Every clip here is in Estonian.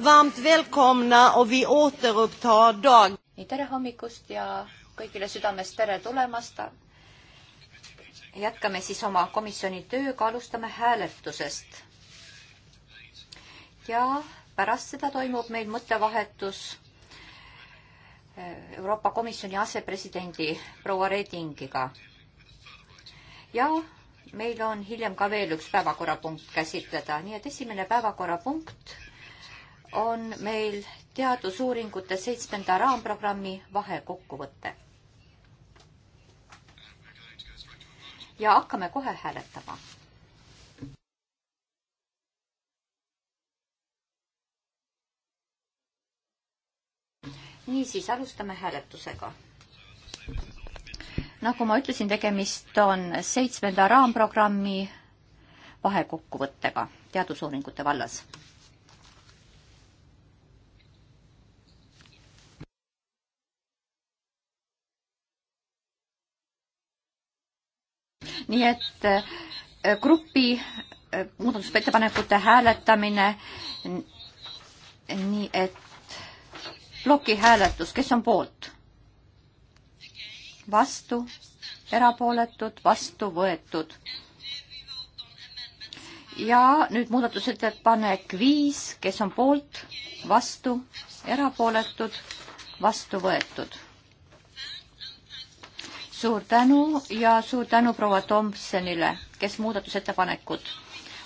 varmt välkomna och vi återupptar dag. nii tere hommikust ja kõigile südamest tere tulemast. jätkame siis oma komisjoni tööga, alustame hääletusest. ja pärast seda toimub meil mõttevahetus eh, Euroopa Komisjoni asepresidendi proua Redingiga. ja meil on hiljem ka veel üks päevakorrapunkt käsitleda, nii et esimene päevakorrapunkt on meil teadusuuringute seitsmenda raamprogrammi vahekokkuvõte. ja hakkame kohe hääletama. niisiis, alustame hääletusega. nagu ma ütlesin, tegemist on seitsmenda raamprogrammi vahekokkuvõttega teadusuuringute vallas nii et äh, grupi äh, muudatusettepanekute hääletamine, nii et ploki hääletus, kes on poolt? vastu, erapooletud, vastu võetud. ja nüüd muudatusettepanek viis, kes on poolt, vastu, erapooletud, vastu võetud suur tänu ja suur tänu proua Tomsonile, kes muudatusettepanekud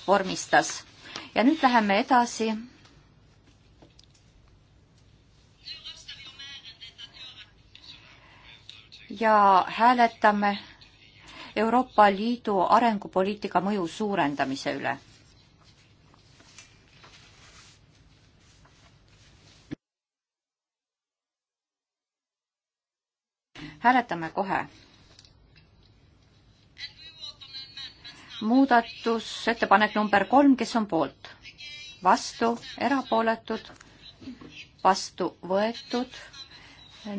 vormistas. ja nüüd läheme edasi. ja hääletame Euroopa Liidu arengupoliitika mõju suurendamise üle hääletame kohe muudatusettepanek number kolm, kes on poolt? vastu, erapooletud, vastu võetud,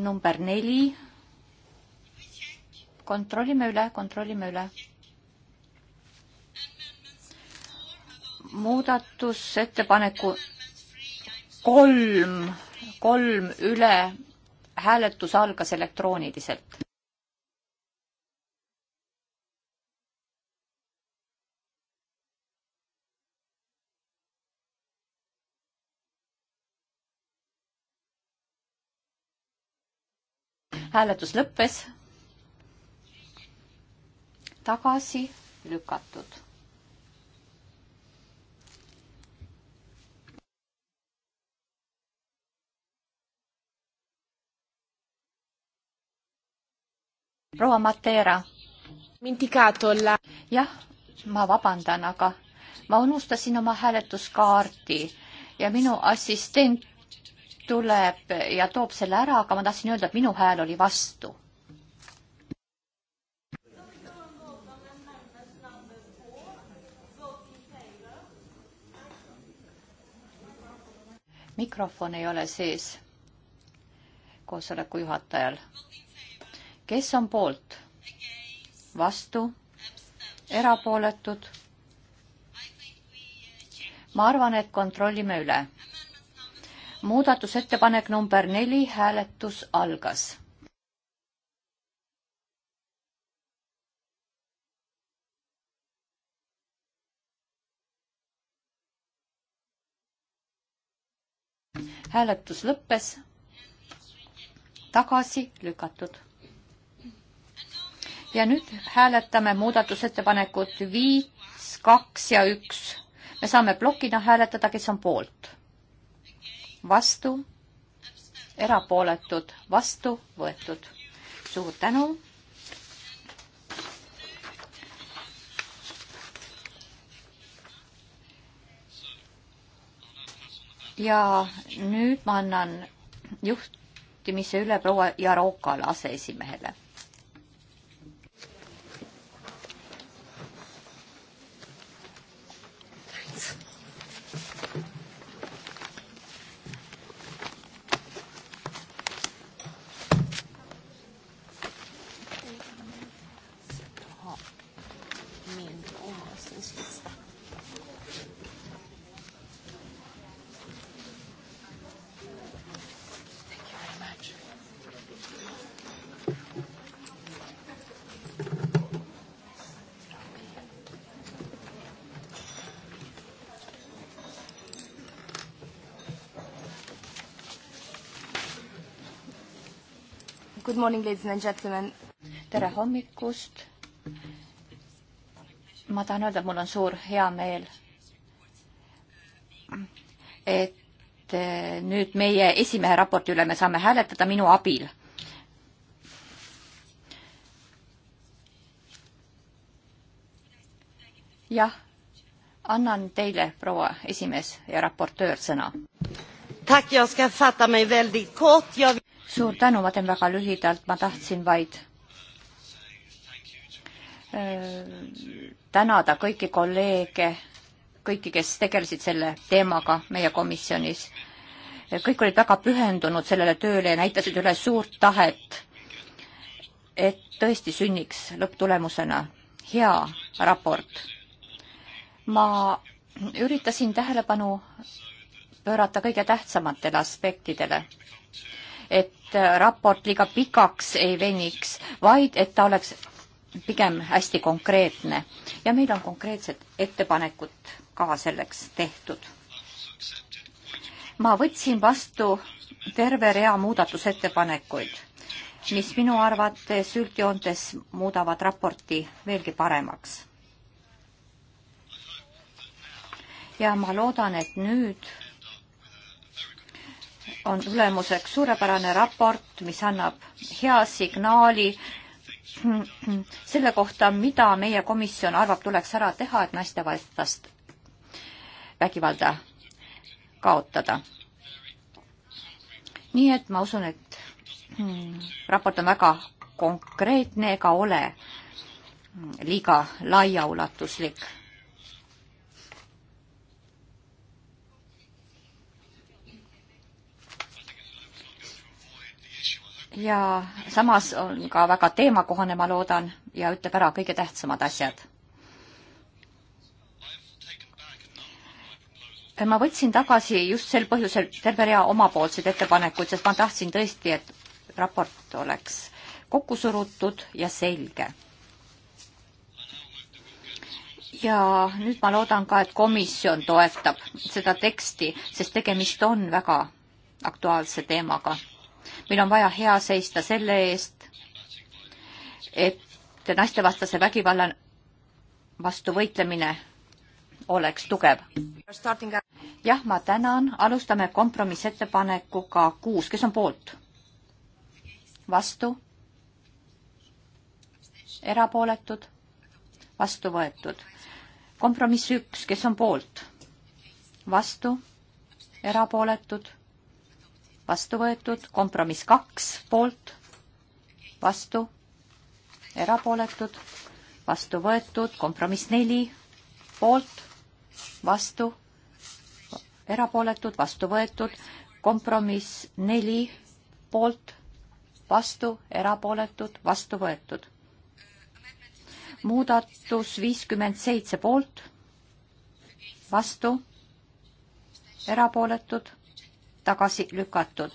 number neli. kontrollime üle, kontrollime üle. muudatusettepaneku kolm, kolm üle, hääletus algas elektrooniliselt hääletus lõppes. tagasi lükatud. proua Matera. jah, ma vabandan, aga ma unustasin oma hääletuskaardi ja minu assistent tuleb ja toob selle ära, aga ma tahtsin öelda, et minu hääl oli vastu. mikrofon ei ole sees koosoleku juhatajal. kes on poolt? vastu? erapooletud? ma arvan, et kontrollime üle muudatusettepanek number neli, hääletus algas. hääletus lõppes, tagasi lükatud. ja nüüd hääletame muudatusettepanekut viis, kaks ja üks. me saame plokina hääletada, kes on poolt vastu, erapooletud, vastu võetud. suur tänu. ja nüüd ma annan juhtimise üle proua Jarokale, aseesimehele Good morning, ladies and gentlemen. tere hommikust. ma tahan öelda, et mul on suur heameel, et eh, nüüd meie esimehe raporti üle me saame hääletada minu abil. jah, annan teile, proua esimees ja raportöör, sõna. Tack, jag ska fatta mig väldigt kort. Jag suur tänu, ma teen väga lühidalt, ma tahtsin vaid äh, tänada kõiki kolleege, kõiki, kes tegelesid selle teemaga meie komisjonis. kõik olid väga pühendunud sellele tööle ja näitasid üles suurt tahet, et tõesti sünniks lõpptulemusena hea raport. ma üritasin tähelepanu pöörata kõige tähtsamatele aspektidele et raport liiga pikaks ei veniks, vaid et ta oleks pigem hästi konkreetne ja meil on konkreetsed ettepanekud ka selleks tehtud. ma võtsin vastu terve rea muudatusettepanekuid, mis minu arvates üldjoontes muudavad raporti veelgi paremaks. ja ma loodan, et nüüd on tulemuseks suurepärane raport, mis annab hea signaali selle kohta, mida meie komisjon arvab, tuleks ära teha, et naistevastast vägivalda kaotada. nii et ma usun, et hmm, raport on väga konkreetne ega ole liiga laiaulatuslik ja samas on ka väga teemakohane, ma loodan, ja ütleb ära kõige tähtsamad asjad. ma võtsin tagasi just sel põhjusel terve rea omapoolseid ettepanekuid, sest ma tahtsin tõesti, et raport oleks kokku surutud ja selge. ja nüüd ma loodan ka, et komisjon toetab seda teksti, sest tegemist on väga aktuaalse teemaga meil on vaja hea seista selle eest, et naistevastase vägivalla vastu võitlemine oleks tugev. jah, ma tänan, alustame kompromissettepanekuga kuus, kes on poolt? vastu? erapooletud? vastu võetud. kompromiss üks, kes on poolt? vastu? erapooletud? vastu võetud, kompromiss kaks poolt, vastu, erapooletud, vastu võetud, kompromiss neli poolt, vastu, erapooletud, vastu võetud, kompromiss neli poolt, vastu, erapooletud, vastu võetud. muudatus viiskümmend seitse poolt, vastu, erapooletud tagasi lükatud.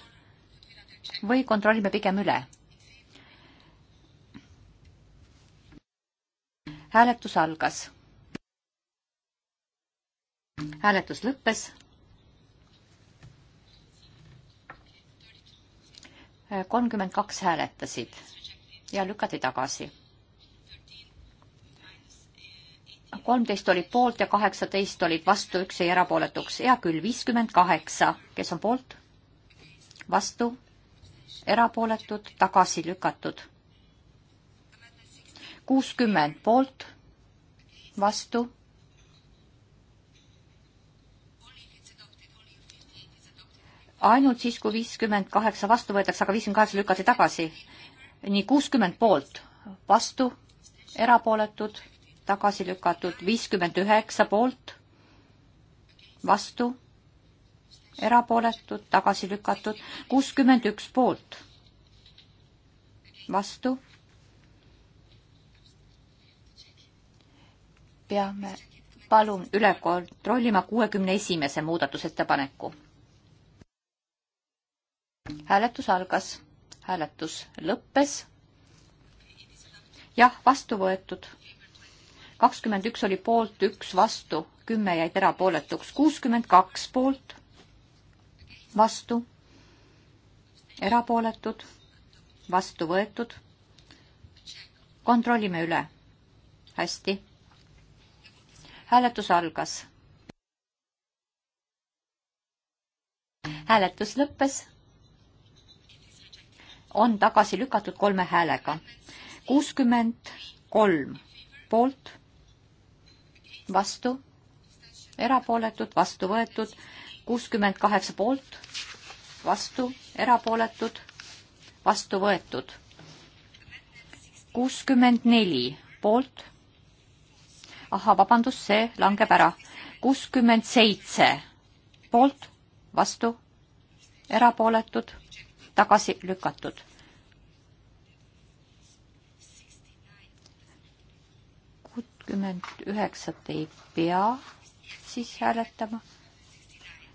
või kontrollime pigem üle. hääletus algas. hääletus lõppes. kolmkümmend kaks hääletasid ja lükati tagasi kolmteist olid poolt ja kaheksateist olid vastu, üks jäi erapooletuks. hea küll, viiskümmend kaheksa, kes on poolt, vastu, erapooletud, tagasi lükatud. kuuskümmend poolt, vastu. ainult siis, kui viiskümmend kaheksa vastu võetakse, aga viiskümmend kaheksa lükati tagasi. nii, kuuskümmend poolt, vastu, erapooletud tagasi lükatud, viiskümmend üheksa poolt, vastu, erapooletud, tagasi lükatud, kuuskümmend üks poolt, vastu. peame, palun üle kontrollima kuuekümne esimese muudatusettepaneku. hääletus algas, hääletus lõppes. jah, vastu võetud kakskümmend üks oli poolt, üks vastu, kümme jäid erapooletuks, kuuskümmend kaks poolt, vastu, erapooletud, vastu võetud. kontrollime üle. hästi. hääletus algas. hääletus lõppes. on tagasi lükatud kolme häälega. kuuskümmend kolm poolt vastu, erapooletud, vastu võetud, kuuskümmend kaheksa poolt, vastu, erapooletud, vastu võetud. kuuskümmend neli poolt. ahah, vabandust, see langeb ära. kuuskümmend seitse poolt, vastu, erapooletud, tagasi lükatud kuuskümmend üheksat ei pea siis hääletama.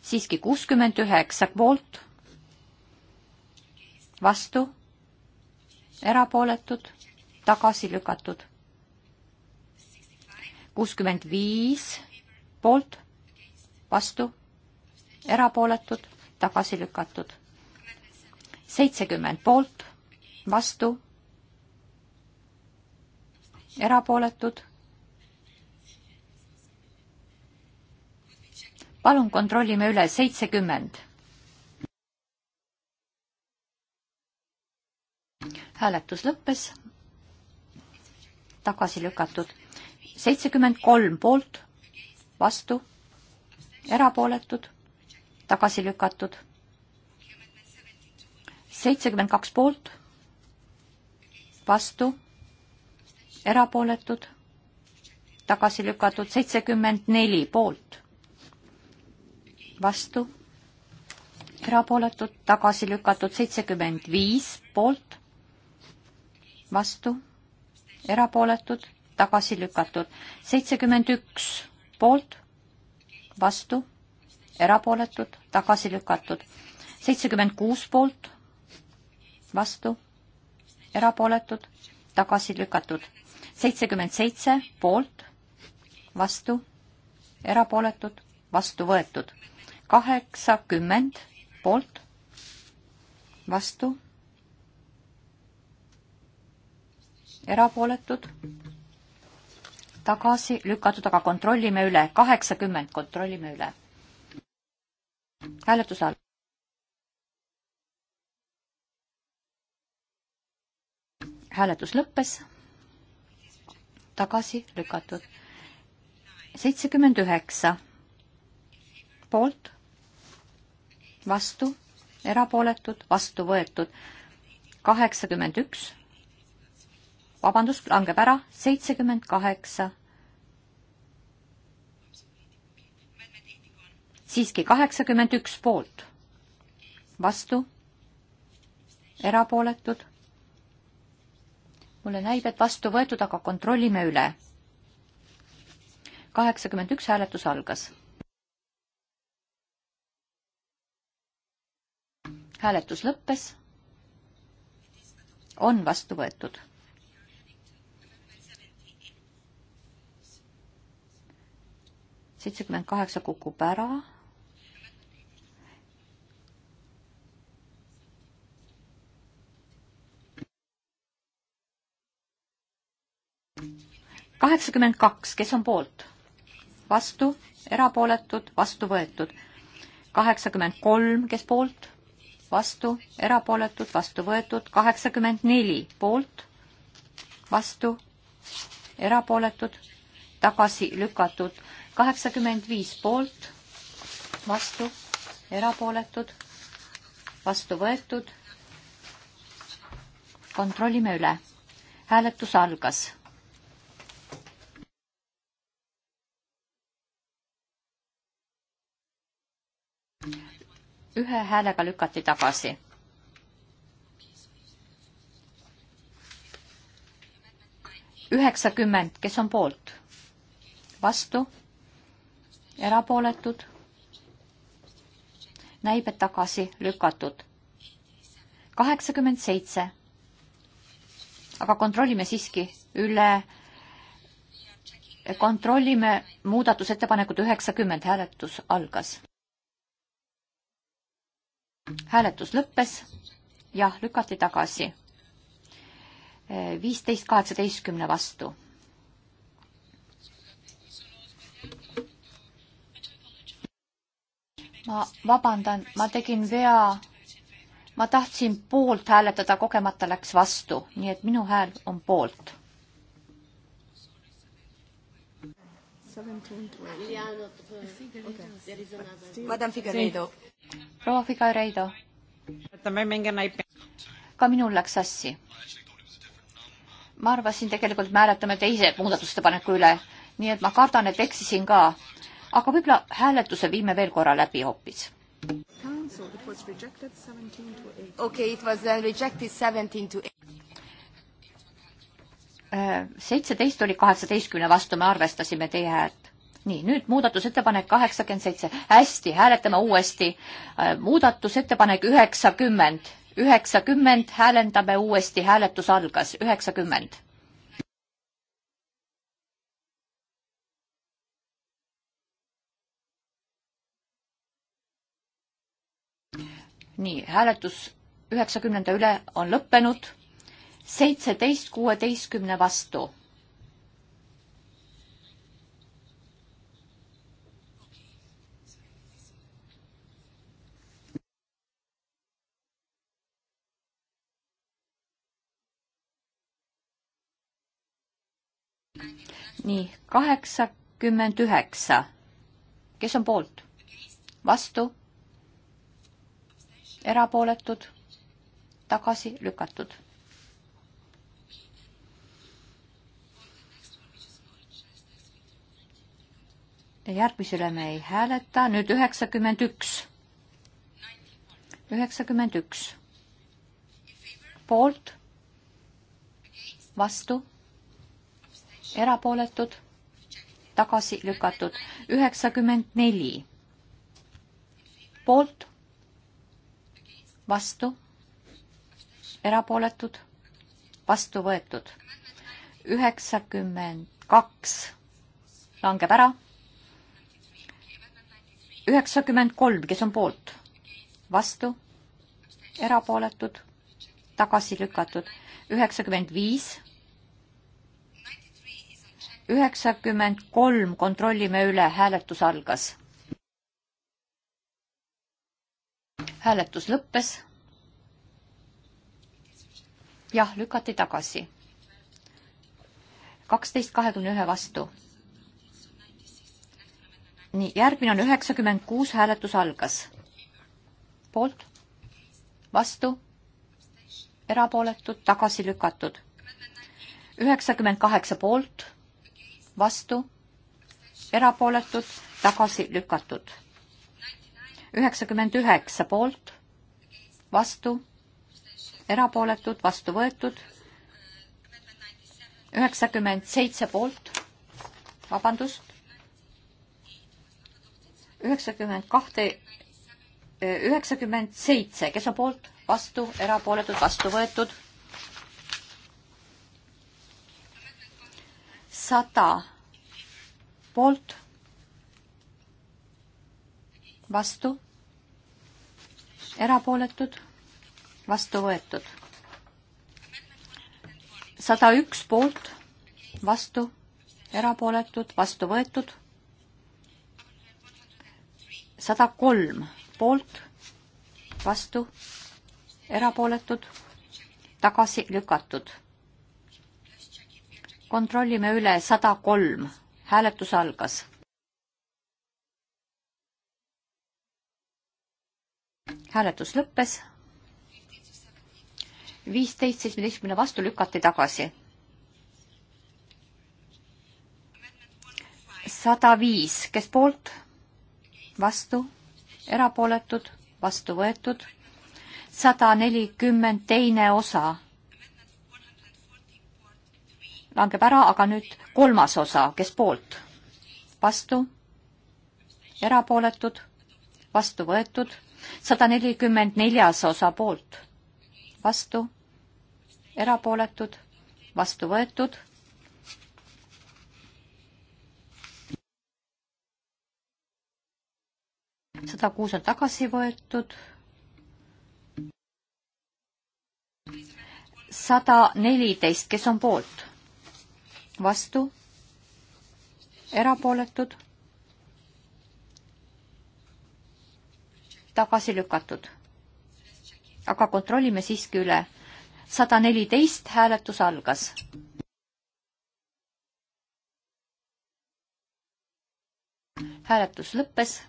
siiski kuuskümmend üheksa poolt, vastu, erapooletud, tagasi lükatud. kuuskümmend viis poolt, vastu, erapooletud, tagasi lükatud. seitsekümmend poolt, vastu, erapooletud palun kontrollime üle, seitsekümmend. hääletus lõppes, tagasi lükatud, seitsekümmend kolm poolt, vastu, erapooletud, tagasi lükatud, seitsekümmend kaks poolt, vastu, erapooletud, tagasi lükatud, seitsekümmend neli poolt vastu, erapooletud, tagasi lükatud seitsekümmend viis poolt, vastu, erapooletud, tagasi lükatud seitsekümmend üks poolt, vastu, erapooletud, tagasi lükatud seitsekümmend kuus poolt, vastu, erapooletud, tagasi lükatud seitsekümmend seitse poolt, vastu, erapooletud, vastu võetud kaheksakümmend poolt, vastu, erapooletud, tagasi lükatud, aga kontrollime üle, kaheksakümmend, kontrollime üle. hääletuse all. hääletus lõppes, tagasi lükatud. seitsekümmend üheksa poolt vastu, erapooletud, vastu võetud. kaheksakümmend üks, vabandust, langeb ära, seitsekümmend kaheksa. siiski kaheksakümmend üks poolt, vastu, erapooletud. mulle näib, et vastu võetud, aga kontrollime üle. kaheksakümmend üks hääletus algas hääletus lõppes. on vastu võetud. seitsekümmend kaheksa kukub ära kaheksakümmend kaks, kes on poolt? vastu, erapooletud, vastu võetud. kaheksakümmend kolm, kes poolt? vastu, erapooletud, vastu võetud, kaheksakümmend neli poolt, vastu, erapooletud, tagasi lükatud, kaheksakümmend viis poolt, vastu, erapooletud, vastu võetud. kontrollime üle. hääletus algas ühe häälega lükati tagasi. üheksakümmend, kes on poolt? vastu? erapooletud? näib, et tagasi lükatud. kaheksakümmend seitse. aga kontrollime siiski üle kontrollime muudatusettepanekut üheksakümmend, hääletus algas hääletus lõppes, jah, lükati tagasi. viisteist kaheksateistkümne vastu. ma vabandan, ma tegin vea. ma tahtsin poolt hääletada, kogemata läks vastu, nii et minu hääl on poolt Madam Figueiredo. proua Figueiredo. ka minul läks sassi. ma arvasin tegelikult, me hääletame teise muudatusettepaneku üle, nii et ma kardan, et eksisin ka. aga võib-olla hääletuse viime veel korra läbi hoopis. okei okay,, it was rejected seventeen to eight seitseteist oli kaheksateistkümne vastu, me arvestasime teie häält. nii, nüüd muudatusettepanek kaheksakümmend seitse. hästi, hääletame uuesti. Äh, muudatusettepanek üheksakümmend. üheksakümmend, häälendame uuesti, hääletus algas, üheksakümmend. nii, hääletus üheksakümnenda üle on lõppenud seitseteist kuueteistkümne vastu. nii, kaheksakümmend üheksa. kes on poolt? vastu? erapooletud? tagasi lükatud järgmise üle me ei hääleta, nüüd üheksakümmend üks. üheksakümmend üks. poolt, vastu, erapooletud, tagasi lükatud, üheksakümmend neli. poolt, vastu, erapooletud, vastu võetud, üheksakümmend kaks langeb ära üheksakümmend kolm, kes on poolt, vastu, erapooletud, tagasi lükatud, üheksakümmend viis, üheksakümmend kolm, kontrollime üle, hääletus algas. hääletus lõppes. jah, lükati tagasi. kaksteist kahekümne ühe vastu nii, järgmine on üheksakümmend kuus, hääletus algas. poolt, vastu, erapooletud, tagasi lükatud. üheksakümmend kaheksa poolt, vastu, erapooletud, tagasi lükatud. üheksakümmend üheksa poolt, vastu, erapooletud, vastu võetud. üheksakümmend seitse poolt, vabandust üheksakümmend kahte, üheksakümmend seitse, kes on poolt, vastu, erapooletud, vastu võetud. sada poolt, vastu, erapooletud, vastu võetud. sada üks poolt, vastu, erapooletud, vastu võetud sada kolm poolt, vastu, erapooletud, tagasi lükatud. kontrollime üle, sada kolm, hääletus algas. hääletus lõppes. viisteist seitsmeteistkümne vastu lükati tagasi. sada viis, kes poolt? vastu, erapooletud, vastu võetud. sada nelikümmend teine osa langeb ära, aga nüüd kolmas osa, kes poolt, vastu, erapooletud, vastu võetud, sada nelikümmend neljas osa poolt, vastu, erapooletud, vastu võetud sada kuus on tagasi võetud. sada neliteist, kes on poolt? vastu? erapooletud? tagasi lükatud. aga kontrollime siiski üle. sada neliteist hääletus algas. hääletus lõppes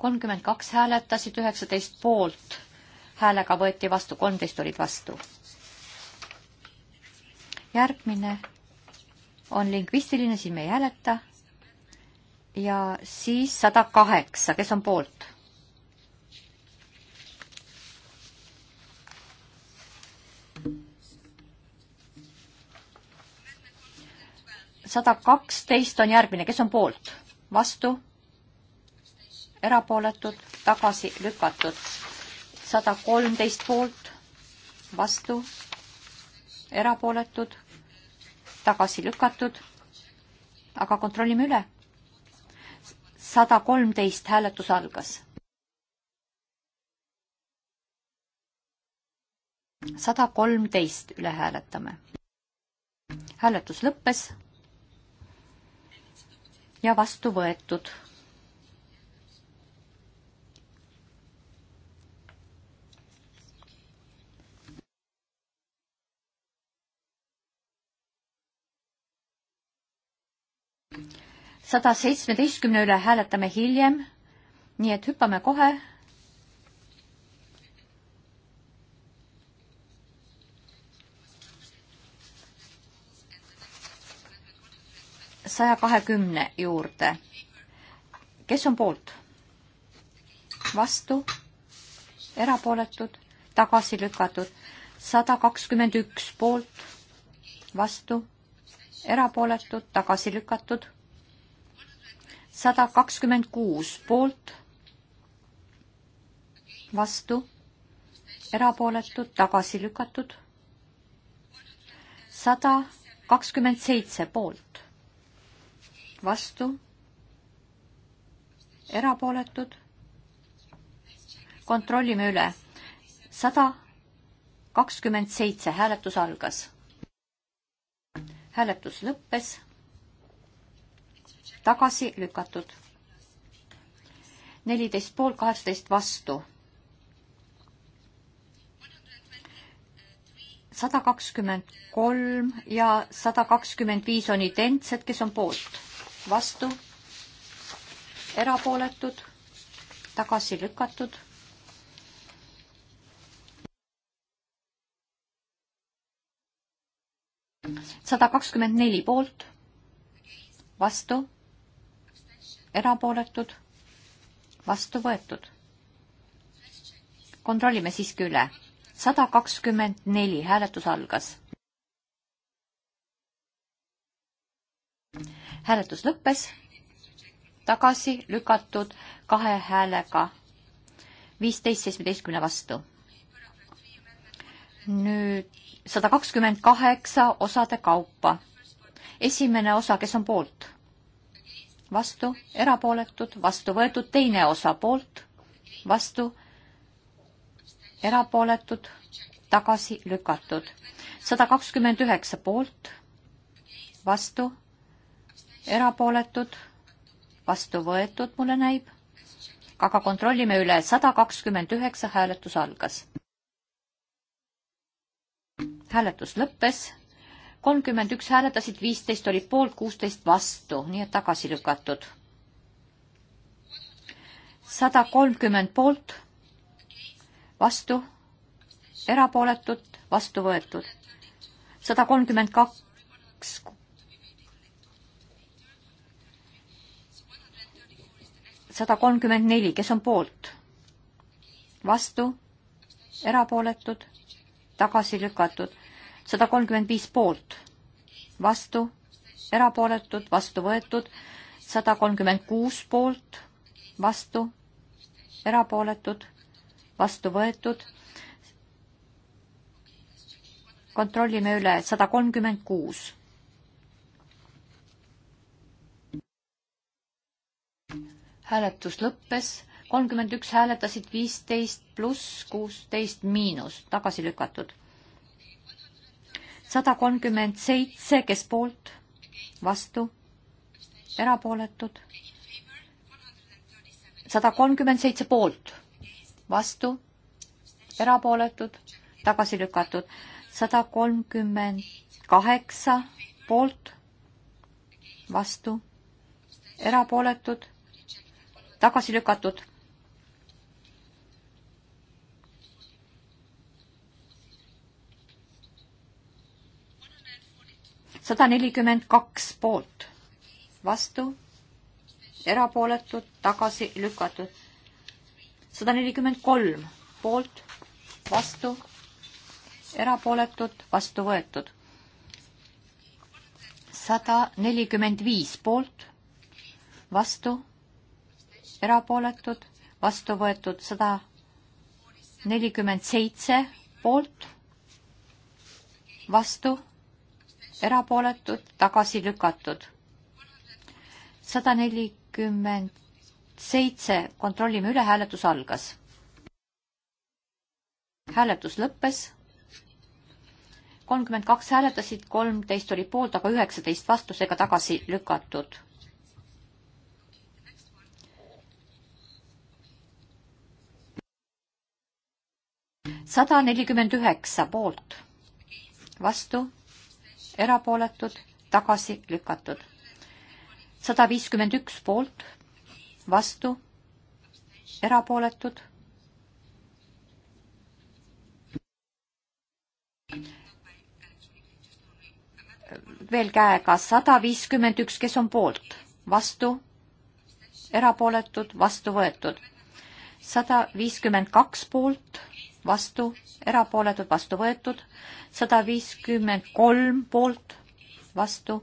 kolmkümmend kaks hääletasid, üheksateist poolt häälega võeti vastu, kolmteist olid vastu. järgmine on lingvistiline, siin me ei hääleta. ja siis sada kaheksa, kes on poolt? sada kaksteist on järgmine, kes on poolt? vastu erapooletud, tagasi lükatud. sada kolmteist poolt, vastu, erapooletud, tagasi lükatud. aga kontrollime üle. sada kolmteist hääletus algas. sada kolmteist üle hääletame. hääletus lõppes ja vastu võetud sada seitsmeteistkümne üle hääletame hiljem. nii et hüppame kohe. saja kahekümne juurde. kes on poolt? vastu? erapooletud? tagasi lükatud? sada kakskümmend üks poolt, vastu, erapooletud, tagasi lükatud sada kakskümmend kuus poolt, vastu, erapooletud, tagasi lükatud. sada kakskümmend seitse poolt, vastu, erapooletud. kontrollime üle. sada kakskümmend seitse hääletus algas. hääletus lõppes tagasi lükatud. neliteist poolt, kaheksateist vastu. sada kakskümmend kolm ja sada kakskümmend viis on identsed, kes on poolt, vastu, erapooletud, tagasi lükatud sada kakskümmend neli poolt, vastu erapooletud, vastu võetud. kontrollime siiski üle. sada kakskümmend neli, hääletus algas. hääletus lõppes, tagasi lükatud kahe häälega, viisteist seitsmeteistkümne vastu. nüüd sada kakskümmend kaheksa osade kaupa. esimene osa, kes on poolt? vastu, erapooletud, vastu võetud, teine osa poolt, vastu, erapooletud, tagasi lükatud. sada kakskümmend üheksa poolt, vastu, erapooletud, vastu võetud, mulle näib, aga kontrollime üle, sada kakskümmend üheksa hääletus algas. hääletus lõppes kolmkümmend üks hääletasid, viisteist olid poolt, kuusteist vastu, nii et tagasi lükatud. sada kolmkümmend poolt, vastu, erapooletud, vastu võetud. sada kolmkümmend kaks sada kolmkümmend neli, kes on poolt? vastu? erapooletud? tagasi lükatud? sada kolmkümmend viis poolt, vastu, erapooletud, vastu võetud, sada kolmkümmend kuus poolt, vastu, erapooletud, vastu võetud. kontrollime üle, sada kolmkümmend kuus. hääletus lõppes, kolmkümmend üks hääletasid, viisteist pluss kuusteist miinus, tagasi lükatud sada kolmkümmend seitse, kes poolt, vastu, erapooletud. sada kolmkümmend seitse poolt, vastu, erapooletud, tagasi lükatud. sada kolmkümmend kaheksa poolt, vastu, erapooletud, tagasi lükatud. sada nelikümmend kaks poolt, vastu, erapooletud, tagasi lükatud. sada nelikümmend kolm poolt, vastu, erapooletud, vastu võetud. sada nelikümmend viis poolt, vastu, erapooletud, vastu võetud sada nelikümmend seitse poolt, vastu erapooletud, tagasi lükatud. sada nelikümmend seitse, kontrollime üle, hääletus algas. hääletus lõppes. kolmkümmend kaks hääletasid, kolmteist oli poolt, aga üheksateist vastu, seega tagasi lükatud sada nelikümmend üheksa poolt, vastu, erapooletud, tagasi lükatud. sada viiskümmend üks poolt, vastu, erapooletud. veel käega sada viiskümmend üks, kes on poolt, vastu, erapooletud, vastu võetud. sada viiskümmend kaks poolt vastu, erapooletud, vastu võetud, sada viiskümmend kolm poolt, vastu,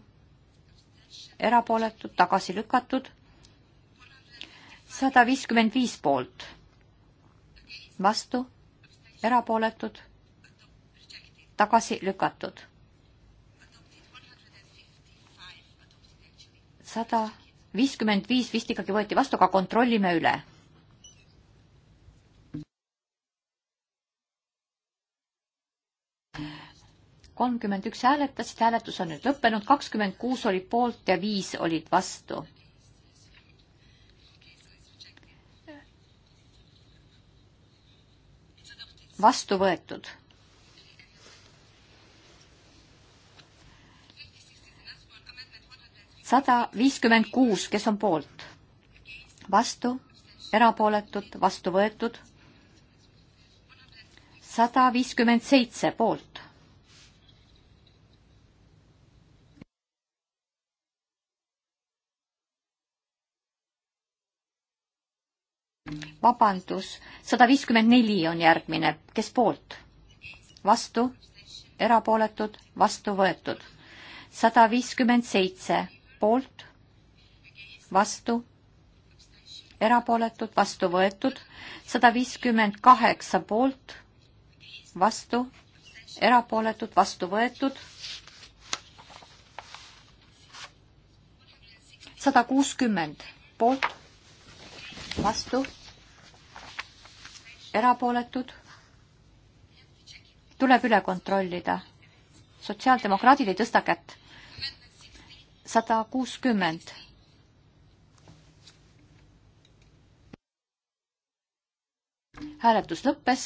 erapooletud, tagasi lükatud, sada viiskümmend viis poolt, vastu, erapooletud, tagasi lükatud. sada viiskümmend viis vist ikkagi võeti vastu, aga kontrollime üle kolmkümmend üks hääletasid, hääletus on nüüd lõppenud, kakskümmend kuus oli poolt ja viis olid vastu. vastu võetud. sada viiskümmend kuus, kes on poolt? vastu, erapooletud, vastu võetud. sada viiskümmend seitse poolt vabandus, sada viiskümmend neli on järgmine, kes poolt? vastu, erapooletud, vastu võetud. sada viiskümmend seitse poolt, vastu, erapooletud, vastu võetud, sada viiskümmend kaheksa poolt, vastu, erapooletud, vastu võetud, sada kuuskümmend poolt, vastu erapooletud. tuleb üle kontrollida. sotsiaaldemokraadid ei tõsta kätt. sada kuuskümmend. hääletus lõppes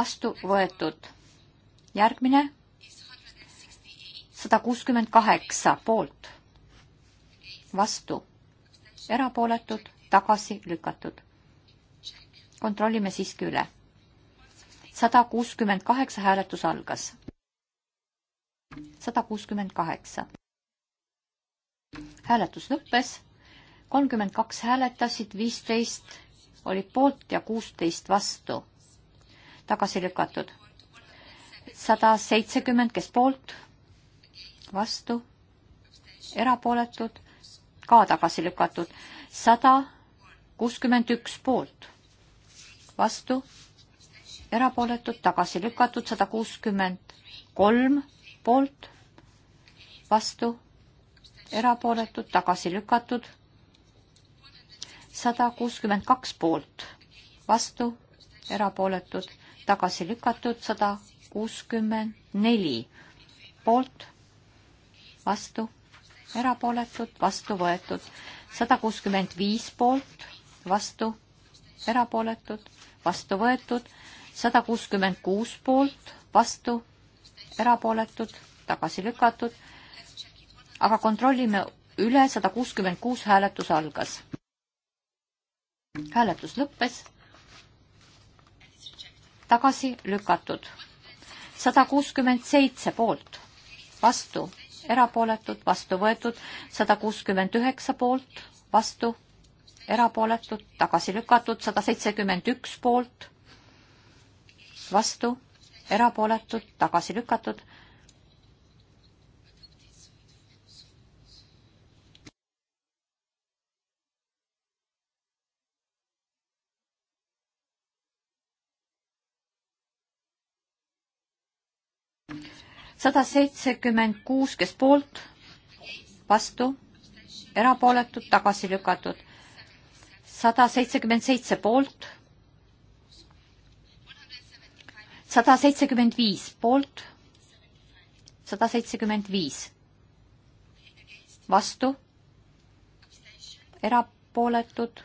vastu võetud. järgmine sada kuuskümmend kaheksa poolt vastu, erapooletud, tagasi lükatud. kontrollime siiski üle. sada kuuskümmend kaheksa hääletus algas. sada kuuskümmend kaheksa. hääletus lõppes, kolmkümmend kaks hääletasid, viisteist olid poolt ja kuusteist vastu. tagasi lükatud. sada seitsekümmend, kes poolt, vastu, erapooletud ka tagasi lükatud. sada kuuskümmend üks poolt, vastu, erapooletud, tagasi lükatud, sada kuuskümmend kolm poolt, vastu, erapooletud, tagasi lükatud, sada kuuskümmend kaks poolt, vastu, erapooletud, tagasi lükatud, sada kuuskümmend neli poolt, vastu erapooletud, vastu võetud. sada kuuskümmend viis poolt, vastu, erapooletud, vastu võetud. sada kuuskümmend kuus poolt, vastu, erapooletud, tagasi lükatud. aga kontrollime üle, sada kuuskümmend kuus hääletus algas. hääletus lõppes. tagasi lükatud. sada kuuskümmend seitse poolt, vastu erapooletud, vastu võetud, sada kuuskümmend üheksa poolt, vastu, erapooletud, tagasi lükatud, sada seitsekümmend üks poolt, vastu, erapooletud, tagasi lükatud, sada seitsekümmend kuus, kes poolt, vastu, erapooletud, tagasi lükatud. sada seitsekümmend seitse poolt, sada seitsekümmend viis poolt, sada seitsekümmend viis vastu, erapooletud.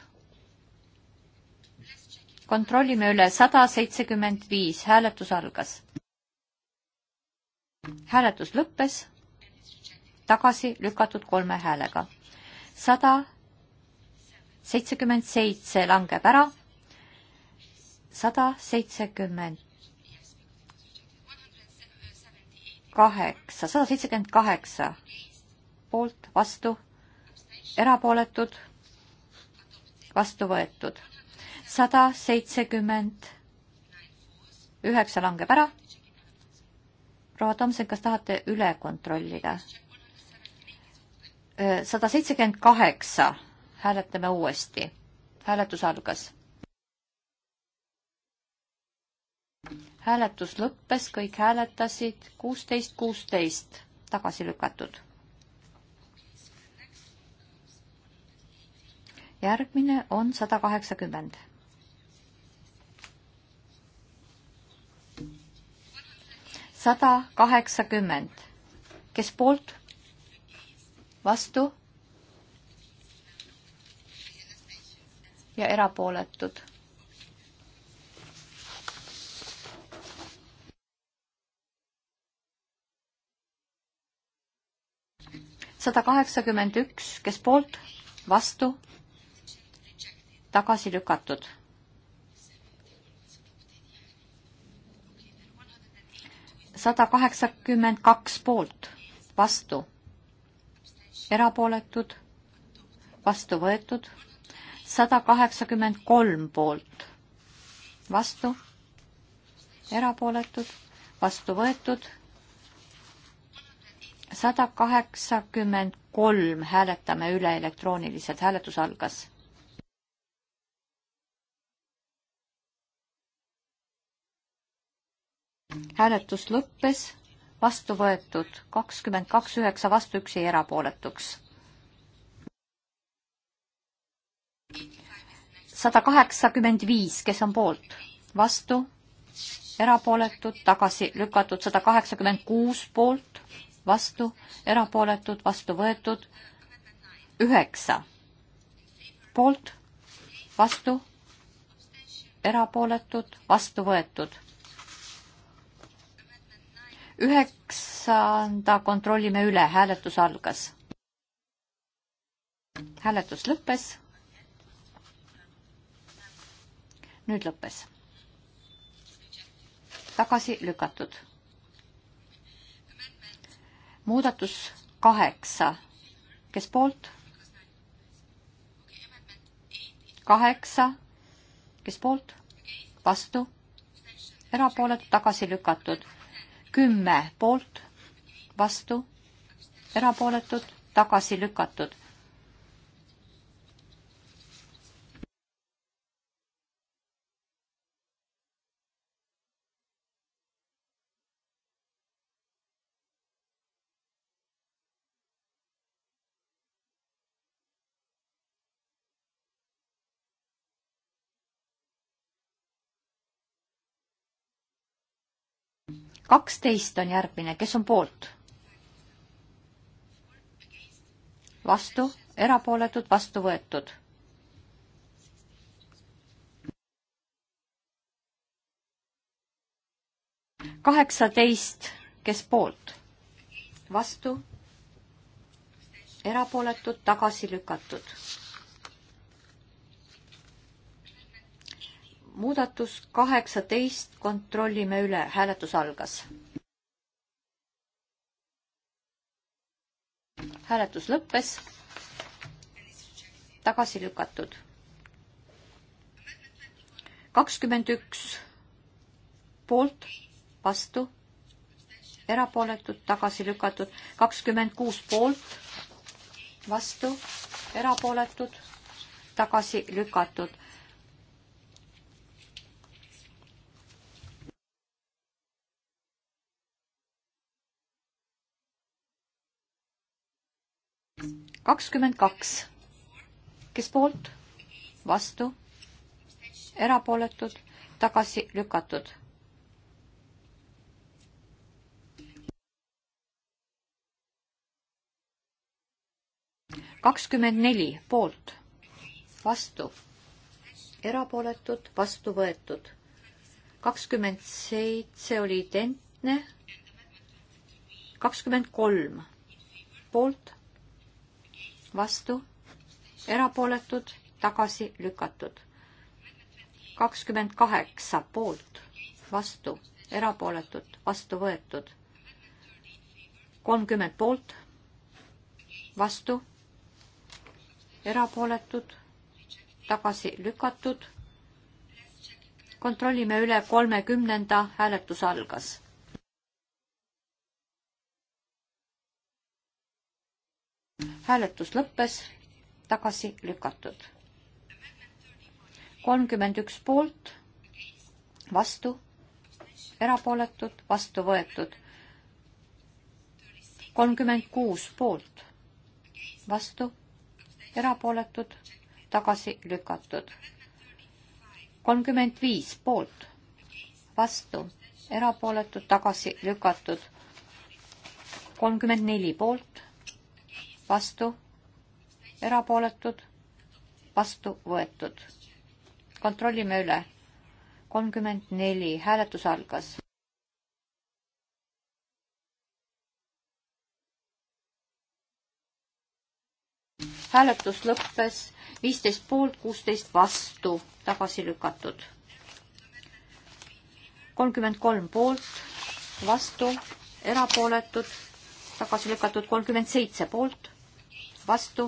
kontrollime üle, sada seitsekümmend viis, hääletus algas hääletus lõppes, tagasi lükatud kolme häälega. sada seitsekümmend seitse langeb ära, sada seitsekümmend kaheksa, sada seitsekümmend kaheksa poolt, vastu, erapooletud, vastu võetud. sada seitsekümmend üheksa langeb ära proua Tomson, kas tahate üle kontrollida? sada seitsekümmend kaheksa, hääletame uuesti. hääletus algas. hääletus lõppes, kõik hääletasid kuusteist, kuusteist, tagasi lükatud. järgmine on sada kaheksakümmend sada kaheksakümmend, kes poolt, vastu ja erapooletud. sada kaheksakümmend üks, kes poolt, vastu, tagasi lükatud sada kaheksakümmend kaks poolt, vastu, erapooletud, vastu võetud, sada kaheksakümmend kolm poolt, vastu, erapooletud, vastu võetud, sada kaheksakümmend kolm hääletame üle elektrooniliselt, hääletus algas hääletus lõppes, vastu võetud kakskümmend kaks, üheksa vastu, üks jäi erapooletuks. sada kaheksakümmend viis, kes on poolt, vastu, erapooletud, tagasi lükatud, sada kaheksakümmend kuus poolt, vastu, erapooletud, vastu võetud, üheksa poolt, vastu, erapooletud, vastu võetud üheksanda kontrollime üle, hääletus algas. hääletus lõppes. nüüd lõppes. tagasi lükatud. muudatus kaheksa, kes poolt? kaheksa, kes poolt? vastu? erapooletu tagasi lükatud kümme poolt, vastu, erapooletud, tagasi lükatud kaksteist on järgmine, kes on poolt? vastu, erapooletud, vastu võetud. kaheksateist, kes poolt? vastu, erapooletud, tagasi lükatud muudatus kaheksateist, kontrollime üle, hääletus algas. hääletus lõppes, tagasi lükatud. kakskümmend üks poolt, vastu, erapooletud, tagasi lükatud, kakskümmend kuus poolt, vastu, erapooletud, tagasi lükatud kakskümmend kaks, kes poolt, vastu, erapooletud, tagasi lükatud kakskümmend neli poolt, vastu, erapooletud, vastu võetud. kakskümmend seitse oli identne, kakskümmend kolm poolt, vastu, erapooletud, tagasi lükatud. kakskümmend kaheksa poolt, vastu, erapooletud, vastu võetud. kolmkümmend poolt, vastu, erapooletud, tagasi lükatud. kontrollime üle kolmekümnenda, hääletus algas hääletus lõppes, tagasi lükatud. kolmkümmend üks poolt, vastu, erapooletud, vastu võetud. kolmkümmend kuus poolt, vastu, erapooletud, tagasi lükatud. kolmkümmend viis poolt, vastu, erapooletud, tagasi lükatud. kolmkümmend neli poolt, vastu, erapooletud, vastu võetud. kontrollime üle. kolmkümmend neli, hääletus algas. hääletus lõppes viisteist poolt, kuusteist vastu, tagasi lükatud. kolmkümmend kolm poolt, vastu, erapooletud, tagasi lükatud kolmkümmend seitse poolt vastu,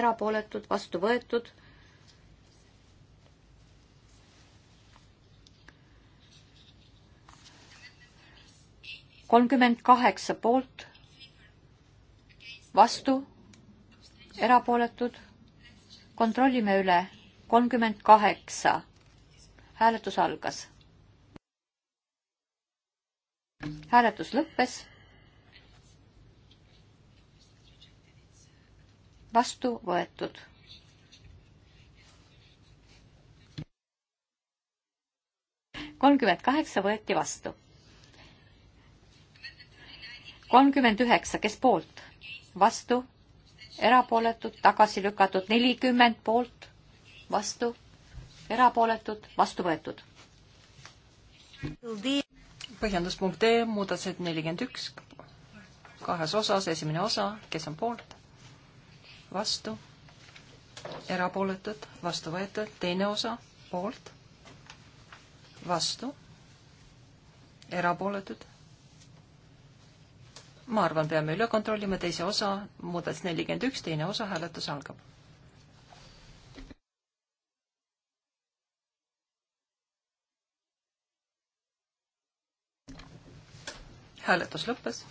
erapooletud, vastu võetud. kolmkümmend kaheksa poolt, vastu, erapooletud. kontrollime üle, kolmkümmend kaheksa. hääletus algas hääletus lõppes vastu võetud. kolmkümmend kaheksa võeti vastu. kolmkümmend üheksa, kes poolt? vastu, erapooletud, tagasi lükatud, nelikümmend poolt, vastu, erapooletud, vastu võetud. põhjendus punkt E, muudatused nelikümmend üks, kahes osas, esimene osa, kes on poolt, vastu, erapooletud, vastu võetud, teine osa poolt, vastu, erapooletud. ma arvan, peame üle kontrollima teise osa, muudatus nelikümmend üks, teine osa, hääletus algab. hääletus lõppes,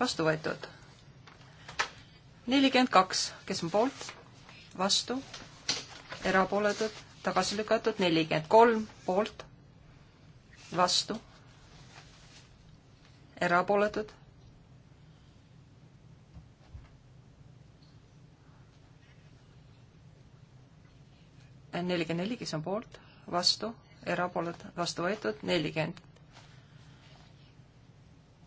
vastu võetud nelikümmend kaks, kes on poolt, vastu, erapooletud, tagasi lükatud, nelikümmend kolm poolt, vastu, erapooletud. nelikümmend neli, kes on poolt, vastu, erapooletud, vastu võetud, nelikümmend.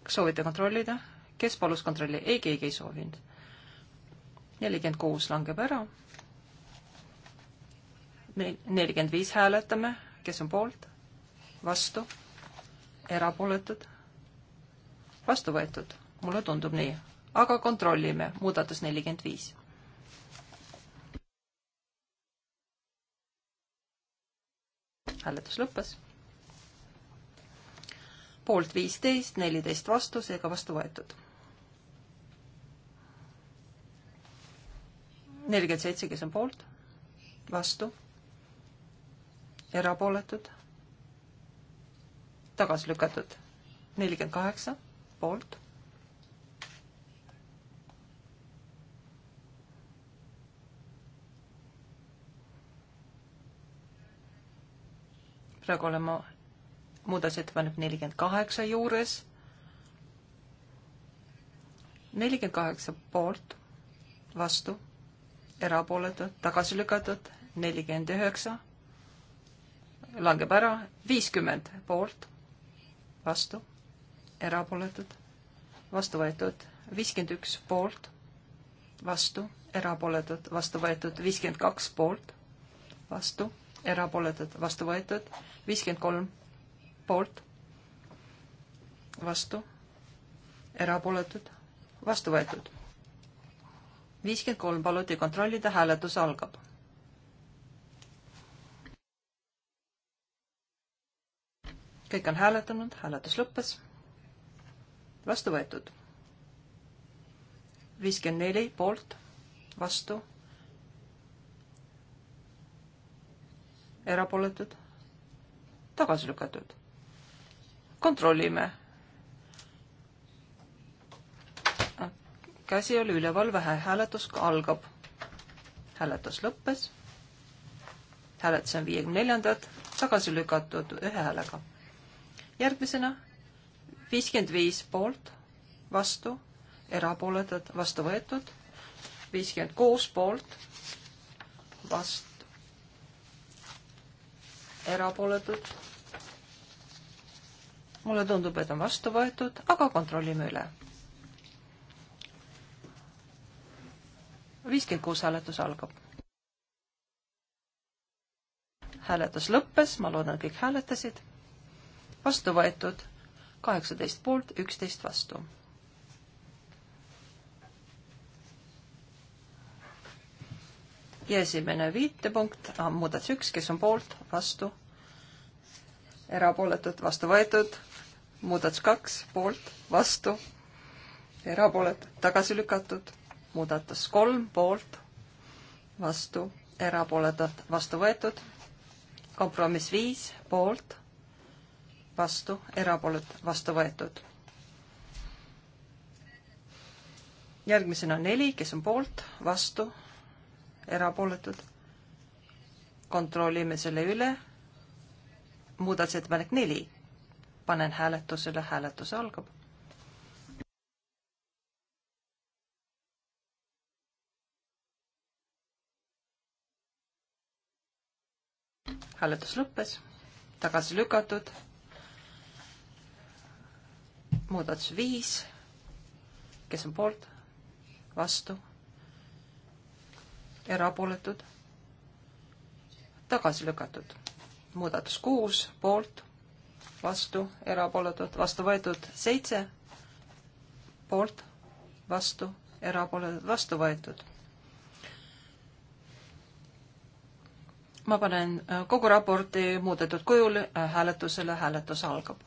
soovite kontrollida? kes palus kontrolli? ei, keegi ei soovinud nelikümmend kuus langeb ära. nelikümmend viis hääletame, kes on poolt, vastu, erapooletud, vastu võetud, mulle tundub nii, aga kontrollime, muudatus nelikümmend viis. hääletus lõppes. poolt viisteist, neliteist vastu, seega vastu võetud nelikümmend seitse, kes on poolt, vastu, erapooletud, tagasi lükatud. nelikümmend kaheksa, poolt. praegu olen ma muudatusettepanek nelikümmend kaheksa juures. nelikümmend kaheksa poolt, vastu erapooletud, tagasi lükatud, nelikümmend üheksa, langeb ära, viiskümmend poolt, vastu, erapooletud, vastu võetud, viiskümmend üks poolt, vastu, erapooletud, vastu võetud, viiskümmend kaks poolt, vastu, erapooletud, vastu võetud, viiskümmend kolm poolt, vastu, erapooletud, vastu võetud viiskümmend kolm paluti kontrollida, hääletus algab. kõik on hääletanud, hääletus lõppes. vastu võetud. viiskümmend neli poolt, vastu. erapooletud, tagasi lükatud. kontrollime käsi oli üleval vähe, hääletus algab. hääletus lõppes. hääletus on viiekümne neljandat, tagasi lükatud ühe häälega. järgmisena viiskümmend viis poolt, vastu, erapooletud, vastu võetud, viiskümmend kuus poolt, vastu, erapooletud. mulle tundub, et on vastu võetud, aga kontrollime üle viiskümmend kuus hääletus algab. hääletus lõppes, ma loodan, kõik hääletasid. vastu võetud kaheksateist poolt, üksteist vastu. ja esimene viitepunkt, muudatus üks, kes on poolt, vastu, erapooletud, vastu võetud, muudatus kaks, poolt, vastu, erapooletud, tagasi lükatud, muudatus kolm poolt, vastu, erapooletud, vastu võetud. kompromiss viis poolt, vastu, erapooletud, vastu võetud. järgmisena neli, kes on poolt, vastu, erapooletud. kontrollime selle üle. muudatusettepanek neli. panen hääletusele, hääletus algab hääletus lõppes, tagasi lükatud. muudatus viis, kes on poolt, vastu, erapooletud, tagasi lükatud. muudatus kuus, poolt, vastu, erapooletud, vastu võetud, seitse, poolt, vastu, erapooletud, vastu võetud ma panen äh, kogu raporti muudetud kujul äh, hääletusele, hääletus algab.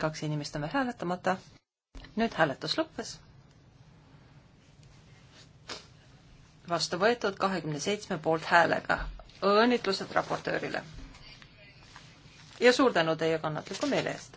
kaks inimest on veel hääletamata. nüüd hääletus lõppes. vastu võetud kahekümne seitsme poolthäälega õnnitlused raportöörile. ja suur tänu teie kannatliku meele eest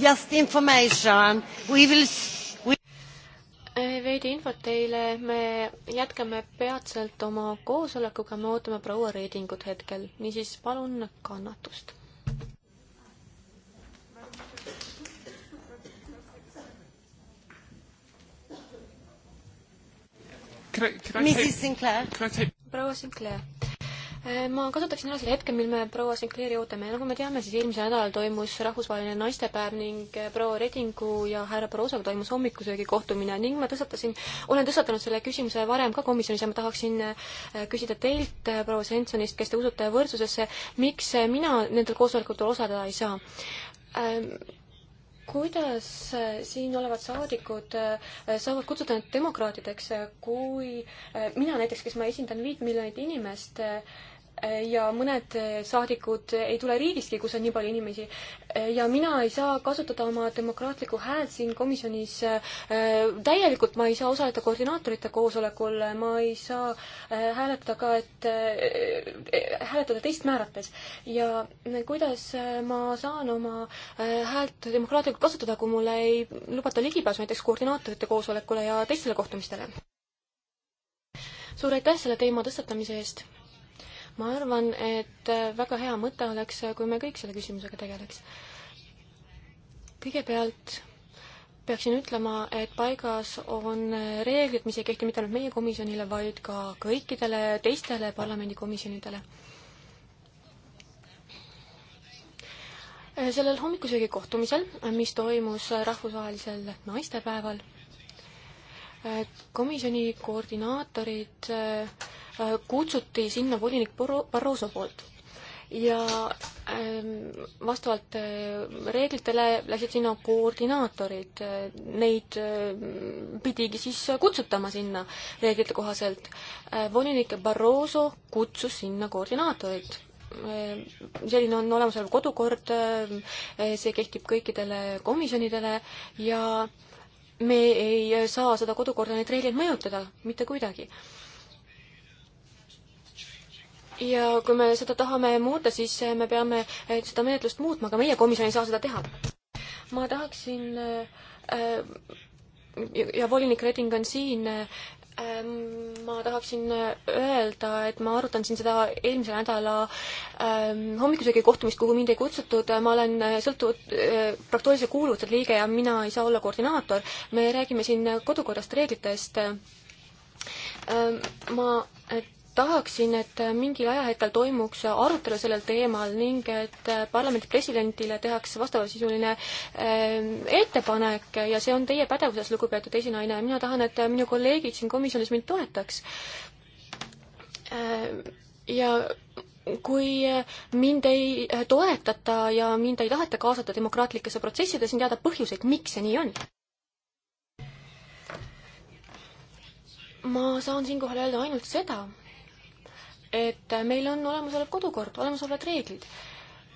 Just information. We will we... Äh, veidi infot teile, me jätkame peatselt oma koosolekuga, me ootame proua Reedingut hetkel, niisiis palun kannatust. proua Sinclair Äh, ma kasutaksin ära selle hetke, mil me proua Sinclairi ootame ja nagu me teame, siis eelmisel nädalal toimus rahvusvaheline naistepäev ning äh, proua Redingu ja härra Barrosoga toimus hommikusöögi kohtumine ning ma tõstatasin, olen tõstatanud selle küsimuse varem ka komisjonis ja ma tahaksin äh, küsida teilt, proua Sensonist, kes te usute võrdsusesse, miks mina nendel koosolekutel osaleda ei saa? Ähm, kuidas siin olevad saadikud saavad kutsuda end demokraatideks, kui mina näiteks, kes ma esindan viit miljonit inimest, ja mõned saadikud ei tule riigistki, kus on nii palju inimesi. ja mina ei saa kasutada oma demokraatlikku häält siin komisjonis täielikult, ma ei saa osaleda koordinaatorite koosolekul, ma ei saa äh, hääletada ka, et äh, hääletada teist määrates. ja äh, kuidas ma saan oma häält demokraatlikult kasutada, kui mulle ei lubata ligipääsu näiteks koordinaatorite koosolekule ja teistele kohtumistele? suur aitäh selle teema tõstatamise eest! ma arvan, et äh, väga hea mõte oleks, äh, kui me kõik selle küsimusega tegeleks. kõigepealt peaksin ütlema, et paigas on äh, reeglid, mis ei kehti mitte ainult meie komisjonile, vaid ka kõikidele teistele parlamendikomisjonidele sellel hommikusöögi kohtumisel, mis toimus rahvusvahelisel naistepäeval, komisjoni koordinaatorid äh, Äh, kutsuti sinna volinik Barroso poolt ja ähm, vastavalt äh, reeglitele läksid sinna koordinaatorid, äh, neid pidigi siis kutsutama sinna reeglite kohaselt. volinik Barroso kutsus sinna koordinaatorid selline on olemasolev kodukord, see kehtib kõikidele komisjonidele ja me ei saa seda kodukorda, neid reegleid mõjutada mitte kuidagi ja kui me seda tahame muuta, siis äh, me peame äh, seda menetlust muutma, aga meie komisjon ei saa seda teha. ma tahaksin äh, ja volinik Reding on siin, ma tahaksin öelda, et ma arutan siin seda eelmise nädala hommikusöögi kohtumist, kuhu mind ei kutsutud, ma olen sõltu-, fraktsioonilise kuuluvuse liige ja mina ei saa olla koordinaator. me räägime siin kodukorrast, reeglitest. ma, et tahaksin, et mingil ajahetkel toimuks arutelu sellel teemal ning et parlamendi presidendile tehakse vastavasisuline ähm, ettepanek ja see on teie pädevuses, lugupeetud esinaine. mina tahan, et minu kolleegid siin komisjonis mind toetaks. Ähm, ja kui mind ei toetata ja mind ei taheta kaasata demokraatlikesse protsessidesse, on teada põhjuseid, miks see nii on. ma saan siinkohal öelda ainult seda, et meil on olemasolev kodukord, olemasolevad reeglid.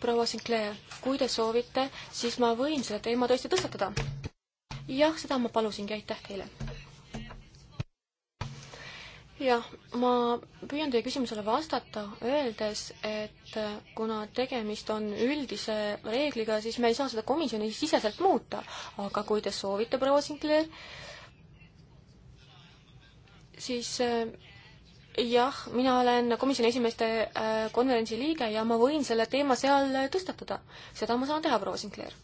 proua Sinclair, kui te soovite, siis ma võin selle teema tõesti tõstatada. jah, seda ma palusingi, aitäh teile. jah, ma püüan teie küsimusele vastata, öeldes, et kuna tegemist on üldise reegliga, siis me ei saa seda komisjoni siseselt muuta, aga kui te soovite, proua Sinclair, siis jah, mina olen komisjoni esimeeste äh, konverentsi liige ja ma võin selle teema seal äh, tõstatada. seda ma saan teha, proua Sinclair.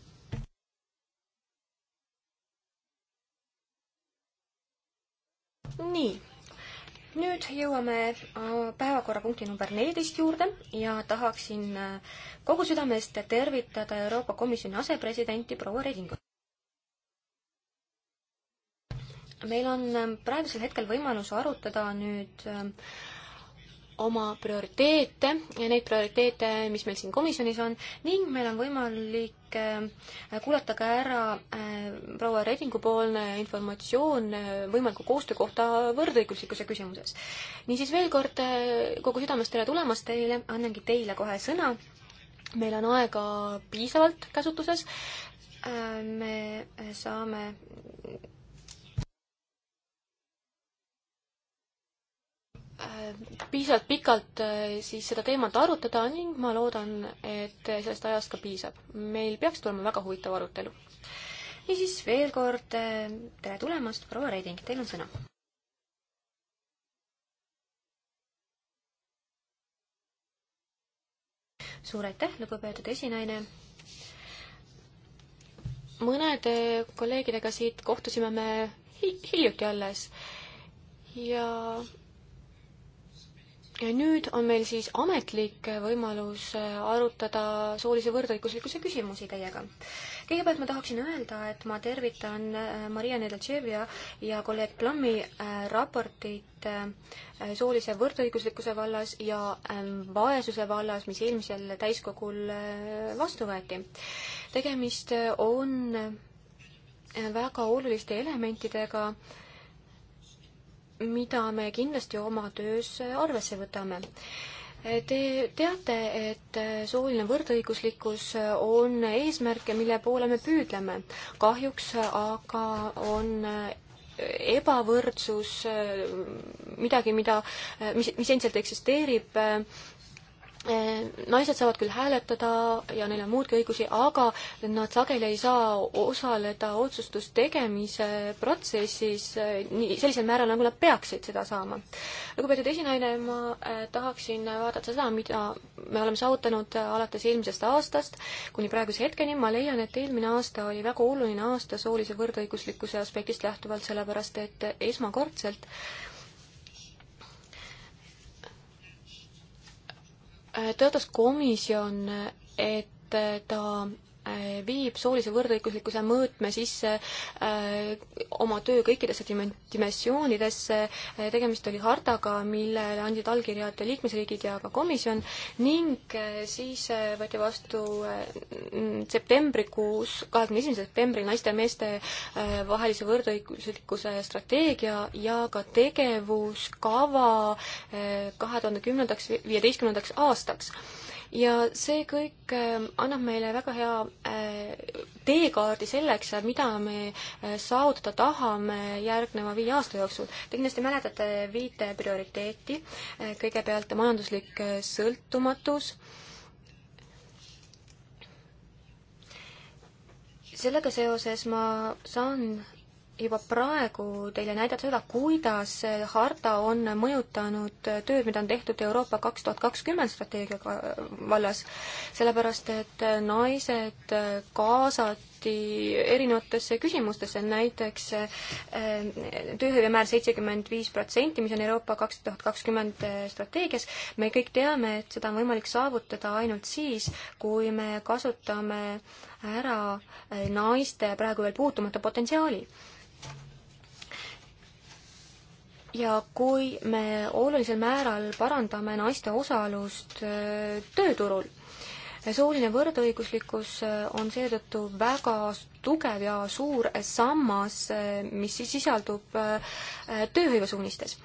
nii, nüüd jõuame äh, päevakorrapunkti number neliteist juurde ja tahaksin kogu südamest tervitada Euroopa Komisjoni asepresidenti proua Redingut. meil on ähm, praegusel hetkel võimalus arutada nüüd ähm, oma prioriteete ja neid prioriteete, mis meil siin komisjonis on ning meil on võimalik ähm, kuulata ka ära äh, proua Redingu poolne informatsioon äh, võimaliku koostöö kohta võrdõiguslikkuse küsimuses. niisiis veel kord äh, kogu südamest tere tulemast teile, annangi teile kohe sõna. meil on aega piisavalt käsutuses. me saame piisavalt pikalt äh, siis seda teemat arutada ning ma loodan, et sellest ajast ka piisab. meil peaks tulema väga huvitav arutelu. niisiis veel kord äh, tere tulemast, proua Reiding, teil on sõna. suur aitäh, lugupeetud esinaine mõnede äh, kolleegidega siit kohtusime me hi hiljuti alles ja ja nüüd on meil siis ametlik võimalus äh, arutada soolise võrdõiguslikkuse küsimusi teiega. kõigepealt ma tahaksin öelda, et ma tervitan äh, Maria Nedeltševja ja kolleeg Plammi äh, raportit soolise võrdõiguslikkuse vallas ja ähm, vaesuse vallas, mis eelmisel täiskogul vastu võeti. tegemist on väga oluliste elementidega äh, mida me kindlasti oma töös arvesse võtame. Te teate, et sooline võrdõiguslikkus on eesmärk, mille poole me püüdleme. kahjuks aga on ebavõrdsus äh, midagi, mida, mis, mis endiselt eksisteerib äh, Äh, naised saavad küll hääletada ja neil on muudki õigusi, aga nad sageli ei saa osaleda otsustustegemise protsessis äh, nii sellisel määral, nagu nad peaksid seda saama. lugupeetud esinaine, ma äh, tahaksin vaadata seda, mida me oleme saavutanud alates eelmisest aastast kuni praeguse hetkeni. ma leian, et eelmine aasta oli väga oluline aasta soolise võrdõiguslikkuse aspektist lähtuvalt, sellepärast et esmakordselt Äh, tõotas komisjon, et äh, ta Äh, viib soolise võrdõiguslikkuse mõõtme sisse äh, oma töö kõikidesse dimensioonidesse. Äh, tegemist oli hartaga, millele andsid allkirjad liikmesriigid ja ka komisjon ning siis võeti vastu septembrikuus, kahekümne esimesel septembril naiste ja meeste vahelise võrdõiguslikkuse strateegia ja ka tegevuskava kahe tuhande kümnendaks, viieteistkümnendaks aastaks ja see kõik ähm, annab meile väga hea äh, teekaardi selleks, äh, mida me äh, saavutada tahame järgneva viie aasta jooksul. Te kindlasti mäletate viite prioriteeti, kõigepealt majanduslik sõltumatus, sellega seoses ma saan juba praegu teile näidata seda, kuidas harta on mõjutanud tööd, mida on tehtud Euroopa kaks tuhat kakskümmend strateegia vallas, sellepärast et naised kaasati erinevatesse küsimustesse, näiteks eh, tööhõivemäär seitsekümmend viis protsenti, mis on Euroopa kaks tuhat kakskümmend strateegias, me kõik teame, et seda on võimalik saavutada ainult siis, kui me kasutame ära naiste praegu veel puutumata potentsiaali ja kui me olulisel määral parandame naiste osalust äh, tööturul, äh, sooline võrdõiguslikkus äh, on seetõttu väga tugev ja suur sammas, mis sisaldub tööhõivesuunistes.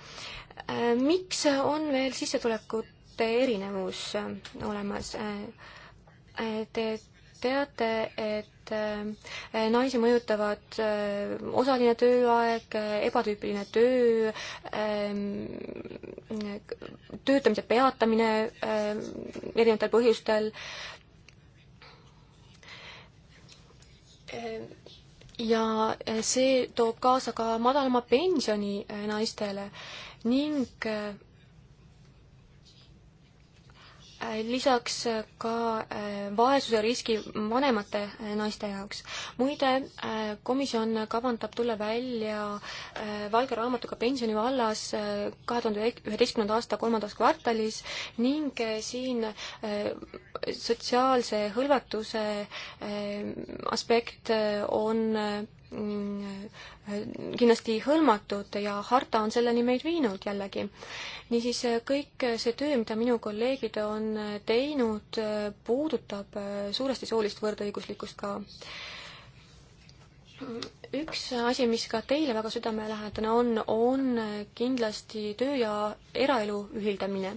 miks on veel sissetulekute erinevus olemas? Te teate, et äh, naisi mõjutavad äh, osaline tööaeg, äh, ebatüüpiline töö, ähm, töötamise peatamine erinevatel põhjustel ja see toob kaasa ka madalama pensioni naistele ning Äh, lisaks äh, ka äh, vaesuse riski vanemate naiste jaoks. muide, komisjon kavandab tulla välja valge raamatuga pensioni vallas kahe tuhande üheteistkümnenda aasta kolmandas kvartalis ning siin sotsiaalse hõlvatuse eh, aspekt eh, on mm, eh, kindlasti hõlmatud ja harta on selleni meid viinud jällegi. niisiis kõik see töö, mida minu kolleegid on teinud, puudutab suuresti soolist võrdõiguslikkust ka üks asi, mis ka teile väga südamelähedane on, on kindlasti töö ja eraelu ühildamine.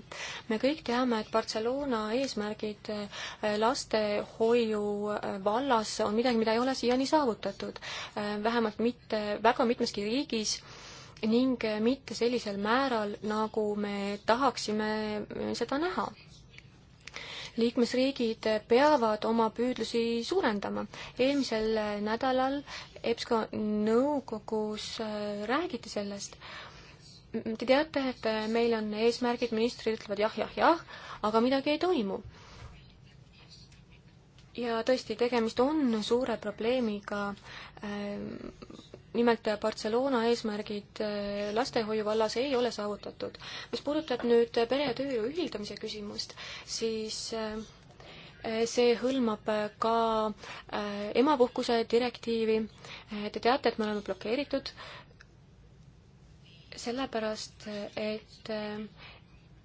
me kõik teame, et Barcelona eesmärgid äh, lastehoiu äh, vallas on midagi, mida ei ole siiani saavutatud, äh, vähemalt mitte väga mitmeski riigis ning mitte sellisel määral, nagu me tahaksime seda näha liikmesriigid peavad oma püüdlusi suurendama. eelmisel nädalal EBSCO nõukogus äh, räägiti sellest. Te teate, et äh, meil on eesmärgid, ministrid ütlevad jah, jah, jah, aga midagi ei toimu ja tõesti, tegemist on suure probleemiga äh, nimelt Barcelona eesmärgid äh, lastehoiu vallas ei ole saavutatud. mis puudutab nüüd äh, pere ja töö ühildamise küsimust, siis äh, see hõlmab ka emapuhkuse direktiivi. Te teate, et me oleme blokeeritud sellepärast, et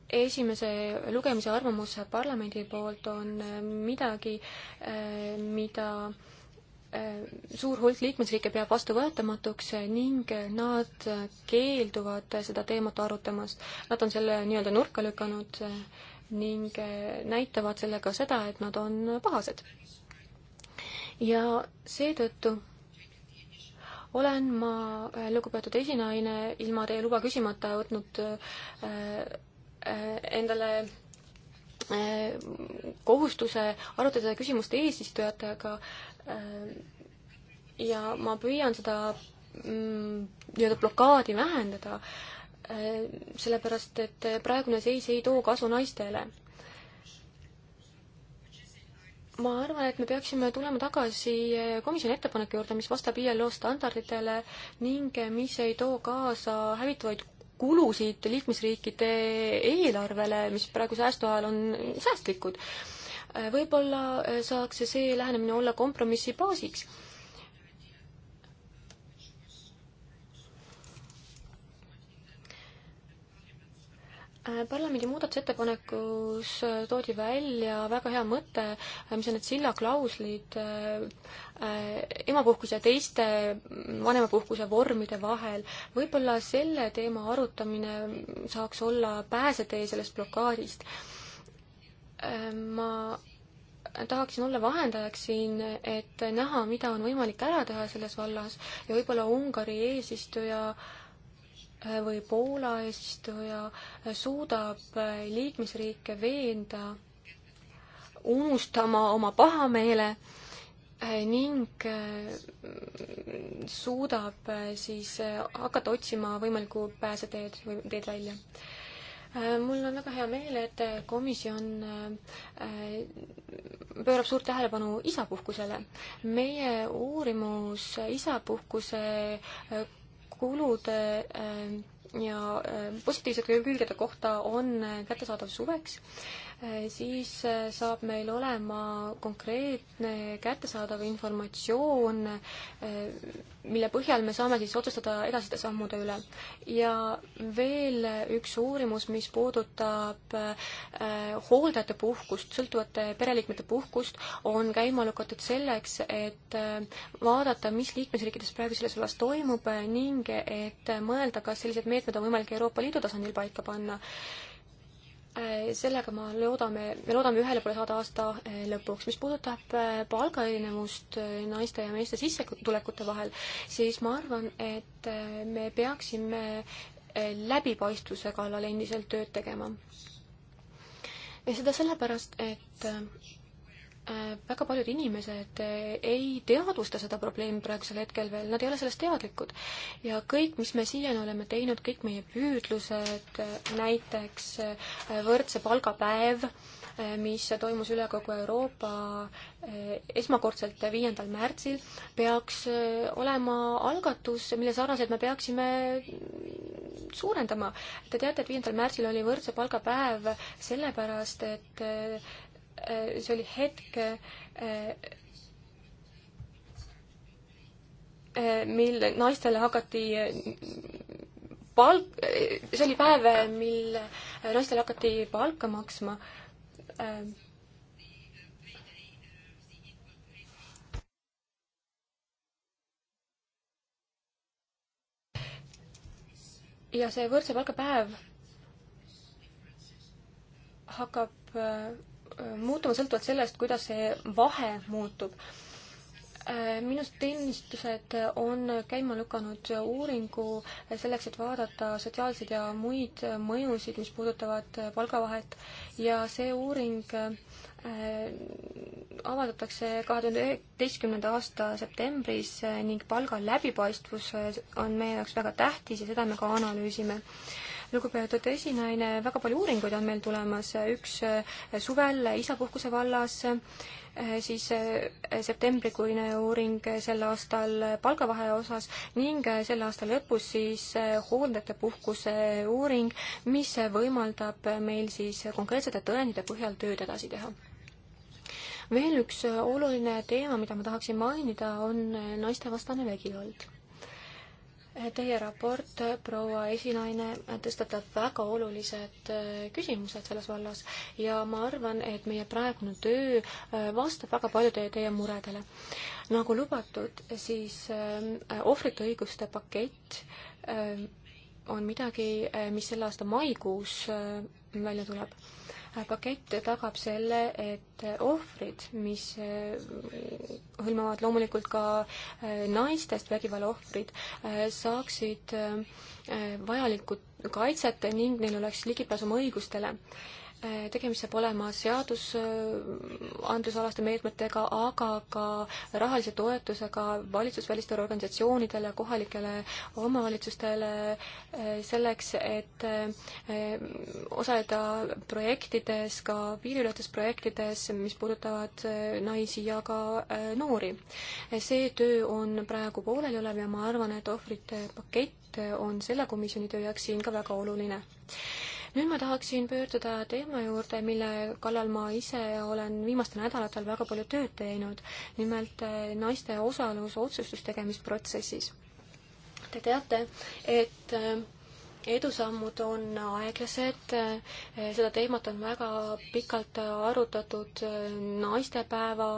esimese lugemise arvamus parlamendi poolt on midagi, mida Äh, suur hulk liikmesriike peab vastuvõetamatuks äh, ning äh, nad keelduvad seda teemat arutamast. Nad on selle nii-öelda nurka lükanud ning näitavad sellega seda, et nad on pahased. ja seetõttu olen ma, lugupeetud esinaine, ilma teie luba küsimata võtnud endale kohustuse arutada küsimust eesistujatega Äh, ja ma püüan seda mm, nii-öelda blokaadi vähendada, äh, sellepärast et praegune seis ei too kasu naistele. ma arvan, et me peaksime tulema tagasi äh, komisjoni ettepaneku juurde, mis vastab ILO standarditele ning mis ei too kaasa hävitavaid kulusid liikmesriikide eelarvele, mis praegu säästu ajal on säästlikud Äh, võib-olla äh, saaks see lähenemine olla kompromissi baasiks. Äh, parlamendi muudatusettepanekus toodi välja väga hea mõte, mis on need sillaklauslid emapuhkuse ja teiste vanemapuhkuse vormide vahel. võib-olla selle teema arutamine saaks olla pääsetee sellest blokaadist Äh, ma tahaksin olla vahendajaks siin, et näha, mida on võimalik ära teha selles vallas ja võib-olla Ungari eesistuja äh, või Poola eesistuja äh, suudab liikmesriike veenda unustama oma pahameele ning suudab siis hakata otsima võimalikku pääseteed või teed välja Äh, mul on väga hea meel, et äh, komisjon äh, pöörab suurt tähelepanu isapuhkusele. meie uurimus isapuhkuse kulude ja positiivsete külgede kohta on kättesaadav suveks Äh, siis äh, saab meil olema konkreetne kättesaadav informatsioon, äh, mille põhjal me saame siis otsustada edasiste sammude üle. ja veel üks uurimus, mis puudutab hooldajate puhkust, sõltuvate pereliikmete puhkust, on käima lükatud selleks, et vaadata, mis liikmesriikides praegu selles vallas toimub ning et mõelda, kas sellised meetmed on võimalik Euroopa Liidu tasandil paika panna Äh, sellega ma loodame, me loodame ühele poole saada aasta äh, lõpuks. mis puudutab äh, palgaerinevust naiste ja meeste sissetulekute vahel, siis ma arvan, et me peaksime läbipaistvuse kallal endiselt tööd tegema. ja seda sellepärast, et Äh, väga paljud inimesed äh, ei teadvusta seda probleemi praegusel hetkel veel, nad ei ole sellest teadlikud. ja kõik, mis me siiani oleme teinud, kõik meie püüdlused, äh, näiteks võrdse palgapäev, mis toimus üle kogu Euroopa esmakordselt viiendal märtsil, peaks olema algatus, mille sarnaselt me peaksime mm, suurendama. Te teate, et viiendal märtsil oli võrdse palga päev sellepärast, et Äh, see oli hetk, äh, äh, mil naistele hakati palk, see oli päev, mil naistele hakati palka maksma. Ähm, ja see võrdse palga päev hakkab muutuma sõltuvalt sellest, kuidas see vahe muutub. minu teenistused on käima lükanud uuringu selleks, et vaadata sotsiaalseid ja muid mõjusid, mis puudutavad palgavahet ja see uuring äh, avaldatakse kahe tuhande üheteistkümnenda aasta septembris ning palga läbipaistvus on meie jaoks väga tähtis ja seda me ka analüüsime lugupeetud esinaine, väga palju uuringuid on meil tulemas, üks eh, suvel isapuhkuse vallas, eh, siis eh, septembrikuine uuring sel aastal palgavahe osas ning selle aasta lõpus siis hooldajate puhkuse uuring, mis võimaldab meil siis konkreetsete tõendite põhjal tööd edasi teha veel üks oluline teema, mida ma tahaksin mainida, on naistevastane vägivald. Teie raport, proua esinaine, tõstatab väga olulised äh, küsimused selles vallas ja ma arvan, et meie praegune töö äh, vastab väga paljudele teie muredele. nagu lubatud, siis äh, ohvrite õiguste pakett on midagi, mis selle aasta maikuus välja tuleb pakett tagab selle, et ohvrid, mis äh, hõlmavad loomulikult ka äh, naistest vägivalla ohvrid, äh, saaksid vajalikku kaitset ning neil oleks ligipääs oma õigustele tegemist saab olema seadusandlusalaste meetmetega, aga ka rahalise toetusega valitsusvälistele organisatsioonidele, kohalikele omavalitsustele eh, selleks, et eh, osaleda projektides, ka piiriületes projektides, mis puudutavad eh, naisi ja ka noori. see töö on praegu pooleliolev ja ma arvan, et ohvrite pakett on selle komisjoni töö jaoks siin ka väga oluline nüüd ma tahaksin pöörduda teema juurde, mille kallal ma ise olen viimastel nädalatel väga palju tööd teinud, nimelt eh, naiste osalus otsustustegemisprotsessis. Te teate, et eh, edusammud on aeglased, eh, seda teemat on väga pikalt arutatud naistepäeva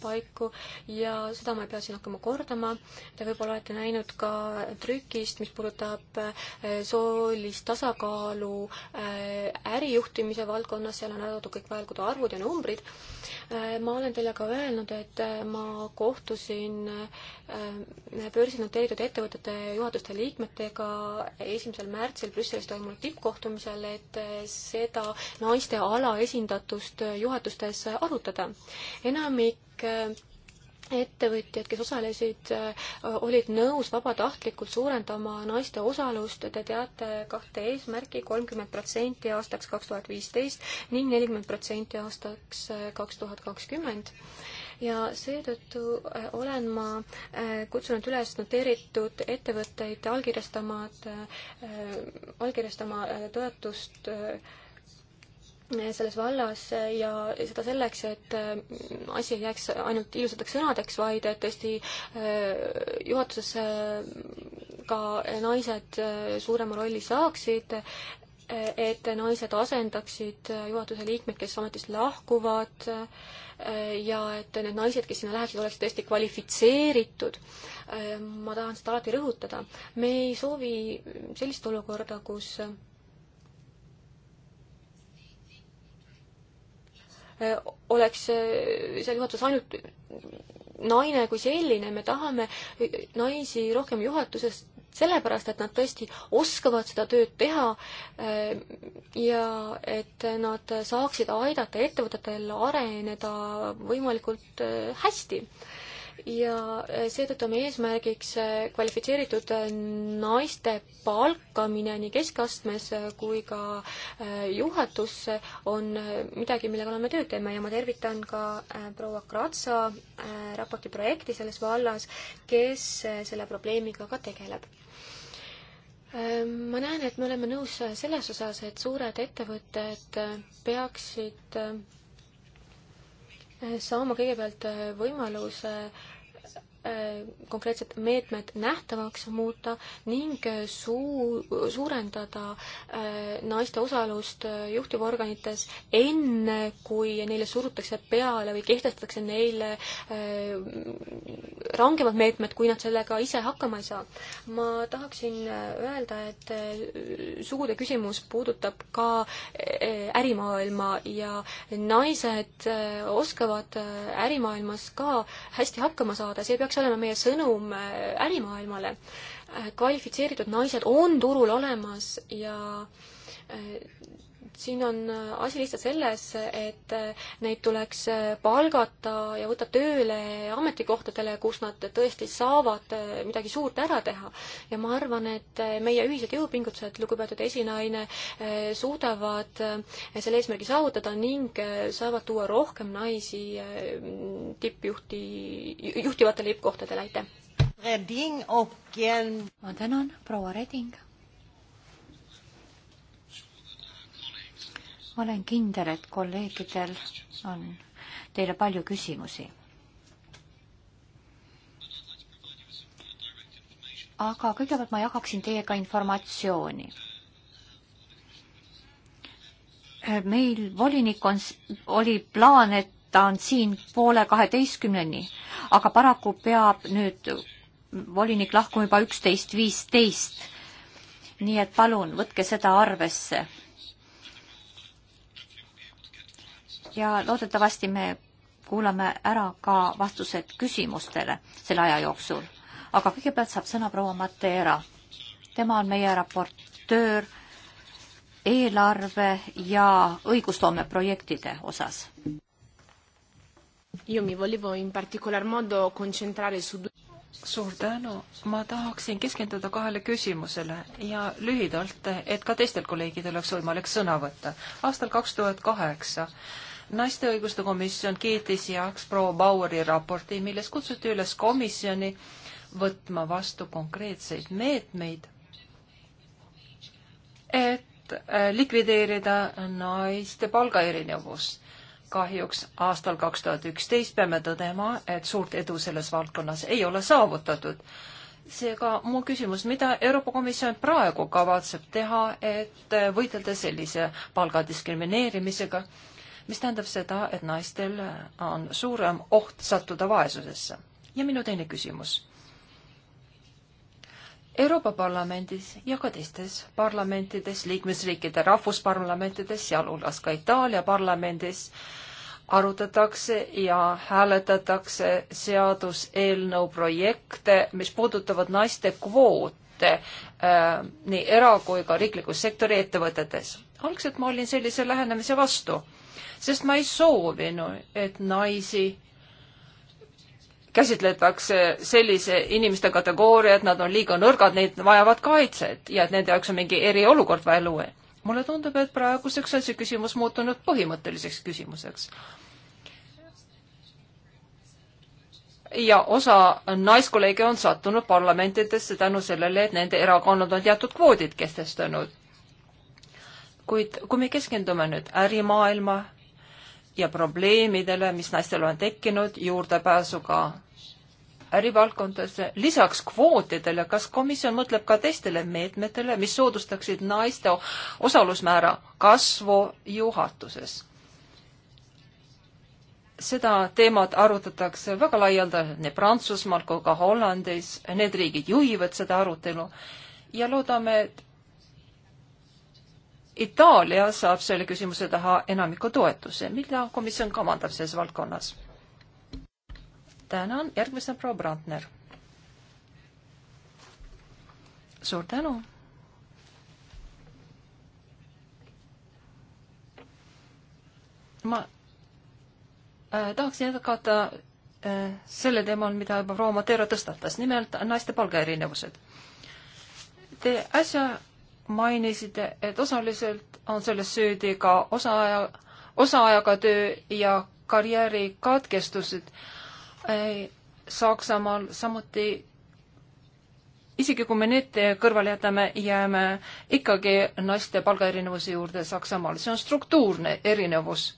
paiku ja seda ma ei pea siin hakkama kordama. Te võib-olla olete näinud ka trükist, mis puudutab äh, soolist tasakaalu äh, ärijuhtimise valdkonnas, seal on ära toodud kõik vajalikud arvud ja numbrid. Äh, ma olen teile ka öelnud, et ma kohtusin äh, Äh, börsil noteeritud ettevõtete juhatuste liikmetega esimesel märtsil Brüsselis toimunud tippkohtumisel, et äh, seda naiste alaesindatust äh, juhatustes arutada. enamik ettevõtjad, kes osalesid, olid nõus vabatahtlikult suurendama naiste osalust, te teate kahte eesmärki, kolmkümmend protsenti aastaks kaks tuhat viisteist ning nelikümmend protsenti aastaks kaks tuhat kakskümmend ja seetõttu äh, olen ma äh, kutsunud üles noteeritud ettevõtteid allkirjastama, äh, allkirjastama toetust selles vallas ja seda selleks, et asi ei jääks ainult ilusateks sõnadeks, vaid et tõesti juhatuses ka naised suurema rolli saaksid et naised asendaksid juhatuse liikmed, kes ametist lahkuvad ja et need naised, kes sinna läheksid, oleksid tõesti kvalifitseeritud. ma tahan seda alati rõhutada. me ei soovi sellist olukorda, kus oleks seal juhatuses ainult naine kui selline, me tahame naisi rohkem juhatuses sellepärast, et nad tõesti oskavad seda tööd teha eh, ja et nad saaksid aidata ettevõtetel areneda võimalikult eh, hästi ja eh, seetõttu on meie eesmärgiks eh, kvalifitseeritud eh, naiste palkamine nii keskastmes kui ka juhatusse on midagi, millega oleme tööd teeme ja ma tervitan ka proua Kratsa raporti projekti selles vallas, kes selle probleemiga ka tegeleb Ma näen, et me oleme nõus selles osas, et suured ettevõtted peaksid saama kõigepealt võimaluse Äh, konkreetsed meetmed nähtavaks muuta ning suu-, suurendada äh, naiste osalust äh, juhtivorganites enne, kui neile surutakse peale või kehtestatakse neile rangemad meetmed, kui nad sellega ise hakkama ei saa. ma tahaksin öelda, et sugude küsimus puudutab ka ärimaailma ja naised oskavad ärimaailmas ka hästi hakkama saada, see peaks peaks olema meie sõnum äh, ärimaailmale. Äh, kvalifitseeritud naised on turul olemas ja äh, siin on äh, asi lihtsalt selles, et äh, neid tuleks äh, palgata ja võtta tööle ametikohtadele, kus nad tõesti saavad midagi suurt ära teha. ja ma arvan, et meie ühised jõupingutused, lugupeetud esinaine, suudavad selle eesmärgi saavutada ning saavad tuua rohkem naisi tippjuhti, juhtivatele tippkohtadele, aitäh! Reding och... En... Ma tänan, proua Reding ma olen kindel, et kolleegidel on teile palju küsimusi. aga kõigepealt ma jagaksin teiega informatsiooni. meil volinik on, oli plaan, et ta on siin poole kaheteistkümneni, aga paraku peab nüüd volinik lahkuma juba üksteist viisteist. nii et palun, võtke seda arvesse ja loodetavasti me kuulame ära ka vastused küsimustele selle aja jooksul. aga kõigepealt saab sõna proua Matera. tema on meie raportöör eelarve ja õigusloome projektide osas. Io mi volevo in particolar modo concentrare su due suur tänu. ma tahaksin keskenduda kahele küsimusele ja lühidalt, et ka teistel kolleegidel oleks võimalik sõna võtta. aastal kaks tuhat kaheksa naiste õiguste komisjon kiitis heaks proua Baueri raporti, milles kutsuti üles komisjoni võtma vastu konkreetseid meetmeid, et äh, likvideerida naiste palgaerinevus. kahjuks aastal kaks tuhat üksteist peame tõdema, et suurt edu selles valdkonnas ei ole saavutatud seega mu küsimus, mida Euroopa Komisjon praegu kavatseb teha, et äh, võidelda sellise palga diskrimineerimisega mis tähendab seda, et naistel on suurem oht sattuda vaesusesse. ja minu teine küsimus. Euroopa Parlamendis ja ka teistes parlamentides, liikmesriikide rahvusparlamentides, sealhulgas ka Itaalia parlamendis, arutatakse ja hääletatakse seaduseelnõu projekte, mis puudutavad naiste kvoote äh, nii era- kui ka riiklikus sektori ettevõtetes. algselt ma olin sellise lähenemise vastu, sest ma ei soovinud, et naisi käsitletakse sellise inimeste kategooria, et nad on liiga nõrgad, neid vajavad kaitset ja et nende jaoks on mingi eriolukord vaja luua. mulle tundub, et praeguseks on see küsimus muutunud põhimõtteliseks küsimuseks. ja osa naiskolleege on sattunud parlamentidesse tänu sellele, et nende erakonnad on teatud kvoodid kehtestanud. kuid kui me keskendume nüüd ärimaailma ja probleemidele, mis naistel on tekkinud juurdepääsuga ärivaldkondadesse, lisaks kvootidele, kas komisjon mõtleb ka teistele meetmetele, mis soodustaksid naiste osalusmäära kasvu juhatuses? seda teemat arutatakse väga laialdalt nii Prantsusmaal kui ka Hollandis, need riigid juhivad seda arutelu ja loodame, et Itaalia saab selle küsimuse taha enamiku toetuse. mida komisjon kavandab selles valdkonnas? tänan, järgmisena proua Brandner. suur tänu. ma äh, tahaksin jätkata äh, selle teemal, mida juba proua Matera tõstatas, nimelt naiste palgaerinevused. Te äsja mainisite, et osaliselt on selles süüdi ka osaaja, osaajaga töö ja karjääri katkestused. Saksamaal samuti isegi kui me need kõrvale jätame, jääme ikkagi naiste palgaerinevuse juurde Saksamaal. see on struktuurne erinevus.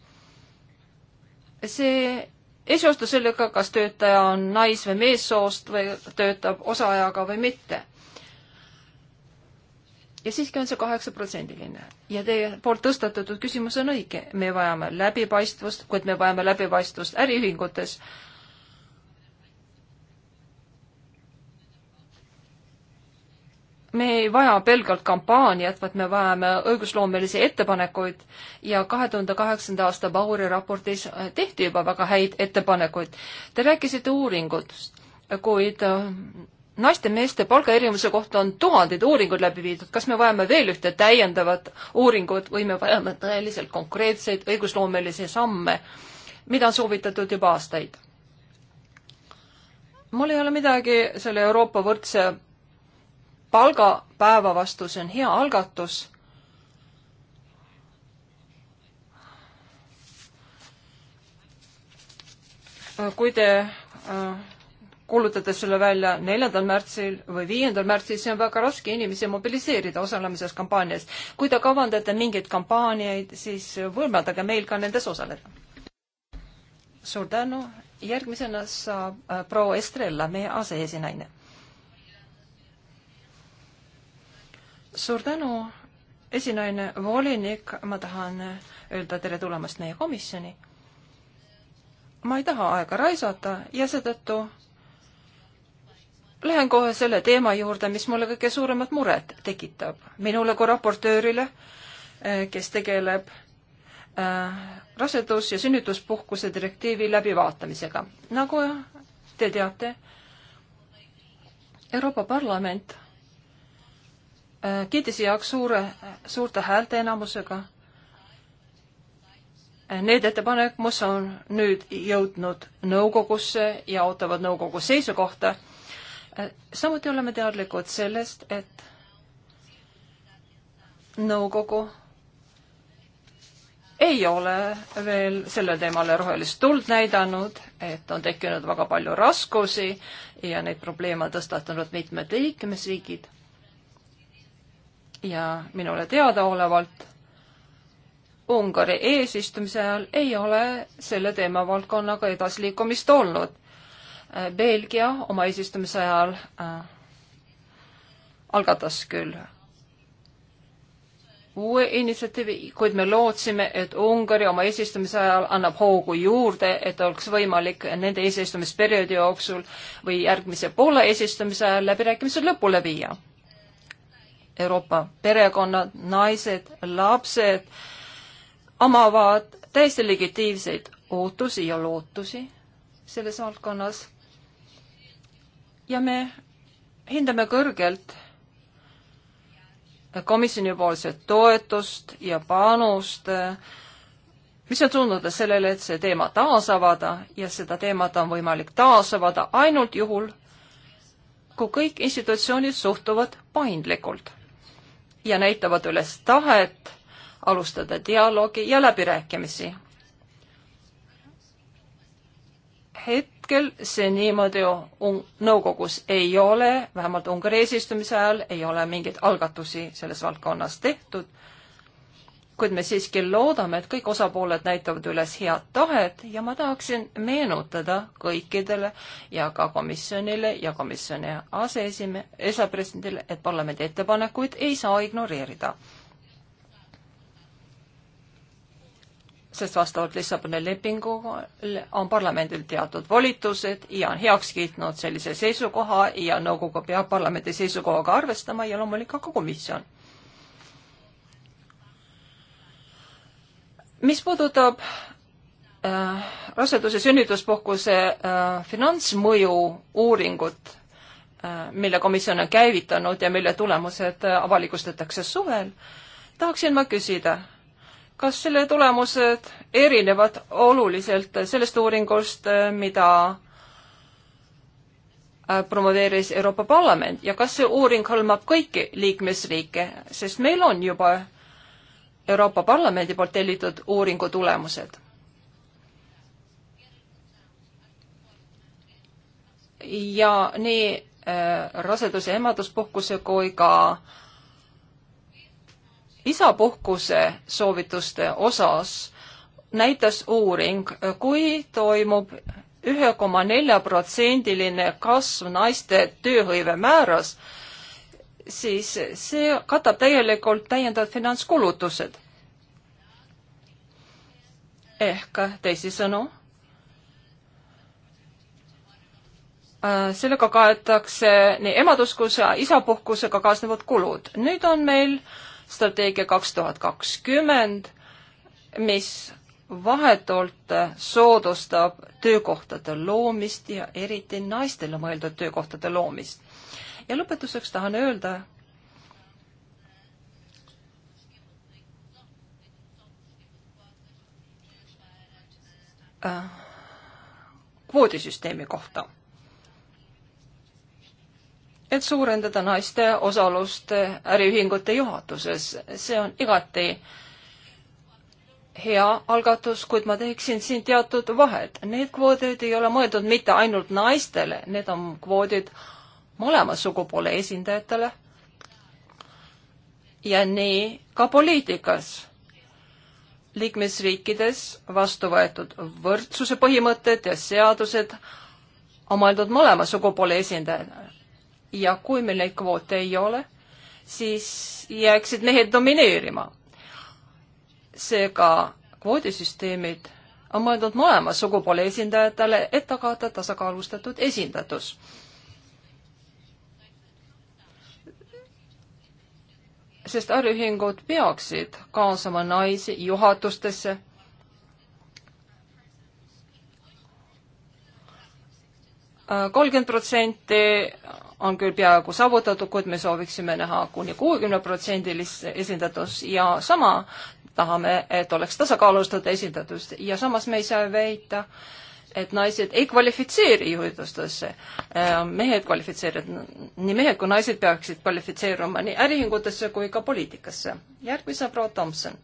see ei seostu sellega, kas töötaja on nais- või meessoost või töötab osaajaga või mitte ja siiski on see kaheksaprotsendiline. ja teie poolt tõstatatud küsimus on õige, me vajame läbipaistvust, kuid me vajame läbipaistvust äriühingutes. me ei vaja pelgalt kampaaniat, vaid me vajame õigusloomelisi ettepanekuid ja kahe tuhande kaheksanda aasta Bauri raportis tehti juba väga häid ettepanekuid. Te rääkisite uuringutest, kuid naiste-meeste palgaerinevuse kohta on tuhandeid uuringuid läbi viidud, kas me vajame veel ühte täiendavat uuringut või me vajame tõeliselt konkreetseid õigusloomelisi samme, mida on soovitatud juba aastaid? mul ei ole midagi selle Euroopa võrdse palgapäeva vastu, see on hea algatus kui te äh, kuulutades selle välja neljandal märtsil või viiendal märtsil, see on väga raske inimesi mobiliseerida osalemises kampaanias. kui te kavandate mingeid kampaaniaid, siis võimaldage meil ka nendes osaleda. suur tänu, järgmisena saab äh, proua Estrella, meie aseesinaine. suur tänu, esinaine, volinik, ma tahan öelda tere tulemast meie komisjoni. ma ei taha aega raisata ja seetõttu Lähen kohe selle teema juurde, mis mulle kõige suuremat muret tekitab. minule kui raportöörile, eh, kes tegeleb eh, rasedus- ja sünnituspuhkuse direktiivi läbivaatamisega. nagu te teate, Euroopa Parlament eh, kiitis heaks suure, suurte häälteenamusega need ettepanek, mis on nüüd jõudnud nõukogusse ja ootavad nõukogu seisukohta samuti oleme teadlikud sellest, et nõukogu ei ole veel sellele teemale rohelist tuld näidanud, et on tekkinud väga palju raskusi ja neid probleeme on tõstatanud mitmed liikmesriigid. ja minule teadaolevalt Ungari eesistumise ajal ei ole selle teemavaldkonnaga edasiliikumist olnud Belgia oma eesistumise ajal äh, algatas küll uue initsiatiivi, kuid me lootsime, et Ungari oma eesistumise ajal annab hoogu juurde, et oleks võimalik nende eesistumisperioodi jooksul või järgmise poole eesistumise ajal läbirääkimised lõpule viia. Euroopa perekonnad, naised, lapsed omavad täiesti legitiimseid ootusi ja lootusi selles valdkonnas ja me hindame kõrgelt komisjonipoolset toetust ja panust, mis on suunatud sellele, et see teema taas avada ja seda teemat on võimalik taas avada ainult juhul, kui kõik institutsioonid suhtuvad paindlikult ja näitavad üles tahet alustada dialoogi ja läbirääkimisi. hetk hetkel see niimoodi nõukogus ei ole, vähemalt Ungari eesistumise ajal ei ole mingeid algatusi selles valdkonnas tehtud. kuid me siiski loodame, et kõik osapooled näitavad üles head tahet ja ma tahaksin meenutada kõikidele ja ka komisjonile ja komisjoni aseesimehe, esapresidendile, et parlamendi ettepanekuid ei saa ignoreerida sest vastavalt Lissaboni lepingule on parlamendil teatud volitused ja on heaks kiitnud sellise seisukoha ja nõukogu peab parlamendi seisukohaga arvestama ja loomulikult ka komisjon. mis puudutab äh, raseduse sünnituspuhkuse äh, finantsmõju uuringut äh,, mille komisjon on käivitanud ja mille tulemused äh, avalikustatakse suvel, tahaksin ma küsida kas selle tulemused erinevad oluliselt sellest uuringust, mida äh, promoveeris Euroopa Parlament ja kas see uuring hõlmab kõiki liikmesriike, sest meil on juba Euroopa Parlamendi poolt tellitud uuringu tulemused. ja nii äh, raseduse, emaduspuhkuse kui ka äh, isapuhkuse soovituste osas näitas uuring, kui toimub ühe koma nelja protsendiline kasv naiste tööhõive määras, siis see katab täielikult täiendavad finantskulutused. ehk teisisõnu, sellega kaetakse nii emadus- kui isapuhkusega kaasnevad kulud. nüüd on meil äh, strateegia kaks tuhat kakskümmend, mis vahetult soodustab töökohtade loomist ja eriti naistele mõeldud töökohtade loomist. ja lõpetuseks tahan öelda, äh, kvoodisüsteemi kohta et suurendada naiste osalust äriühingute juhatuses. see on igati hea algatus, kuid ma teeksin siin teatud vahed. Need kvoodid ei ole mõeldud mitte ainult naistele, need on kvoodid mõlema sugupoole esindajatele ja nii ka poliitikas. liikmesriikides vastu võetud võrdsuse põhimõtted ja seadused on mõeldud mõlema sugupoole esindajale ja kui meil neid kvoote ei ole, siis jääksid mehed domineerima. seega kvoodisüsteemid on mõeldud mõlema sugupoole esindajatele, et tagada tasakaalustatud esindatus. sest äriühingud peaksid kaasama naisi juhatustesse kolmkümmend protsenti on küll peaaegu saavutatud, kuid me sooviksime näha kuni kuuekümneprotsendilist esindatust ja sama tahame, et oleks tasakaalustatud esindatust ja samas me ei saa väita, et naised ei kvalifitseeri juhitustesse. Äh, mehed kvalifitseerivad, nii mehed kui naised peaksid kvalifitseeruma nii äriühingutesse kui ka poliitikasse. järgmise proua Tomson.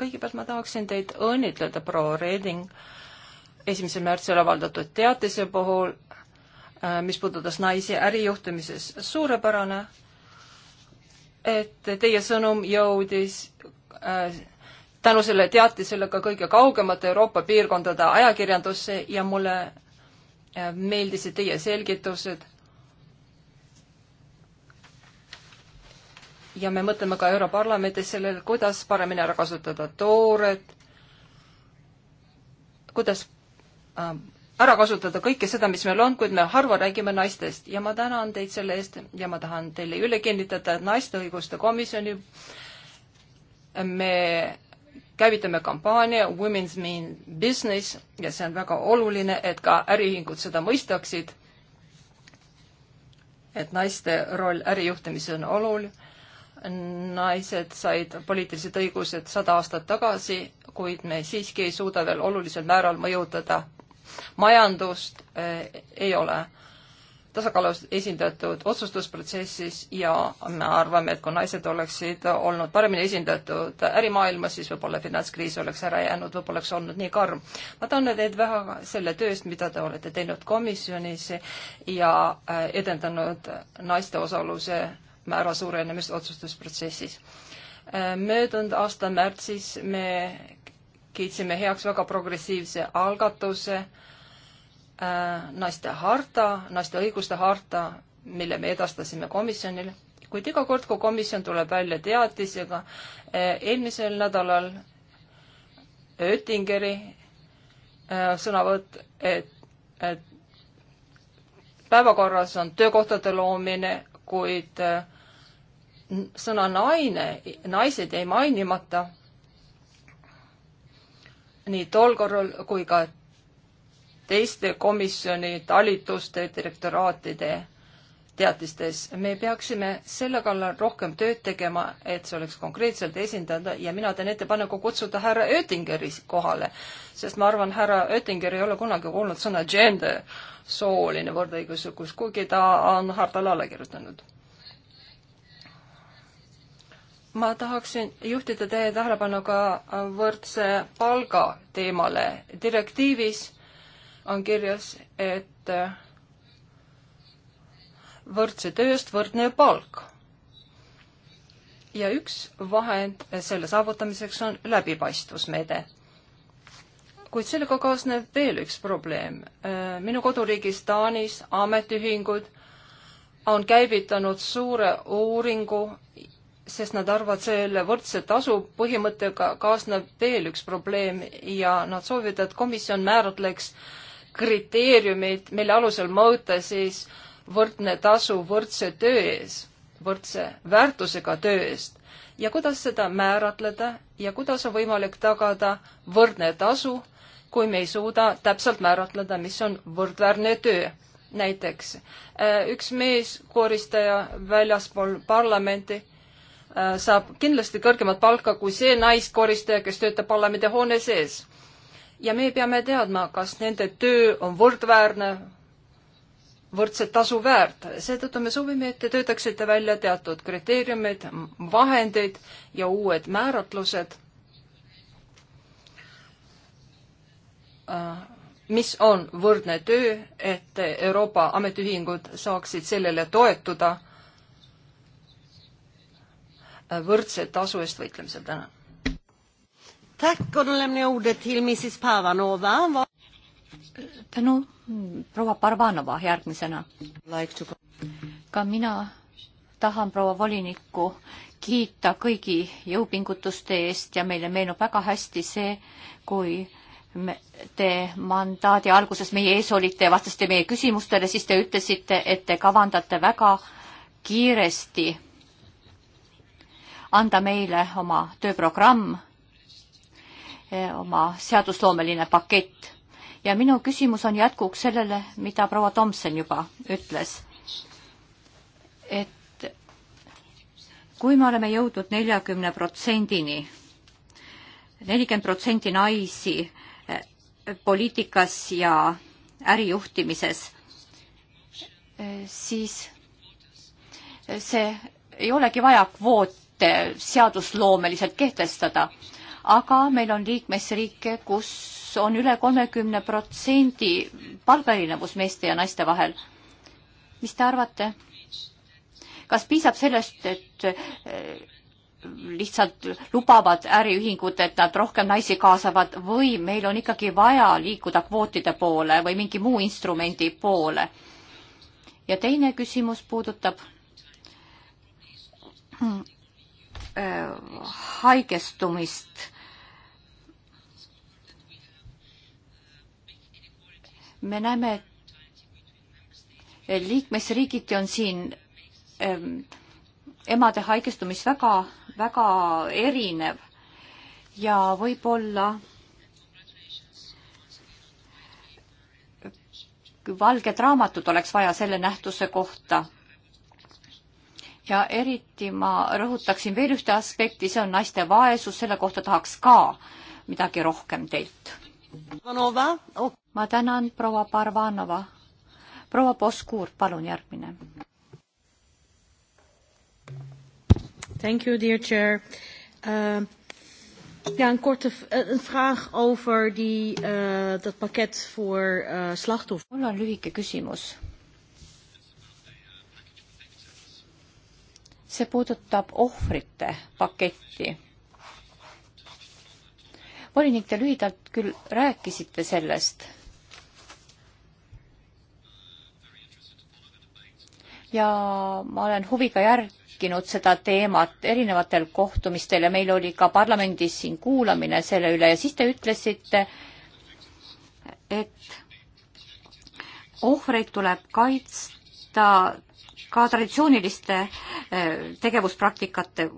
kõigepealt ma tahaksin teid õnnitleda, proua Reding esimesel märtsil avaldatud teatise puhul, äh, mis puudutas naisi ärijuhtimises, suurepärane, et teie sõnum jõudis äh, tänu selle teatisele ka kõige kaugemate Euroopa piirkondade ajakirjandusse ja mulle äh, meeldisid teie selgitused. ja me mõtleme ka Europarlamendis sellele, kuidas paremini ära kasutada tooret, kuidas Äh, ära kasutada kõike seda, mis meil on, kuid me harva räägime naistest ja ma tänan teid selle eest ja ma tahan teile üle kinnitada, et naiste õiguste komisjoni me käivitame kampaania Women's Mean Business ja see on väga oluline, et ka äriühingud seda mõistaksid, et naiste roll ärijuhtimises on oluline naised said poliitilised õigused sada aastat tagasi, kuid me siiski ei suuda veel olulisel määral mõjutada majandust eh, ei ole tasakaalus esindatud otsustusprotsessis ja me arvame, et kui naised oleksid olnud paremini esindatud ärimaailmas, siis võib-olla finantskriis oleks ära jäänud, võib-olla oleks olnud nii karm. ma tänan teid väga selle tööst, mida te olete teinud komisjonis ja eh, edendanud naiste osaluse määra suurenemist otsustusprotsessis. Eh, möödunud aasta märtsis me kiitsime heaks väga progressiivse algatuse äh, naiste harta, naiste õiguste harta, mille me edastasime komisjonile, kuid iga kord, kui komisjon tuleb välja teatisega äh,, eelmisel nädalal Oettingeri äh, sõnavõtt, et, et päevakorras on töökohtade loomine, kuid äh, sõna naine, naised jäi mainimata nii tol korral kui ka teiste komisjoni talituste, direktoraatide teatistes. me peaksime selle kallal rohkem tööd tegema, et see oleks konkreetselt esindatud ja mina teen ettepaneku kutsuda härra Oettingeri kohale, sest ma arvan, härra Oettinger ei ole kunagi kuulnud sõna gender, sooline võrdõiguslikkus, kuigi ta on hartale alla kirjutanud ma tahaksin juhtida teie tähelepanu ka võrdse palga teemale. direktiivis on kirjas, et võrdse tööst võrdne palk. ja üks vahend selle saavutamiseks on läbipaistvusmeede. kuid sellega kaasneb veel üks probleem. minu koduriigis Taanis ametiühingud on käivitanud suure uuringu sest nad arvavad, selle võrdse tasu põhimõttega kaasneb veel üks probleem ja nad soovivad, et komisjon määratleks kriteeriumid, mille alusel mõõta siis võrdne tasu võrdse töö ees, võrdse väärtusega töö eest ja kuidas seda määratleda ja kuidas on võimalik tagada võrdne tasu, kui me ei suuda täpselt määratleda, mis on võrdväärne töö. näiteks äh, üks meeskoristaja väljaspool parlamenti Äh, saab kindlasti kõrgemat palka kui see naiskoristaja, kes töötab parlamendi hoone sees. ja me peame teadma, kas nende töö on võrdväärne, võrdset tasu väärt. seetõttu me soovime, et te töötaksite välja teatud kriteeriumid, vahendeid ja uued määratlused, äh, mis on võrdne töö, et Euroopa ametiühingud saaksid sellele toetuda võrdse tasu eest võitlemisel, tänan. tänu, proua Parvanova järgmisena like. To... ka mina tahan proua volinikku kiita kõigi jõupingutuste eest ja meile meenub väga hästi see, kui me, te mandaadi alguses meie ees olite ja vastasite meie küsimustele, siis te ütlesite, et te kavandate väga kiiresti anda meile oma tööprogramm, eh, oma seadusloomeline pakett. ja minu küsimus on jätkuks sellele, mida proua Tomson juba ütles. et kui me oleme jõudnud neljakümne protsendini, nelikümmend protsenti naisi eh, poliitikas ja ärijuhtimises, eh, siis see ei olegi vaja kvooti mitte seadusloomeliselt kehtestada, aga meil on liikmesriike, kus on üle kolmekümne protsendi palgaerinevus meeste ja naiste vahel. mis te arvate? kas piisab sellest, et eh, lihtsalt lubavad äriühingud, et nad rohkem naisi kaasavad või meil on ikkagi vaja liikuda kvootide poole või mingi muu instrumendi poole? ja teine küsimus puudutab hmm, Äh, haigestumist. me näeme, et liikmesriigiti on siin ähm, emade haigestumis väga, väga erinev ja võib-olla valged raamatud oleks vaja selle nähtuse kohta ja eriti ma rõhutaksin veel ühte aspekti, see on naiste vaesus, selle kohta tahaks ka midagi rohkem teilt. Oh. ma tänan, proua Parvanova. proua Poskuur, palun järgmine. Thank you, dear chair uh,. Ja, een korte eh, een vraag over die, uh, dat pakket voor uh, slachtoffers. Mul on lühike küsimus see puudutab ohvrite paketti. volinik, te lühidalt küll rääkisite sellest. ja ma olen huviga järginud seda teemat erinevatel kohtumistel ja meil oli ka parlamendis siin kuulamine selle üle ja siis te ütlesite, et ohvreid tuleb kaitsta ka traditsiooniliste eh, tegevuspraktikate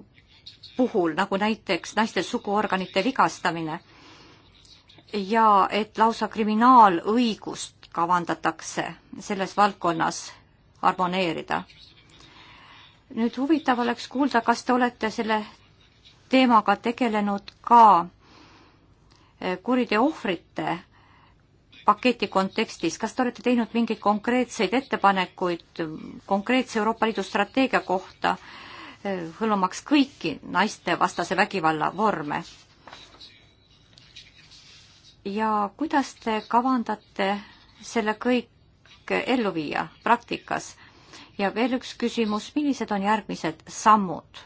puhul, nagu näiteks naiste suguorganite vigastamine ja et lausa kriminaalõigust kavandatakse selles valdkonnas harmoneerida. nüüd huvitav oleks kuulda, kas te olete selle teemaga tegelenud ka eh, kuriteo ohvrite paketi kontekstis, kas te olete teinud mingeid konkreetseid ettepanekuid konkreetse Euroopa Liidu strateegia kohta, eh, hõlmamaks kõiki naistevastase vägivalla vorme? ja kuidas te kavandate selle kõik ellu viia praktikas? ja veel üks küsimus, millised on järgmised sammud?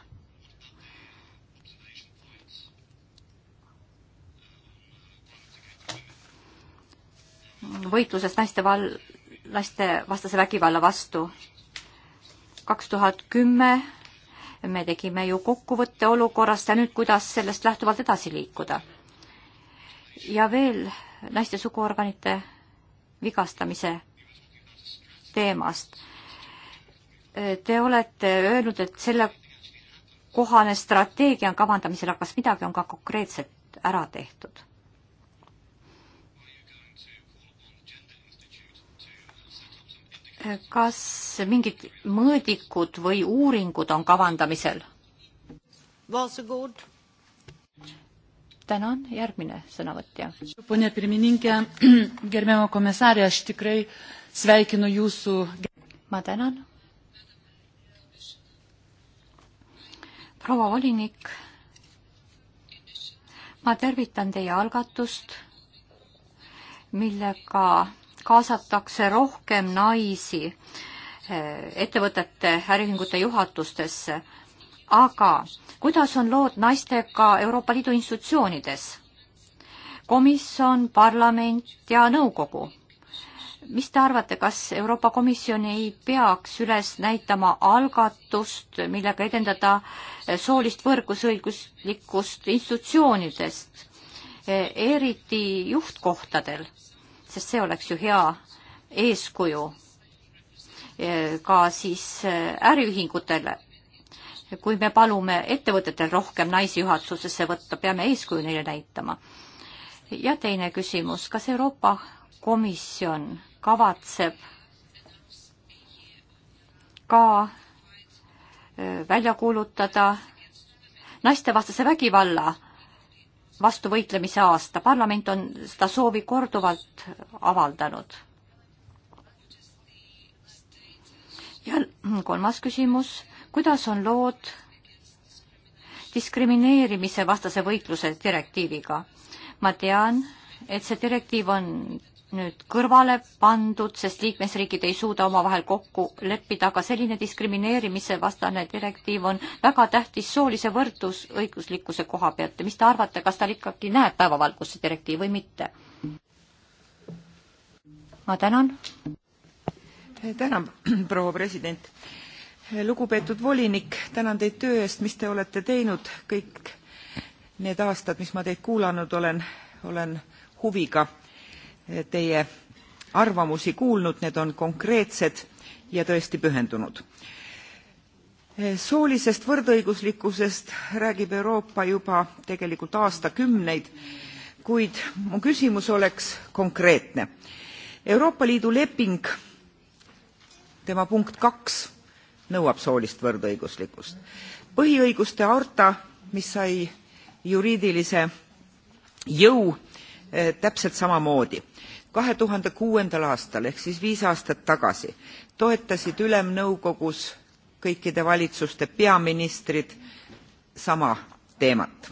võitluses naiste val-, laste vastase vägivalla vastu. kaks tuhat kümme me tegime ju kokkuvõtte olukorrast ja nüüd, kuidas sellest lähtuvalt edasi liikuda. ja veel naiste suguorganite vigastamise teemast. Te olete öelnud, et selle kohane strateegia on kavandamisel, aga kas midagi on ka konkreetselt ära tehtud? kas mingid mõõdikud või uuringud on kavandamisel? tänan, järgmine sõnavõtja. Pone pirmininke, gerbiamo komissari, aš tikrai sveikinu jūsų. ma tänan. proua volinik, ma tervitan teie algatust, millega kaasatakse rohkem naisi eh, ettevõtete, äriühingute juhatustesse. aga kuidas on lood naistega Euroopa Liidu institutsioonides? komisjon, parlament ja nõukogu. mis te arvate, kas Euroopa Komisjon ei peaks üles näitama algatust, millega edendada eh, soolist võrgusõiguslikkust institutsioonidest, eh, eriti juhtkohtadel? sest see oleks ju hea eeskuju eh, ka siis eh, äriühingutele. kui me palume ettevõtetel rohkem naisi juhatusesse võtta, peame eeskuju neile näitama. ja teine küsimus, kas Euroopa Komisjon kavatseb ka eh, välja kuulutada naistevastase vägivalla vastu võitlemise aasta. parlament on seda soovi korduvalt avaldanud. ja kolmas küsimus, kuidas on lood diskrimineerimise vastase võitluse direktiiviga? ma tean, et see direktiiv on nüüd kõrvale pandud, sest liikmesriigid ei suuda omavahel kokku leppida, aga selline diskrimineerimise vastane direktiiv on väga tähtis soolise võrdusõiguslikkuse koha pealt ja mis te arvate, kas tal ikkagi näeb päevavalgust see direktiiv või mitte? ma tänan. tänan, proua president. lugupeetud volinik, tänan teid töö eest, mis te olete teinud kõik need aastad, mis ma teid kuulanud olen, olen huviga teie arvamusi kuulnud need on konkreetsed ja tõesti pühendunud. soolisest võrdõiguslikkusest räägib euroopa juba tegelikult aastakümneid kuid mu küsimus oleks konkreetne euroopa liidu leping tema punkt 2 nõuab soolist võrdõiguslikkust põhiõiguste harta mis sai juriidilise jõu Eh, täpselt samamoodi aastal ehk siis viis aastat tagasi toetasid ülemnõukogus kõikide valitsuste peaministrid sama teemat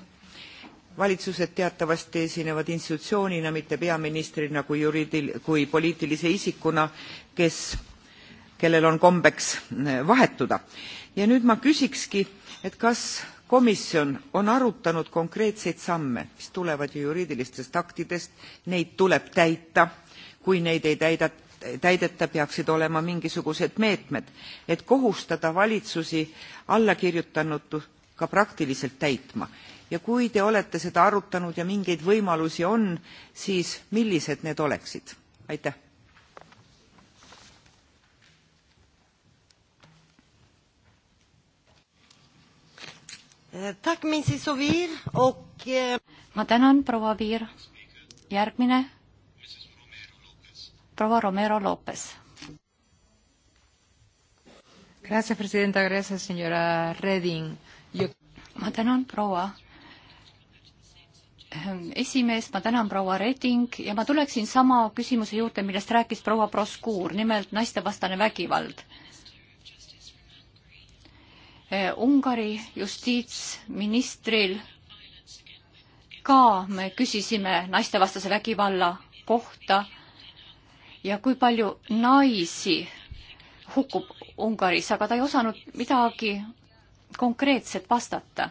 valitsused teatavasti esinevad institutsioonina mitte peaministrina kui juriidil- kui poliitilise isikuna kes kellel on kombeks eh, vahetuda ja nüüd ma küsikski et kas komisjon on arutanud konkreetseid samme mis tulevad ju juriidilistest aktidest neid tuleb täita kui neid ei täida täideta peaksid olema mingisugused meetmed et kohustada valitsusi allakirjutanut ka praktiliselt täitma ja kui te olete seda arutanud ja mingeid võimalusi on siis millised need oleksid aitäh Eh, eh, ma tänan, proua Viir. järgmine, proua Romero Lopes. ma tänan, proua ehm, esimees, ma tänan proua Reding ja ma tuleksin sama küsimuse juurde, millest rääkis proua Proskuur, nimelt naistevastane vägivald Eh, Ungari justiitsministril ka me küsisime naistevastase vägivalla kohta ja kui palju naisi hukkub Ungaris, aga ta ei osanud midagi konkreetset vastata.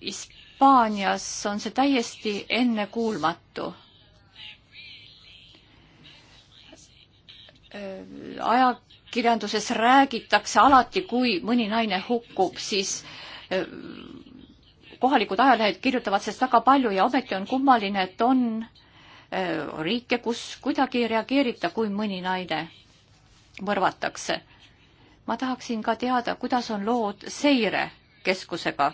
Hispaanias on see täiesti ennekuulmatu. Eh, ajak-, kirjanduses räägitakse alati, kui mõni naine hukkub, siis kohalikud ajalehed kirjutavad sellest väga palju ja ometi on kummaline, et on riike, kus kuidagi ei reageerita, kui mõni naine mõrvatakse. ma tahaksin ka teada, kuidas on lood seirekeskusega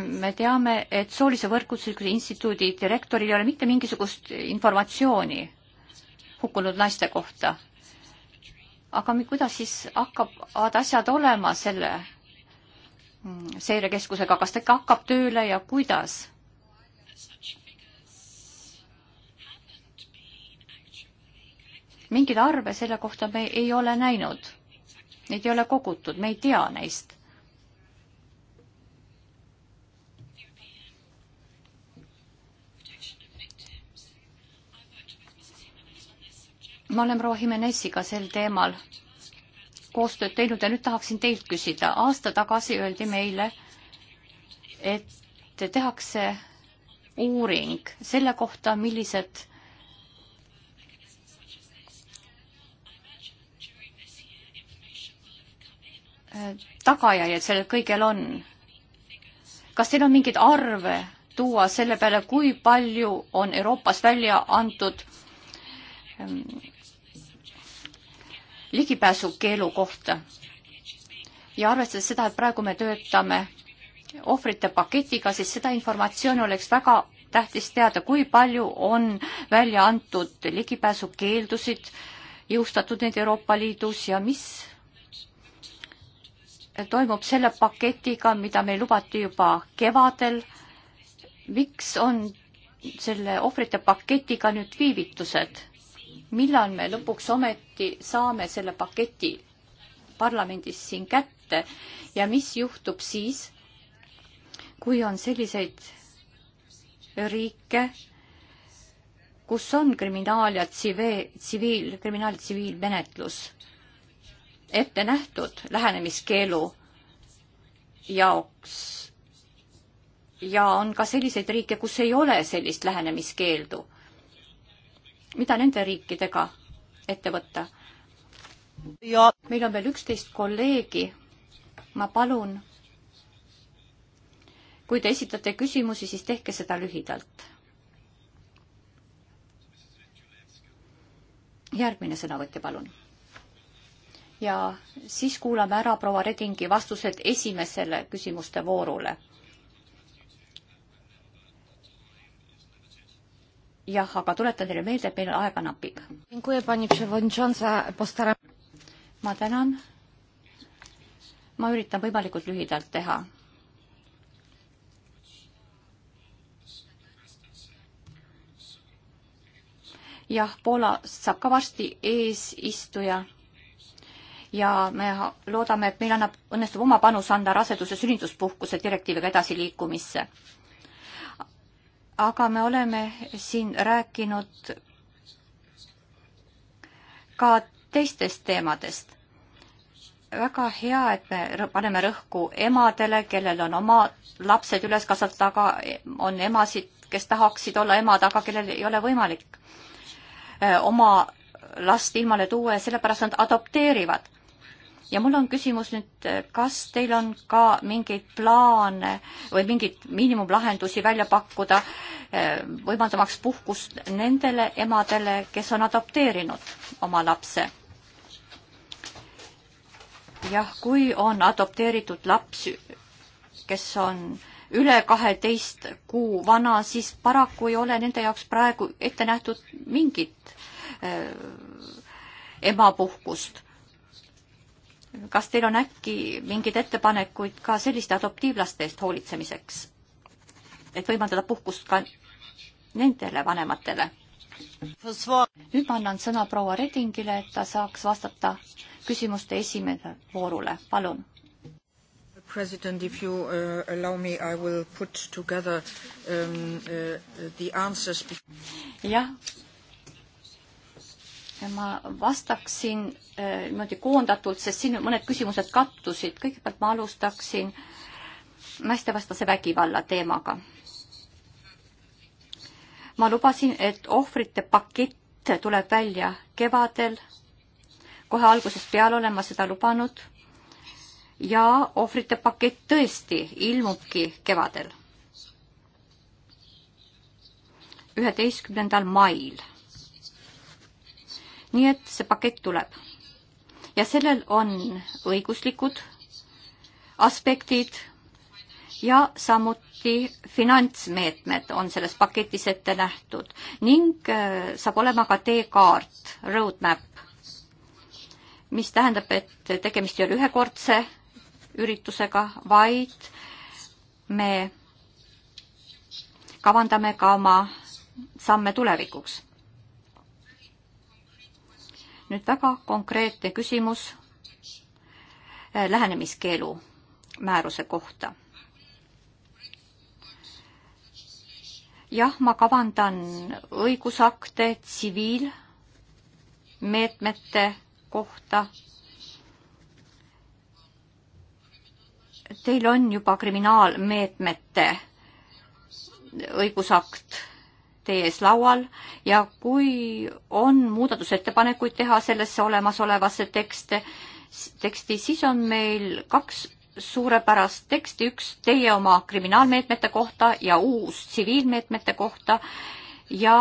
me teame, et soolise võrgustikuse instituudi direktoril ei ole mitte mingisugust informatsiooni hukkunud naiste kohta. aga kuidas siis hakkavad asjad olema selle seirekeskusega, kas ta ikka hakkab tööle ja kuidas? mingeid arve selle kohta me ei ole näinud, neid ei ole kogutud, me ei tea neist ma olen proua Jimenesiga sel teemal koostööd teinud ja nüüd tahaksin teilt küsida. aasta tagasi öeldi meile, et tehakse uuring selle kohta, millised tagajärjed sellel kõigel on. kas teil on mingeid arve tuua selle peale, kui palju on Euroopas välja antud ähm, ligipääsukeelu kohta. ja arvestades seda, et praegu me töötame ohvrite paketiga, siis seda informatsiooni oleks väga tähtis teada, kui palju on välja antud ligipääsukeeldusid, jõustatud neid Euroopa Liidus ja mis toimub selle paketiga, mida meil lubati juba kevadel. miks on selle ohvrite paketiga nüüd viivitused? millal me lõpuks ometi saame selle paketi parlamendis siin kätte ja mis juhtub siis, kui on selliseid riike, kus on kriminaal- ja tsiviil, tsiviil, kriminaal- ja tsiviilmenetlus ette nähtud lähenemiskeelu jaoks ja on ka selliseid riike, kus ei ole sellist lähenemiskeeldu mida nende riikidega ette võtta? ja meil on veel üksteist kolleegi. ma palun, kui te esitate küsimusi, siis tehke seda lühidalt. järgmine sõnavõtja, palun. ja siis kuulame ära proua Redingi vastused esimesele küsimuste voorule jah, aga tuletan teile meelde, et meil aega napib. ma tänan. ma üritan võimalikult lühidalt teha. jah, Poolast saab ka varsti eesistuja ja me loodame, et meil annab, õnnestub oma panus anda raseduse sünnituspuhkuse direktiiviga edasiliikumisse aga me oleme siin rääkinud ka teistest teemadest. väga hea, et me paneme rõhku emadele, kellel on oma lapsed üles kasvatada, aga on emasid, kes tahaksid olla emad, aga kellel ei ole võimalik äh, oma last ilmale tuua ja sellepärast nad adopteerivad ja mul on küsimus nüüd, kas teil on ka mingeid plaane või mingeid miinimumlahendusi välja pakkuda, eh, võimaldamaks puhkust nendele emadele, kes on adopteerinud oma lapse? jah, kui on adopteeritud laps, kes on üle kaheteist kuu vana, siis paraku ei ole nende jaoks praegu ette nähtud mingit äh, emapuhkust kas teil on äkki mingeid ettepanekuid ka selliste adoptiivlaste eest hoolitsemiseks, et võimaldada puhkust ka nendele vanematele? nüüd ma annan sõna proua Redingile, et ta saaks vastata küsimuste esimene voorule, palun. President, if you uh, allow me, I will put together um, uh, the answers. jah ma vastaksin eh, niimoodi koondatult, sest siin mõned küsimused kattusid. kõigepealt ma alustaksin naistevastase vägivalla teemaga. ma lubasin, et ohvrite pakett tuleb välja kevadel. kohe algusest peale olen ma seda lubanud. ja ohvrite pakett tõesti ilmubki kevadel. üheteistkümnendal mail nii et see pakett tuleb. ja sellel on õiguslikud aspektid ja samuti finantsmeetmed on selles paketis ette nähtud ning äh, saab olema ka teekaart, roadmap, mis tähendab, et tegemist ei ole ühekordse üritusega, vaid me kavandame ka oma samme tulevikuks nüüd väga konkreetne küsimus eh, lähenemiskeelu määruse kohta. jah, ma kavandan õigusakte tsiviilmeetmete kohta. Teil on juba kriminaalmeetmete õigusakt teie ees laual ja kui on muudatusettepanekuid teha sellesse olemasolevasse tekste, teksti, siis on meil kaks suurepärast teksti, üks teie oma kriminaalmeetmete kohta ja uus tsiviilmeetmete kohta ja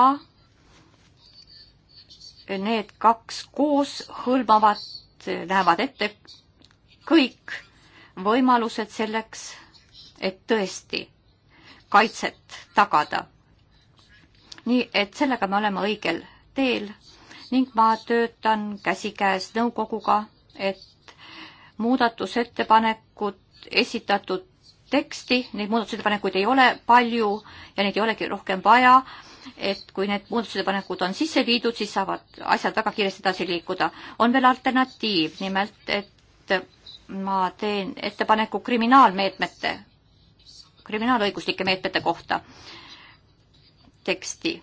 need kaks koos hõlmavad, näevad ette kõik võimalused selleks, et tõesti kaitset tagada nii et sellega me oleme õigel teel ning ma töötan käsikäes nõukoguga, et muudatusettepanekud esitatud teksti, neid muudatusettepanekuid ei ole palju ja neid ei olegi rohkem vaja, et kui need muudatusettepanekud on sisse viidud, siis saavad asjad väga kiiresti edasi liikuda. on veel alternatiiv, nimelt et ma teen ettepaneku kriminaalmeetmete, kriminaalõiguslike meetmete kohta teksti.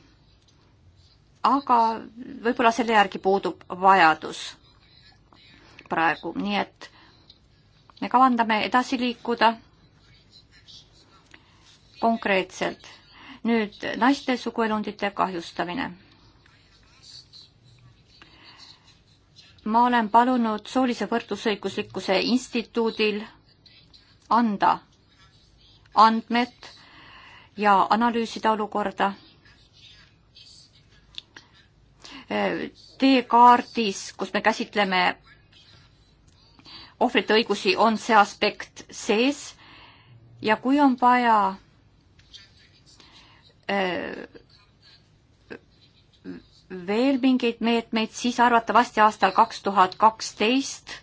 aga võib-olla selle järgi puudub vajadus praegu, nii et me kavandame edasi liikuda konkreetselt. nüüd naiste suguelundite kahjustamine. ma olen palunud soolise võrdlusõiguslikkuse instituudil anda andmed ja analüüsida olukorda teekaardis, kus me käsitleme ohvrite õigusi, on see aspekt sees ja kui on vaja äh, veel mingeid meetmeid, siis arvatavasti aastal kaks tuhat kaksteist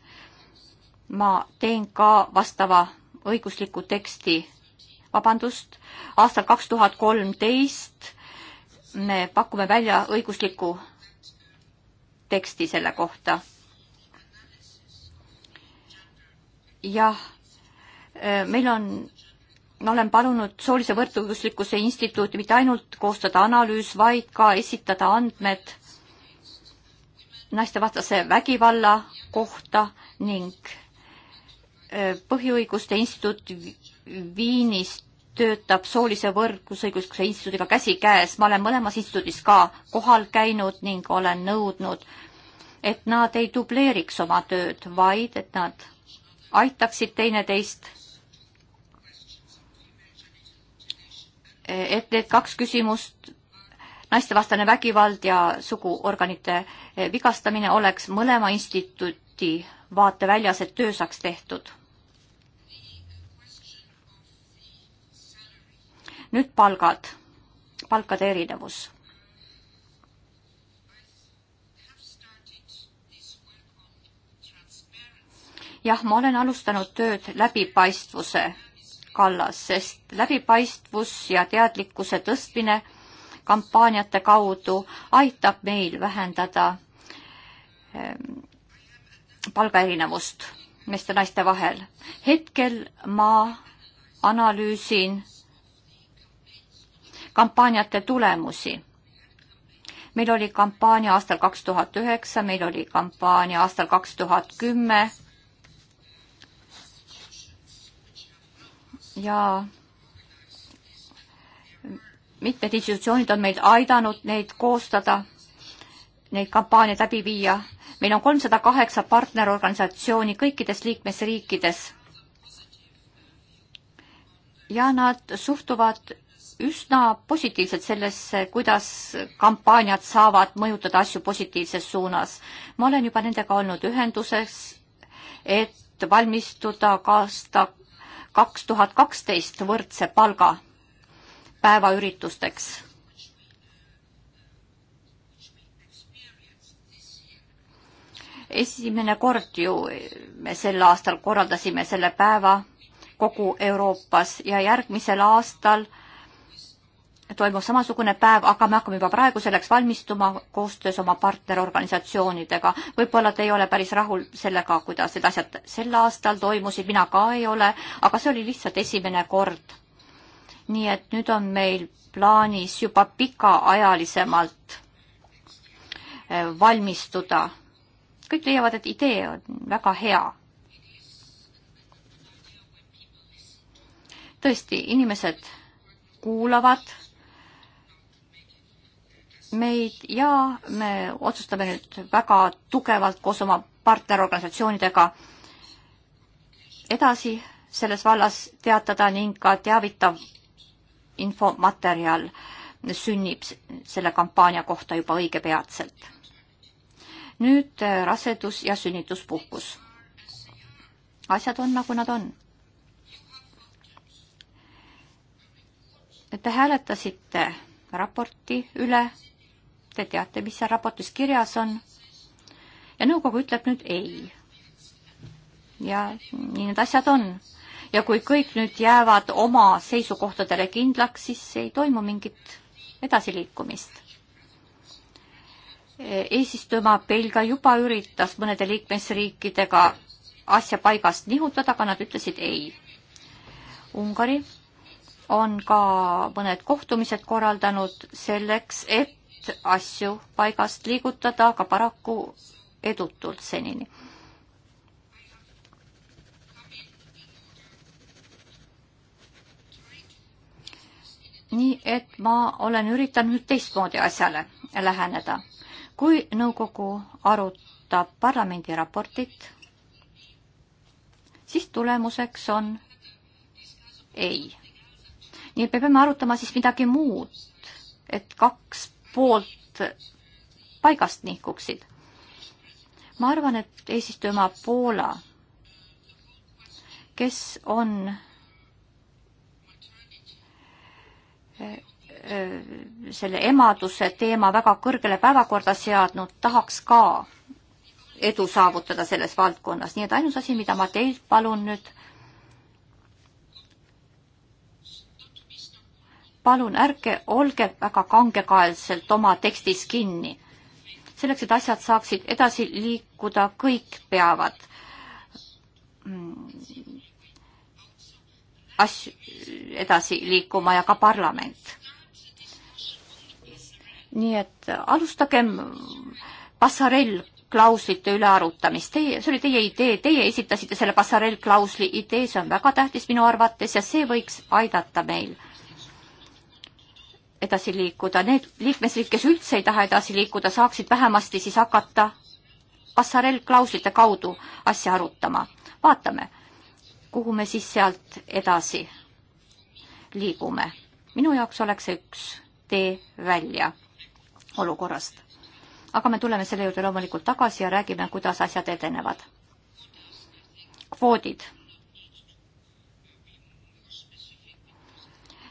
ma teen ka vastava õigusliku teksti, vabandust, aastal kaks tuhat kolmteist me pakume välja õigusliku teksti selle kohta. jah, e, meil on, ma olen palunud soolise võrdõiguslikkuse instituuti mitte ainult koostada analüüs, vaid ka esitada andmed naistevastase vägivalla kohta ning e, põhiõiguste instituut Viinis töötab soolise võrdgusõiguse instituudiga käsikäes. ma olen mõlemas instituudis ka kohal käinud ning olen nõudnud, et nad ei dubleeriks oma tööd, vaid et nad aitaksid teineteist. et need kaks küsimust, naistevastane vägivald ja suguorganite vigastamine oleks mõlema instituuti vaateväljas, et töö saaks tehtud nüüd palgad, palkade erinevus. jah, ma olen alustanud tööd läbipaistvuse kallas, sest läbipaistvus ja teadlikkuse tõstmine kampaaniate kaudu aitab meil vähendada ehm, palgaerinevust meeste ja naiste vahel. hetkel ma analüüsin kampaaniate tulemusi. meil oli kampaania aastal kaks tuhat üheksa, meil oli kampaania aastal kaks tuhat kümme ja mitmed institutsioonid on meid aidanud neid koostada, neid kampaaniaid läbi viia. meil on kolmsada kaheksa partnerorganisatsiooni kõikides liikmesriikides. ja nad suhtuvad üsna positiivsed sellesse, kuidas kampaaniad saavad mõjutada asju positiivses suunas. ma olen juba nendega olnud ühenduses, et valmistuda ka aasta kaks tuhat kaksteist võrdse palga päevaüritusteks. esimene kord ju me sel aastal korraldasime selle päeva kogu Euroopas ja järgmisel aastal äh, toimub samasugune päev, aga me hakkame juba praegu selleks valmistuma koostöös oma partnerorganisatsioonidega. võib-olla te ei ole päris rahul sellega, kuidas need asjad sel aastal toimusid, mina ka ei ole, aga see oli lihtsalt esimene kord. nii et nüüd on meil plaanis juba pikaajalisemalt eh, valmistuda. kõik leiavad, et idee on väga hea. tõesti, inimesed kuulavad meid ja me otsustame nüüd väga tugevalt koos oma partnerorganisatsioonidega edasi selles vallas teatada ning ka teavitav infomaterjal sünnib selle kampaania kohta juba õige peatselt. nüüd äh, rasedus ja sünnituspuhkus. asjad on, nagu nad on. Te hääletasite raporti üle Te teate, mis seal raportis kirjas on. ja nõukogu ütleb nüüd ei. ja nii need asjad on. ja kui kõik nüüd jäävad oma seisukohtadele kindlaks, siis ei toimu mingit edasiliikumist eesistujamaa Belgia juba üritas mõnede liikmesriikidega asja paigast nihutada, aga nad ütlesid ei. Ungari on ka mõned kohtumised korraldanud selleks, et neid asju paigast liigutada, aga paraku edutult senini. nii et ma olen üritanud teistmoodi asjale läheneda. kui nõukogu arutab parlamendi raportit, siis tulemuseks on ei. nii et me peame arutama siis midagi muud, et kaks poolt paigast nihkuksid. ma arvan, et eesistujamaa Poola, kes on eh, eh, selle emaduse teema väga kõrgele päevakorda seadnud, tahaks ka edu saavutada selles valdkonnas, nii et ainus asi, mida ma teilt palun nüüd palun ärge olge väga kangekaelselt oma tekstis kinni. selleks, et asjad saaksid edasi liikuda, kõik peavad mm, asju edasi liikuma ja ka parlament. nii et alustagem passarell klauslite ülearutamist. Teie, see oli teie idee, teie esitasite selle passarell klausli idee, see on väga tähtis minu arvates ja see võiks aidata meil edasi liikuda, need liikmesriik, kes üldse ei taha edasi liikuda, saaksid vähemasti siis hakata passarellklauslite kaudu asja arutama. vaatame, kuhu me siis sealt edasi liigume. minu jaoks oleks see üks tee välja olukorrast. aga me tuleme selle juurde loomulikult tagasi ja räägime, kuidas asjad edenevad. kvoodid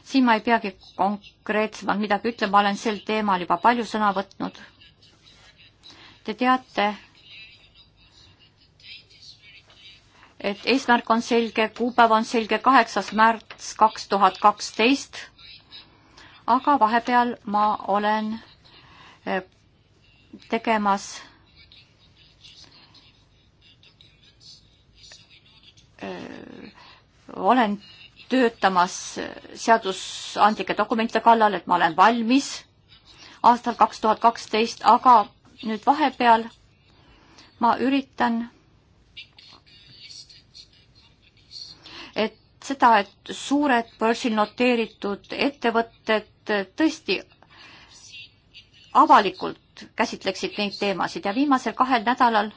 siin ma ei peagi konkreetsemalt midagi ütlema, olen sel teemal juba palju sõna võtnud. Te teate, et eesmärk on selge, kuupäev on selge, kaheksas märts kaks tuhat kaksteist, aga vahepeal ma olen eh, tegemas eh, olen töötamas seadusandlike dokumentide kallal, et ma olen valmis aastal kaks tuhat kaksteist, aga nüüd vahepeal ma üritan, et seda, et suured börsil noteeritud ettevõtted tõesti avalikult käsitleksid neid teemasid ja viimasel kahel nädalal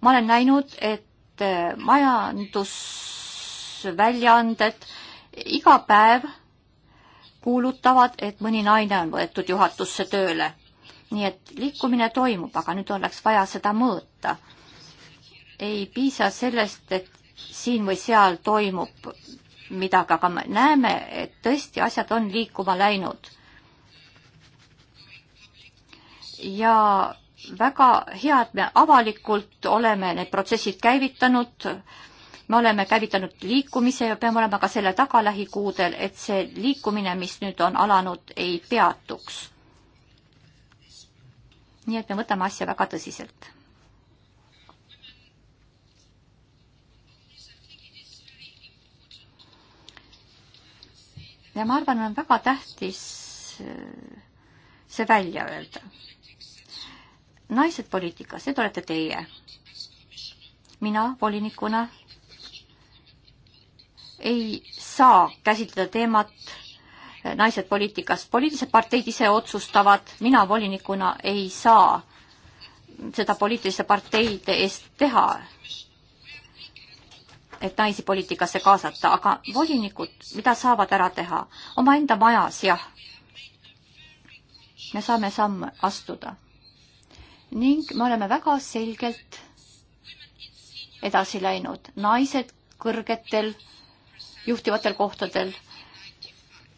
ma olen näinud, et majandus väljaanded iga päev kuulutavad, et mõni naine on võetud juhatusse tööle. nii et liikumine toimub, aga nüüd oleks vaja seda mõõta. ei piisa sellest, et siin või seal toimub midagi, aga me näeme, et tõesti asjad on liikuma läinud. ja väga hea, et me avalikult oleme need protsessid käivitanud me oleme käivitanud liikumise ja peame olema ka selle taga lähikuudel, et see liikumine, mis nüüd on alanud, ei peatuks. nii et me võtame asja väga tõsiselt. ja ma arvan, on väga tähtis äh, see välja öelda. naised poliitikas, need olete teie. mina volinikuna ei saa käsitleda teemat eh, naised poliitikas. poliitilised parteid ise otsustavad, mina volinikuna ei saa seda poliitiliste parteide eest teha, et naisi poliitikasse kaasata, aga volinikud, mida saavad ära teha? omaenda majas, jah. me saame samme astuda. ning me oleme väga selgelt edasi läinud. naised kõrgetel juhtivatel kohtadel.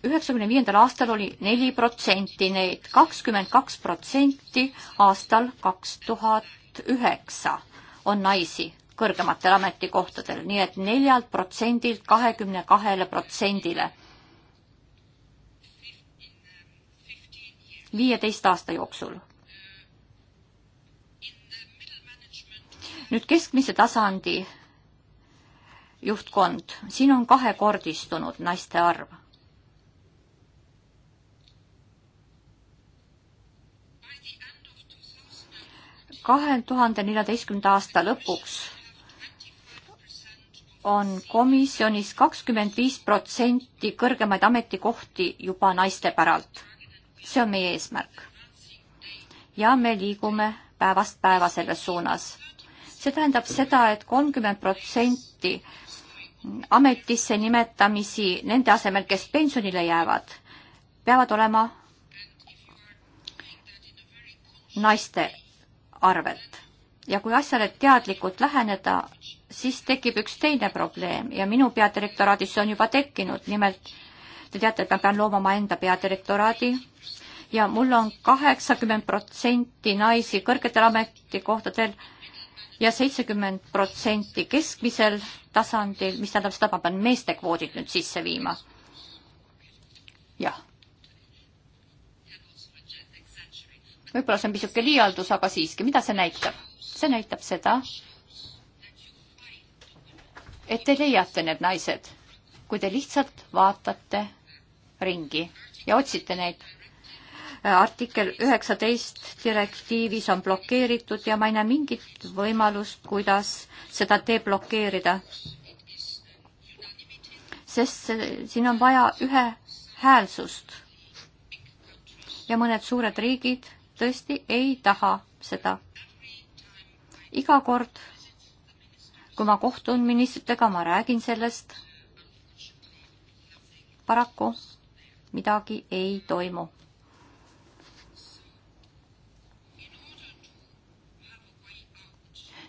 üheksakümne viiendal aastal oli neli protsenti neid, kakskümmend kaks protsenti aastal kaks tuhat üheksa on naisi kõrgematel ametikohtadel, nii et neljalt protsendilt kahekümne kahele protsendile viieteist aasta jooksul. nüüd keskmise tasandi juhtkond, siin on kahekordistunud naiste arv. kahe tuhande neljateistkümnenda aasta lõpuks on komisjonis kakskümmend viis protsenti kõrgemaid ametikohti juba naiste päralt. see on meie eesmärk. ja me liigume päevast päeva selles suunas. see tähendab seda et, et kolmkümmend protsenti ametisse nimetamisi nende asemel, kes pensionile jäävad, peavad olema naiste arvelt. ja kui asjale teadlikult läheneda, siis tekib üks teine probleem ja minu peadirektoraadis see on juba tekkinud, nimelt te teate, et ma pean looma omaenda peadirektoraadi ja mul on kaheksakümmend protsenti naisi kõrgetel ametikohtadel ja seitsekümmend protsenti keskmisel tasandil, mis tähendab seda, ma pean meeste kvoodid nüüd sisse viima. jah. võib-olla see on pisuke liialdus, aga siiski, mida see näitab? see näitab seda, et te leiate need naised, kui te lihtsalt vaatate ringi ja otsite neid artikkel üheksateist direktiivis on blokeeritud ja ma ei näe mingit võimalust, kuidas seda deblokeerida. sest siin on vaja ühehäälsust. ja mõned suured riigid tõesti ei taha seda. iga kord, kui ma kohtun ministritega, ma räägin sellest. paraku midagi ei toimu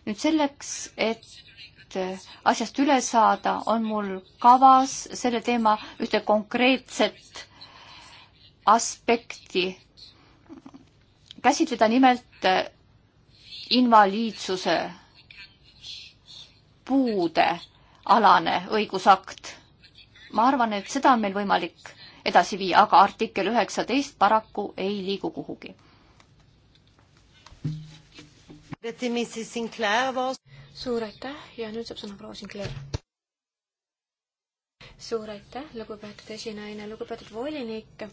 nüüd selleks, et asjast üle saada, on mul kavas selle teema ühte konkreetset aspekti käsitleda, nimelt invaliidsuse puude alane õigusakt. ma arvan, et seda on meil võimalik edasi viia, aga artikkel üheksateist paraku ei liigu kuhugi suur aitäh ja nüüd saab sõna proua Sinclair. suur aitäh, lugupeetud esinaine, lugupeetud volinik.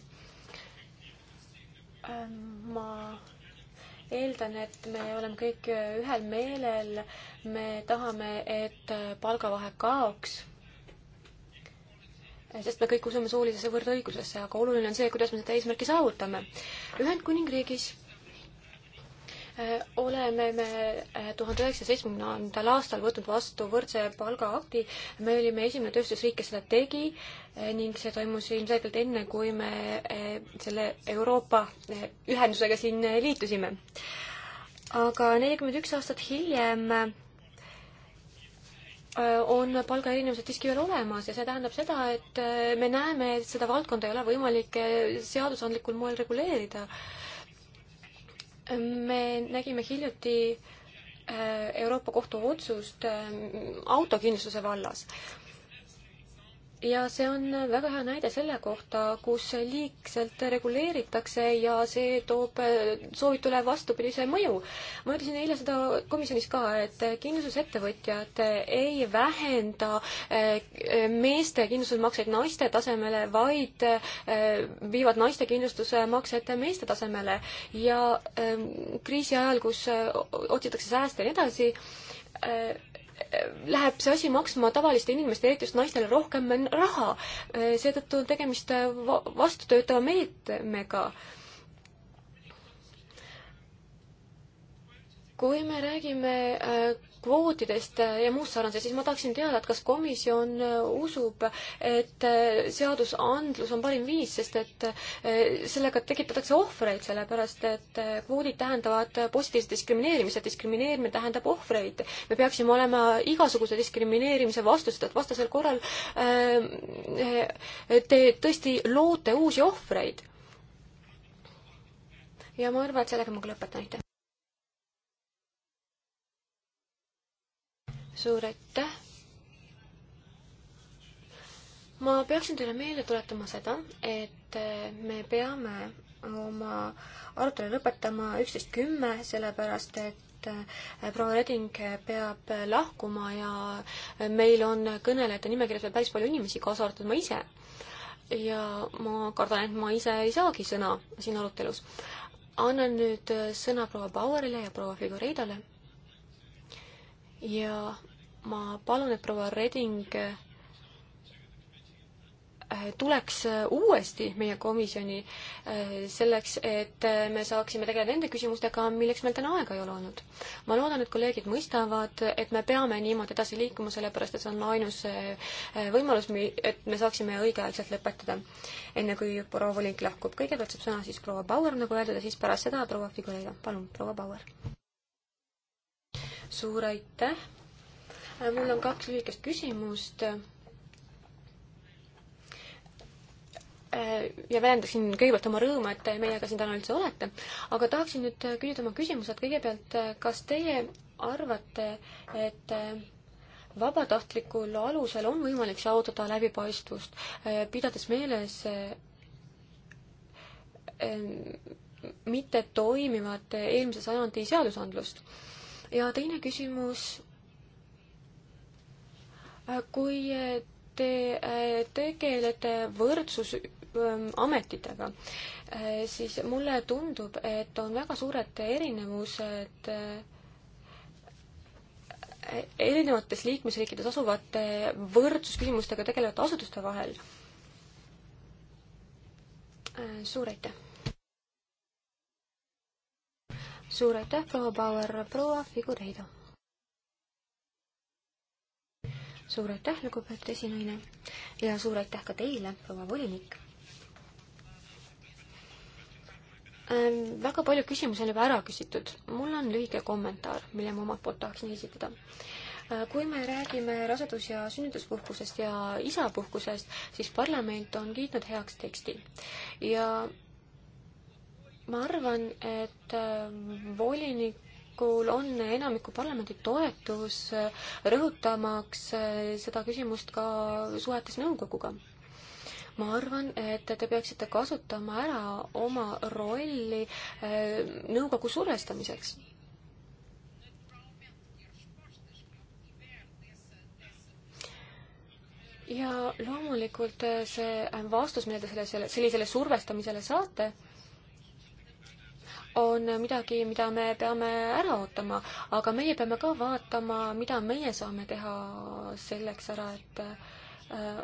Ähm, ma eeldan, et me oleme kõik ühel meelel. me tahame, et palgavahe kaoks. sest me kõik usume suulisesse võrdõigusesse, aga oluline on see, kuidas me seda eesmärki saavutame. Ühendkuningriigis oleme me eh, tuhande üheksasaja seitsmekümnendal aastal võtnud vastu võrdse palga akti. me olime esimene tööstusriik, kes seda tegi eh, ning see toimus ilmselgelt enne, kui me eh, selle Euroopa ühendusega siin liitusime. aga nelikümmend üks aastat hiljem on palgaerinevused siiski veel olemas ja see tähendab seda, et me näeme, et seda valdkonda ei ole võimalik seadusandlikul moel reguleerida me nägime hiljuti äh, Euroopa Kohtu otsust äh, autokindlustuse vallas ja see on väga hea näide selle kohta, kus liigselt reguleeritakse ja see toob soovitule vastupidise mõju. ma ütlesin eile seda komisjonis ka, et kindlustusettevõtjad ei vähenda eh, meeste kindlustusmakseid naiste tasemele, vaid eh, viivad naiste kindlustusmaksed meeste tasemele ja eh, kriisi ajal, kus otsitakse sääste ja nii edasi, läheb see asi maksma tavaliste inimeste, eriti just naistele, rohkem raha. seetõttu on tegemist vastutöötava meetmega meet kui me räägime äh, kvootidest äh, ja muust sarnasest, siis ma tahaksin teada, et kas komisjon äh, usub, et seadusandlus on parim viis, sest et sellega tekitatakse ohvreid, sellepärast et kvoodid tähendavad positiivset diskrimineerimist ja diskrimineerimine tähendab ohvreid. me peaksime olema igasuguse diskrimineerimise vastu, sest et vastasel korral te tõesti loote uusi ohvreid. ja ma arvan, et sellega ma ka lõpetan, aitäh! suur aitäh! ma peaksin teile meelde tuletama seda, et eh, me peame oma arutelu lõpetama üksteist kümme, sellepärast et eh, proua Reding peab lahkuma ja eh, meil on kõnelejate nimekirjas veel päris palju inimesi, kaasa arvatud ma ise. ja ma kardan, et ma ise ei saagi sõna siin arutelus. annan nüüd sõna proua Bauerile ja proua Figureidale ja ma palun, et proua Reding äh, tuleks äh, uuesti meie komisjoni äh, selleks, et me saaksime tegeleda nende küsimustega, milleks meil täna aega ei ole olnud. ma loodan, et kolleegid mõistavad, et me peame niimoodi edasi liikuma, sellepärast et see on ainus võimalus, et me saaksime õigeaegselt lõpetada, enne kui proua Volink lahkub. kõigepealt saab sõna siis proua Bauer, nagu öeldud, ja siis pärast seda proua Figureida. palun, proua Bauer suur aitäh! Äh, mul on kaks lühikest küsimust. Äh, ja väljendaksin kõigepealt oma rõõmu, et te meiega siin täna üldse olete, aga tahaksin nüüd äh, küsida oma küsimused kõigepealt, kas teie arvate, et vabatahtlikul alusel on võimalik saavutada läbipaistvust, pidades meeles mitte toimivat eelmise sajandi seadusandlust? ja teine küsimus. Äh, kui äh, te äh, tegelete võrdsus ähm, ametitega, siis mulle tundub, et on väga suured erinevused erinevates liikmesriikides asuvate võrdsusküsimustega tegelevate asutuste vahel. suur aitäh! suur aitäh, proua Bauer, proua Figureido. suur aitäh, lugupeetud esinaine ja suur aitäh ka teile, proua volinik ähm,. väga palju küsimusi on juba ära küsitud. mul on lühike kommentaar, mille ma omalt poolt tahaksin esitada äh, kui me räägime rasedus- ja sünnituspuhkusest ja isapuhkusest, siis parlament on kiitnud heaks teksti. ja ma arvan, et äh, volinik ettepanekul on enamiku parlamendi toetus äh, rõhutamaks äh, seda küsimust ka suhetes nõukoguga. ma arvan, et te peaksite kasutama ära oma rolli nõukogu survestamiseks ja loomulikult see vastus, mille te selle, selle, sellisele survestamisele saate, on midagi, mida me peame ära ootama, aga meie peame ka vaatama, mida meie saame teha selleks ära, et äh,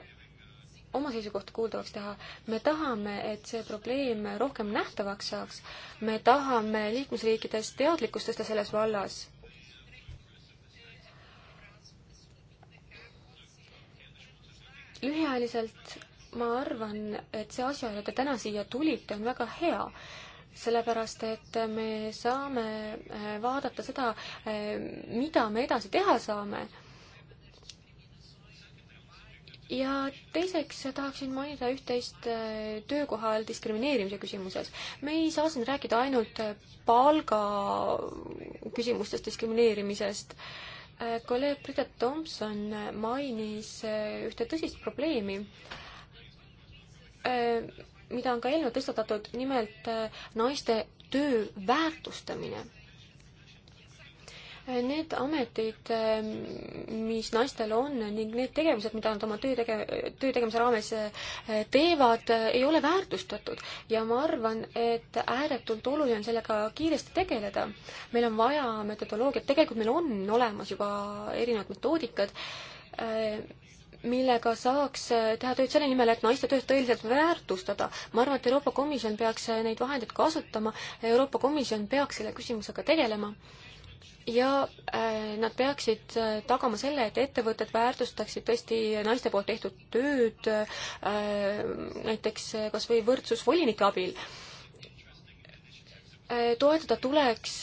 oma seisukohta kuuldavaks teha. me tahame, et see probleem rohkem nähtavaks saaks. me tahame liikmesriikides teadlikkust tõsta selles vallas. lühiajaliselt ma arvan, et see asjaolu, et te täna siia tulite, on väga hea sellepärast et me saame äh, vaadata seda, äh, mida me edasi teha saame. ja teiseks tahaksin mainida üht-teist äh, töökohal diskrimineerimise küsimuses. me ei saa siin rääkida ainult palga küsimustest, diskrimineerimisest. kolleeg Brita Tomson mainis ühte tõsist probleemi mida on ka eelnevalt tõstatatud, nimelt äh, naiste töö väärtustamine. Äh, need ametid, äh, mis naistel on ning need tegevused, mida nad oma töö tege-, töö tegemise raames teevad, ei ole väärtustatud. ja ma arvan, et ääretult oluline on sellega kiiresti tegeleda. meil on vaja metodoloogiat, tegelikult meil on olemas juba erinevad metoodikad, millega saaks äh, teha tööd selle nimel, et naiste tööd tõeliselt väärtustada. ma arvan, et Euroopa Komisjon peaks äh, neid vahendeid kasutama, Euroopa Komisjon peaks selle küsimusega tegelema ja äh, nad peaksid äh, tagama selle, et ettevõtted väärtustaksid tõesti naiste poolt tehtud tööd äh,, näiteks kas või võrdsusvolinike abil äh,. toetada tuleks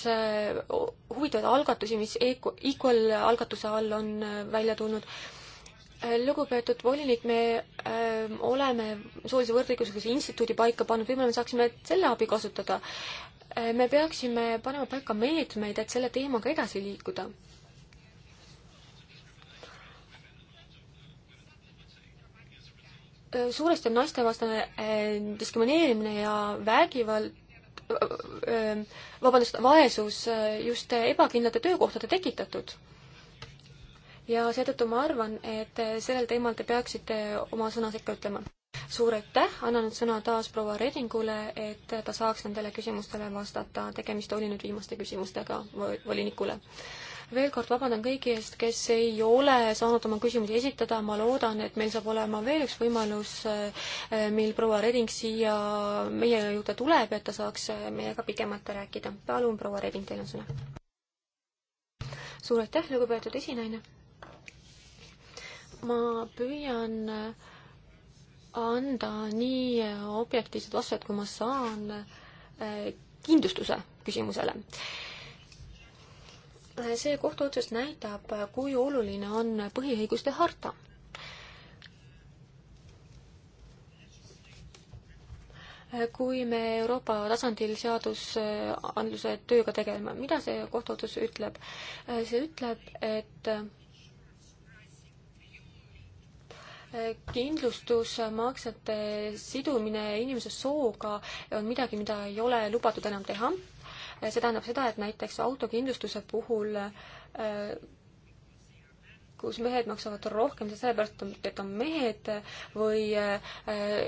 huvitavaid algatusi, mis Equal algatuse all on välja tulnud lugupeetud volinik, me öö, ähm, oleme soolise võrdõiguslikkuse instituudi paika pannud, võib-olla me saaksime selle abi kasutada. Äh, me peaksime panema paika meetmeid, et selle teemaga edasi liikuda. Äh, suuresti on naistevastane äh, diskrimineerimine ja vägivald vabandust, vaesus just ebakindlate töökohtade tekitatud ja seetõttu ma arvan, et sellel teemal te peaksite oma sõna sekka ütlema. suur aitäh, annan nüüd sõna taas proua Redingule, et ta saaks nendele küsimustele vastata, tegemist oli nüüd viimaste küsimustega volinikule veel kord vabandan kõigi eest, kes ei ole saanud oma küsimusi esitada, ma loodan, et meil saab olema veel üks võimalus, eh, mil proua Reding siia meie juurde tuleb, et ta saaks eh, meiega pikemalt rääkida. palun, proua Reding, teil on sõna. suur aitäh, lugupeetud esinaine ma püüan äh, anda nii äh, objektiivsed vastused, kui ma saan, äh, kindlustuse küsimusele. see kohtuotsus näitab, kui oluline on põhiõiguste harta. kui me Euroopa tasandil seadusandluse tööga tegeleme, mida see kohtuotsus ütleb? see ütleb, et kindlustusmaksete sidumine inimese sooga on midagi, mida ei ole lubatud enam teha. see tähendab seda, et näiteks autokindlustuse puhul eh, kus mehed maksavad rohkem sellepärast, et on mehed või eh,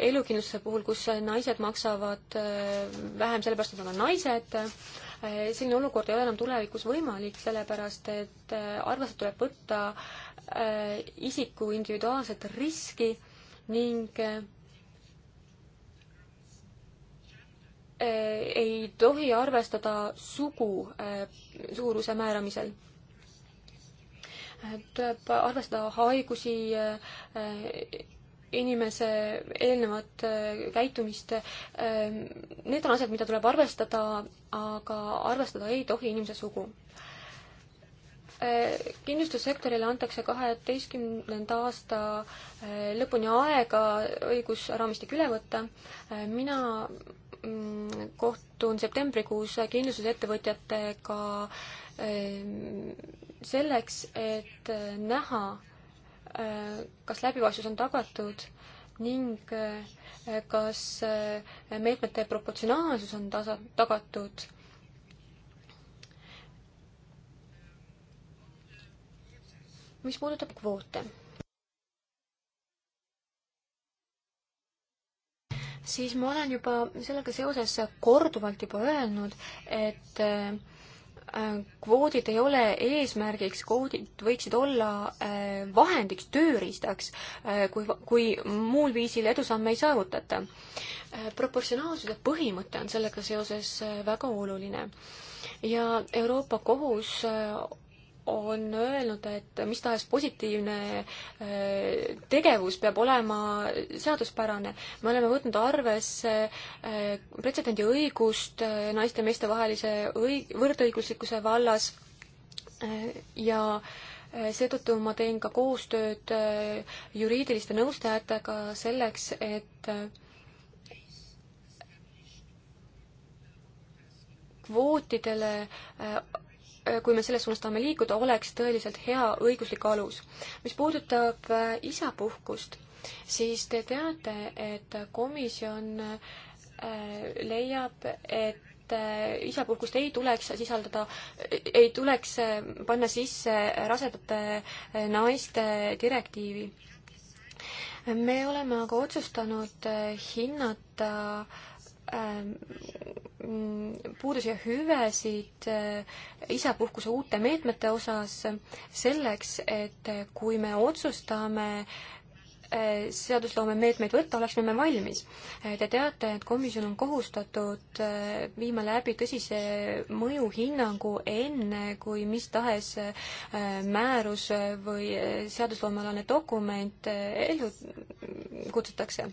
elukindlustuse puhul, kus naised maksavad eh, vähem sellepärast, et nad on naised. selline olukord ei ole enam tulevikus võimalik, sellepärast et arvesse tuleb võtta äh, Äh, isiku individuaalset riski ning äh, äh, ei tohi arvestada sugu suuruse määramisel. tuleb arvestada haigusi, inimese eelnevat käitumist, need on asjad, mida tuleb arvestada, aga arvestada ei tohi inimese sugu kindlustussektorile antakse kaheteistkümnenda aasta eh, lõpuni aega õigusraamistik üle võtta. Eh, mina mm, kohtun septembrikuus kindlustusettevõtjatega eh, selleks, et näha, kas läbipaistvus on tagatud ning kas meetmete proportsionaalsus on tasa, tagatud mis puudutab kvoote, siis ma olen juba sellega seoses korduvalt juba öelnud, et äh, kvoodid ei ole eesmärgiks, kvoodid võiksid olla äh, vahendiks, tööriistaks, äh, kui, kui muul viisil edusamme ei saavutata. proportsionaalsuse põhimõte on sellega seoses väga oluline ja Euroopa Kohus on öelnud, et mis tahes positiivne äh, tegevus peab olema seaduspärane. me oleme võtnud arvesse äh, pretsedendi õigust äh, naiste ja meeste vahelise õig-, võrdõiguslikkuse vallas ja seetõttu ma teen ka koostööd juriidiliste nõustajatega selleks, et kvootidele Äh, kui me selles suunas tahame liikuda, oleks tõeliselt hea õiguslik alus. mis puudutab äh, isapuhkust, siis te teate, et komisjon äh, leiab, et isapuhkust ei tuleks sisaldada, ei tuleks panna sisse rasedate naiste direktiivi. me oleme aga otsustanud hinnata äh, Ähm, puudusi ja hüvesid äh, isapuhkuse uute meetmete osas selleks, et äh, kui me otsustame äh, seadusloome meetmeid võtta, oleksime me valmis. Te teate, et komisjon on kohustatud viima läbi tõsise mõjuhinnangu enne, kui mis tahes määrus või seadusloomealane dokument ellu kutsutakse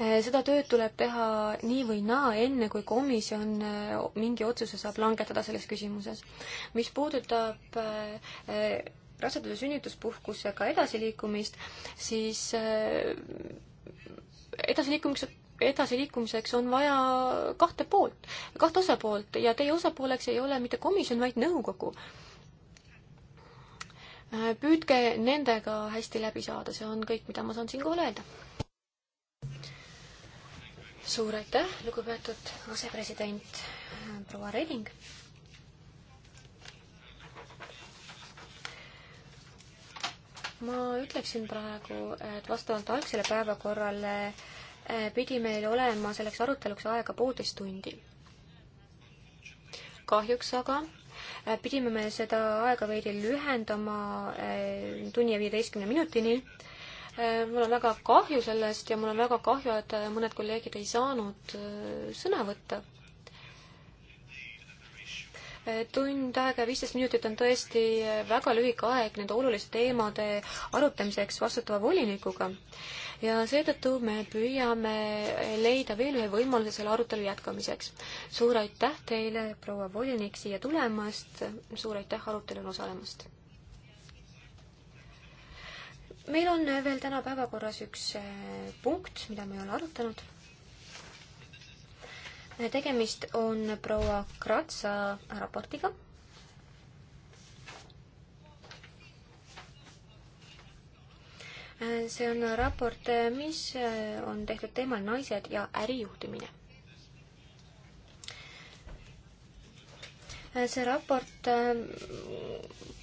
Eh, seda tööd tuleb teha nii või naa, enne kui komisjon eh, mingi otsuse saab langetada selles küsimuses. mis puudutab eh, raseduse sünnituspuhkusega edasiliikumist, siis edasiliikumiseks edasiliikumiseks on vaja kahte poolt, kahte osapoolt ja teie osapooleks ei ole mitte komisjon, vaid nõukogu. püüdke nendega hästi läbi saada, see on kõik, mida ma saan siinkohal öelda suur aitäh, lugupeetud asepresident proua Reding. ma ütleksin praegu, et vastavalt algsele päevakorrale eh, pidi meil olema selleks aruteluks aega poolteist tundi. kahjuks aga eh, pidime me seda aega veidi lühendama eh, tunni ja viieteistkümne minutini Äh, mul on väga kahju sellest ja mul on väga kahju, et äh, mõned kolleegid ei saanud äh, sõna võtta. tund aega ja viisteist minutit on tõesti väga lühike aeg nende oluliste teemade arutamiseks vastutava volinikuga ja seetõttu me püüame leida veel ühe võimaluse selle arutelu jätkamiseks. suur aitäh teile, proua volinik, siia tulemast, suur aitäh arutelul osalemast! meil on veel täna päevakorras üks äh, punkt, mida me ei ole arutanud. Äh, tegemist on proua Kratsa raportiga. Äh, see on raport, mis on tehtud teemal naised ja ärijuhtimine see raport äh,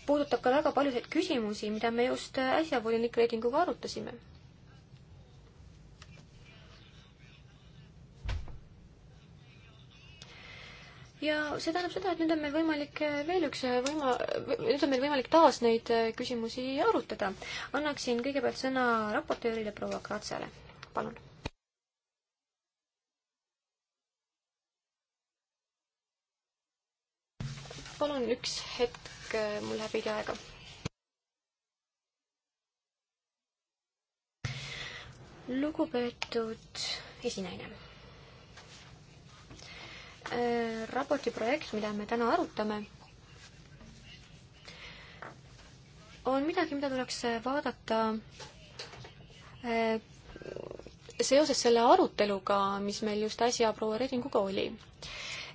puudutab ka väga paljusid küsimusi, mida me just äsja volinik Redinguga arutasime. ja see tähendab seda, et nüüd on meil võimalik veel üks võima-, nüüd on meil võimalik taas neid küsimusi arutada. annaksin kõigepealt sõna raportöörile proua Kratsale, palun palun üks hetk, äh, mul läheb veidi aega. lugupeetud esinaine. Äh, raporti projekt, mida me täna arutame, on midagi, mida tuleks vaadata äh, seoses selle aruteluga, mis meil just äsja proua Redinguga oli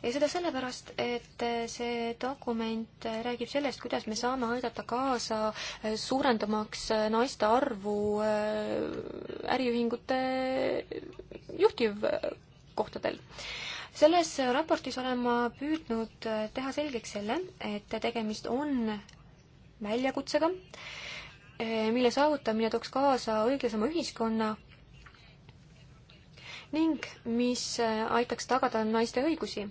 ja seda sellepärast, et äh, see dokument äh, räägib sellest, kuidas me saame aidata kaasa äh, suurendamaks naiste arvu äriühingute juhtivkohtadel selles raportis olen ma püüdnud teha selgeks selle, et tegemist on väljakutsega, mille saavutamine tooks kaasa õiglasema ühiskonna ning mis aitaks tagada naiste õigusi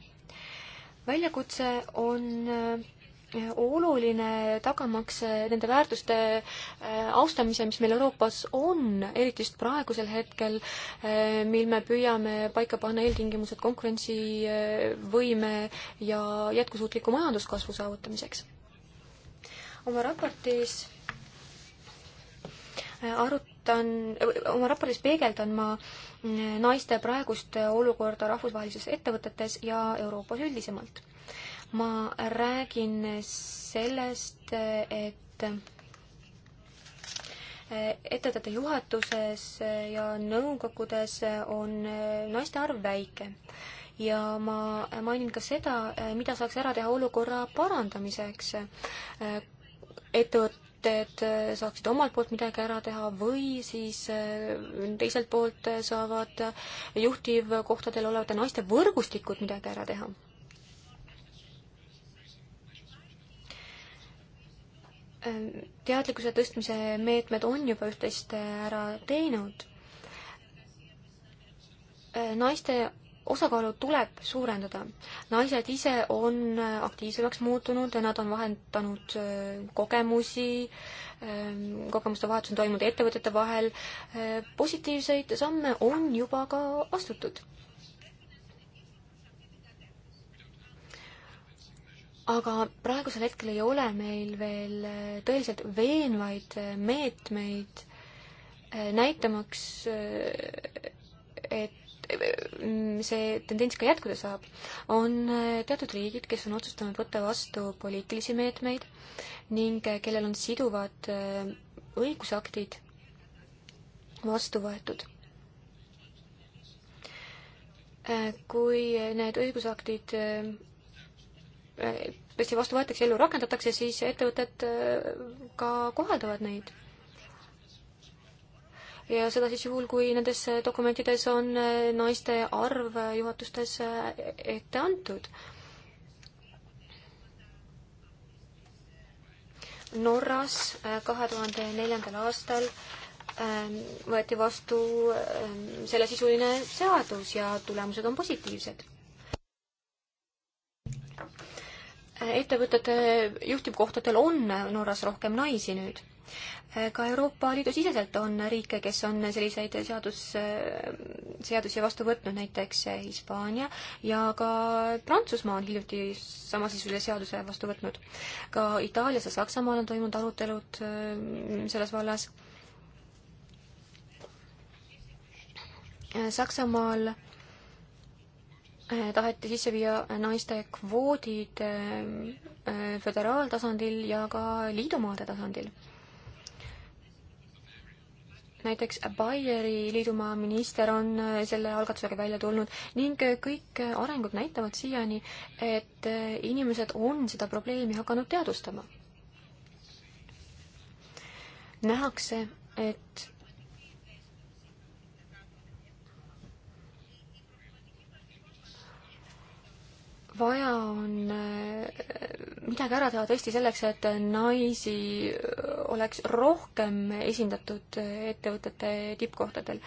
väljakutse on äh, oluline tagamaks äh, nende väärtuste äh, austamise, mis meil Euroopas on, eriti just praegusel hetkel, mil me püüame paika panna eeltingimused konkurentsivõime ja jätkusuutliku majanduskasvu saavutamiseks. oma raportis arut-, rõhutan, oma raportis peegeldan ma mm, naiste praegust olukorda rahvusvahelises ettevõtetes ja Euroopas üldisemalt. ma räägin sellest, et eh, ettevõtete juhatuses ja nõukogudes on eh, naiste arv väike ja ma mainin ka seda, eh, mida saaks ära teha olukorra parandamiseks ettevõt-, ettevõtted äh, saaksid omalt poolt midagi ära teha või siis äh, teiselt poolt äh, saavad juhtivkohtadel olevate naiste võrgustikud midagi ära teha ähm, teadlikkuse tõstmise meetmed on juba üht-teist ära teinud. naiste osakaalu tuleb suurendada. naised ise on äh, aktiivsemaks muutunud ja nad on vahendanud äh, kogemusi, ähm, kogemuste vahetus on toimunud ettevõtete vahel, äh, positiivseid samme on juba ka astutud. aga praegusel hetkel ei ole meil veel tõeliselt veenvaid meetmeid näitamaks, et see tendents ka jätkuda saab, on äh, teatud riigid, kes on otsustanud võtta vastu poliitilisi meetmeid ning äh, kellel on siduvad äh, õigusaktid vastu võetud. kui need õigusaktid tõesti vastu võetakse, ellu rakendatakse, siis ettevõtted ka kohaldavad neid ja seda siis juhul, kui nendes dokumentides on äh, naiste arv äh, juhatustes äh, ette antud. Norras kahe tuhande neljandal aastal ähm, võeti vastu ähm, sellesisuline seadus ja tulemused on positiivsed ettevõtete juhtivkohtadel on Norras rohkem naisi nüüd ka Euroopa Liidu siseselt on riike, kes on selliseid seadus, seadusi vastu võtnud, näiteks Hispaania ja ka Prantsusmaa on hiljuti samasisulise seaduse vastu võtnud. ka Itaalias ja Saksamaal on toimunud arutelud mm, selles vallas. Saksamaal eh, taheti sisse viia naiste kvoodid eh, föderaaltasandil ja ka liidumaade tasandil näiteks Bayeri liidumaa minister on äh, selle algatusega välja tulnud ning äh, kõik äh, arengud näitavad siiani, et inimesed on seda probleemi hakanud teadvustama. nähakse, et vaja on äh, midagi ära teha tõesti selleks, et naisi oleks rohkem esindatud ettevõtete tippkohtadel.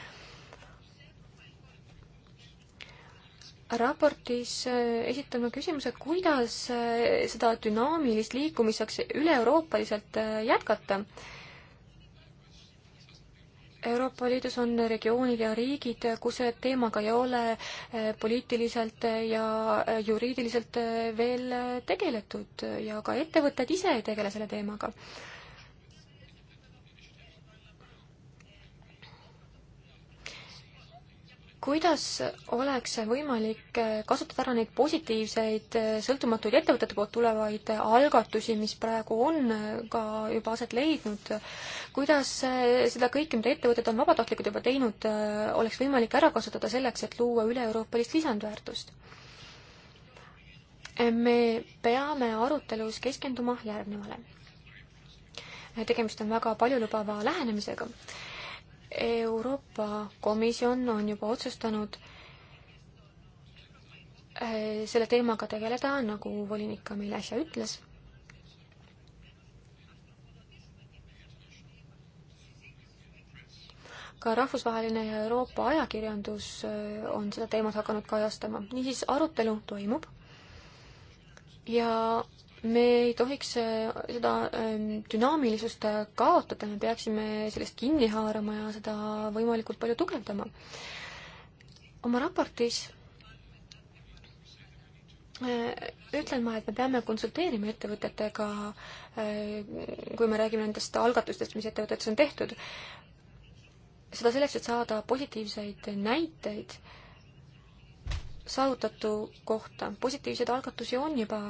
raportis äh, esitame küsimuse, kuidas äh, seda dünaamilist liikumist saaks üle-euroopaliselt jätkata Euroopa Liidus on regioonid ja riigid, kus selle teemaga ei ole eh, poliitiliselt ja eh, juriidiliselt eh, veel tegeletud ja ka ettevõtted ise ei tegele selle teemaga kuidas oleks võimalik kasutada ära neid positiivseid sõltumatuid ettevõtete poolt tulevaid algatusi, mis praegu on ka juba aset leidnud, kuidas seda kõike, mida ettevõtted on vabatahtlikult juba teinud, oleks võimalik ära kasutada selleks, et luua üle-euroopalist lisandväärtust? me peame arutelus keskenduma järgnevale. tegemist on väga paljulubava lähenemisega Euroopa Komisjon on juba otsustanud äh, selle teemaga tegeleda, nagu volinik ka meile äsja ütles. ka rahvusvaheline ja Euroopa ajakirjandus äh, on seda teemat hakanud kajastama, niisiis arutelu toimub ja me ei tohiks äh, seda ähm, dünaamilisust äh, kaotada, me peaksime sellest kinni haarama ja seda võimalikult palju tugevdama. oma raportis äh, ütlen ma, et me peame konsulteerima ettevõtetega, kui me räägime nendest algatustest, mis ettevõtetes on tehtud. seda selleks, et saada positiivseid näiteid saavutatu kohta. positiivseid algatusi on juba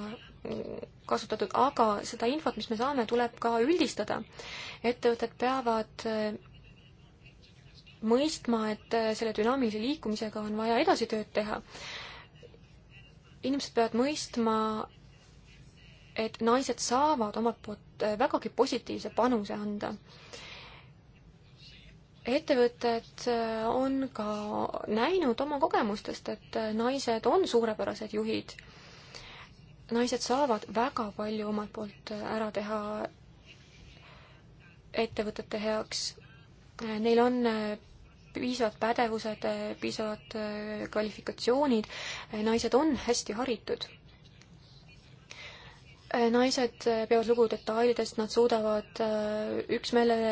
kasutatud, aga seda infot, mis me saame, tuleb ka üldistada. ettevõtted peavad äh, mõistma, et äh, selle dünaamilise liikumisega on vaja edasi tööd teha. inimesed peavad mõistma, et naised saavad omalt poolt äh, vägagi positiivse panuse anda ettevõtted on ka näinud oma kogemustest, et naised on suurepärased juhid naised saavad väga palju omalt poolt ära teha ettevõtete heaks. Neil on piisavad pädevused, piisavad kvalifikatsioonid, naised on hästi haritud. naised peavad lugu detailidest, nad suudavad äh, üksmeelele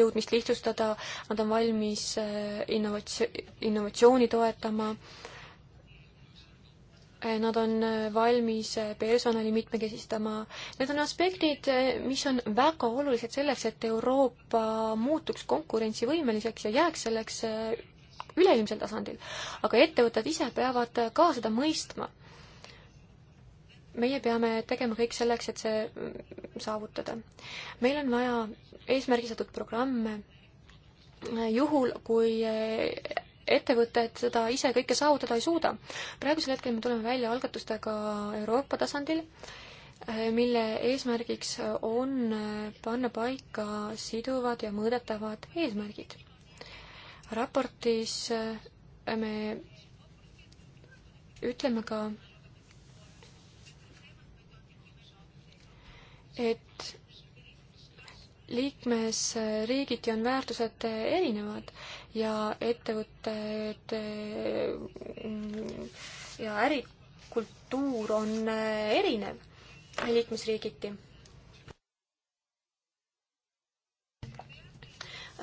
jõudmist lihtsustada, nad on valmis äh, innovatsioon, innovatsiooni toetama Eh, nad on eh, valmis eh, personali mitmekesistama. Need on aspektid, mis on väga olulised selleks, et Euroopa muutuks konkurentsivõimeliseks ja jääks selleks üleilmsel tasandil. aga ettevõtted ise peavad ka seda mõistma. meie peame tegema kõik selleks, et see mm, saavutada. meil on vaja eesmärgistatud programme juhul, kui ettevõtted seda ise kõike saavutada ei suuda. praegusel hetkel me tuleme välja algatustega Euroopa tasandil, eh, mille eesmärgiks on eh, panna paika siduvad ja mõõdetavad eesmärgid. raportis eh, me ütleme ka, et liikmesriigiti on väärtused erinevad ja ettevõtted mm, ja ärikultuur on eh, erinev liikmesriigiti.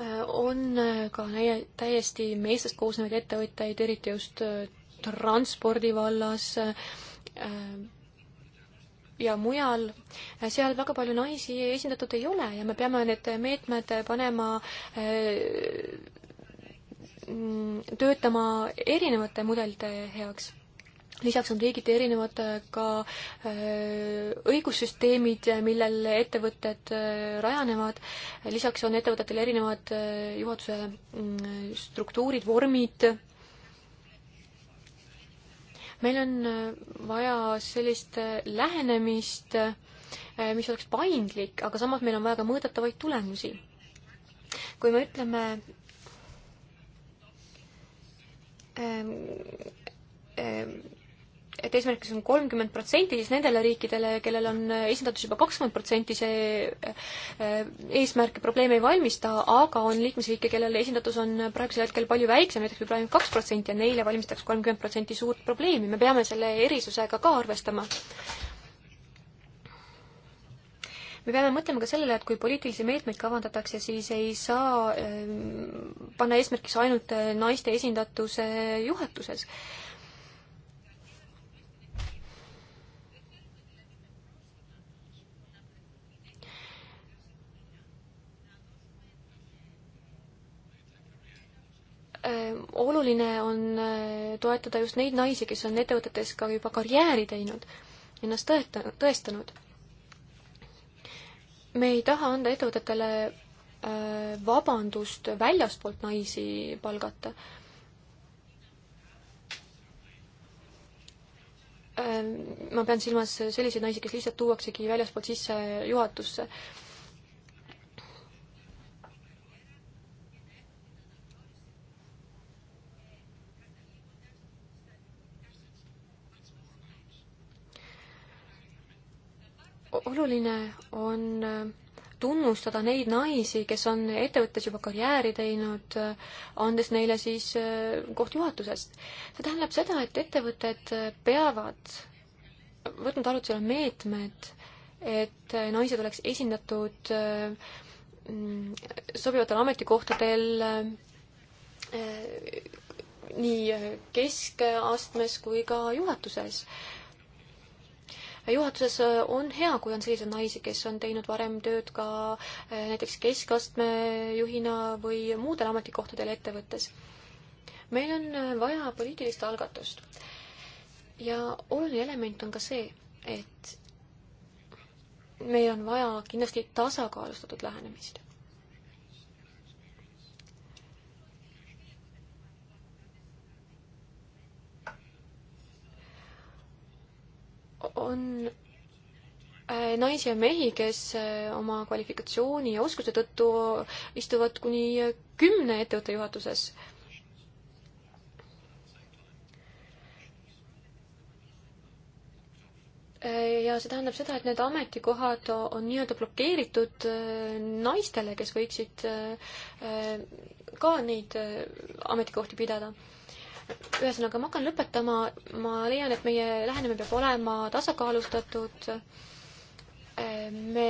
Eh, on eh, ka täiesti meestest koosnevaid ettevõtteid, eriti just transpordi vallas ja mujal, seal väga palju naisi esindatud ei ole ja me peame need meetmed panema Mm, töötama erinevate mudelite heaks lisaks on riigiti erinevad ka äh, õigussüsteemid, millel ettevõtted äh, rajanevad, lisaks on ettevõtetel erinevad äh, juhatuse mm, struktuurid, vormid. meil on vaja sellist lähenemist, mis oleks paindlik, aga samas meil on vaja ka mõõdetavaid tulemusi. kui me ütleme Ehm, ehm, et eesmärgiks on kolmkümmend protsenti, siis nendele riikidele, kellel on eh, esindatus juba kakskümmend protsenti, see eh, eesmärk ja probleem ei valmista, aga on liikmesriike, kellel esindatus on praegusel hetkel palju väiksem, näiteks võib-olla ainult kaks protsenti ja neile valmistaks kolmkümmend protsenti suurt probleemi, me peame selle erisusega ka arvestama me peame mõtlema ka sellele, et kui poliitilisi meetmeid kavandatakse, siis ei saa ähm, panna eesmärgiks ainult äh, naiste esindatuse juhatuses ähm, oluline on äh, toetada just neid naisi, kes on ettevõtetes ka juba karjääri teinud, ennast tõeta-, tõestanud me ei taha anda ettevõtetele äh, vabandust väljaspoolt naisi palgata. Äh, ma pean silmas selliseid naisi, kes lihtsalt tuuaksegi väljaspoolt sisse juhatusse oluline on äh, tunnustada neid naisi, kes on ettevõttes juba karjääri teinud, äh, andes neile siis äh, koht juhatusest. see tähendab seda, et ettevõtted peavad võtnud arutlusele meetmed, et naised oleks esindatud sobivatel ametikohtadel nii keskastmes kui ka juhatuses juhatuses äh, on hea, kui on selliseid naisi, kes on teinud varem tööd ka äh, näiteks keskastme juhina või muudel ametikohtadel ettevõttes. meil on äh, vaja poliitilist algatust. ja oluline element on ka see, et meil on vaja kindlasti tasakaalustatud lähenemist on äh, naisi ja mehi, kes äh, oma kvalifikatsiooni ja oskuse tõttu istuvad kuni äh, kümne ettevõtte juhatuses. ja see tähendab seda, et need ametikohad on nii-öelda blokeeritud naistele, kes võiksid ka neid ametikohti pidada ühesõnaga, ma hakkan lõpetama, ma leian, et meie lähenemine peab olema tasakaalustatud. me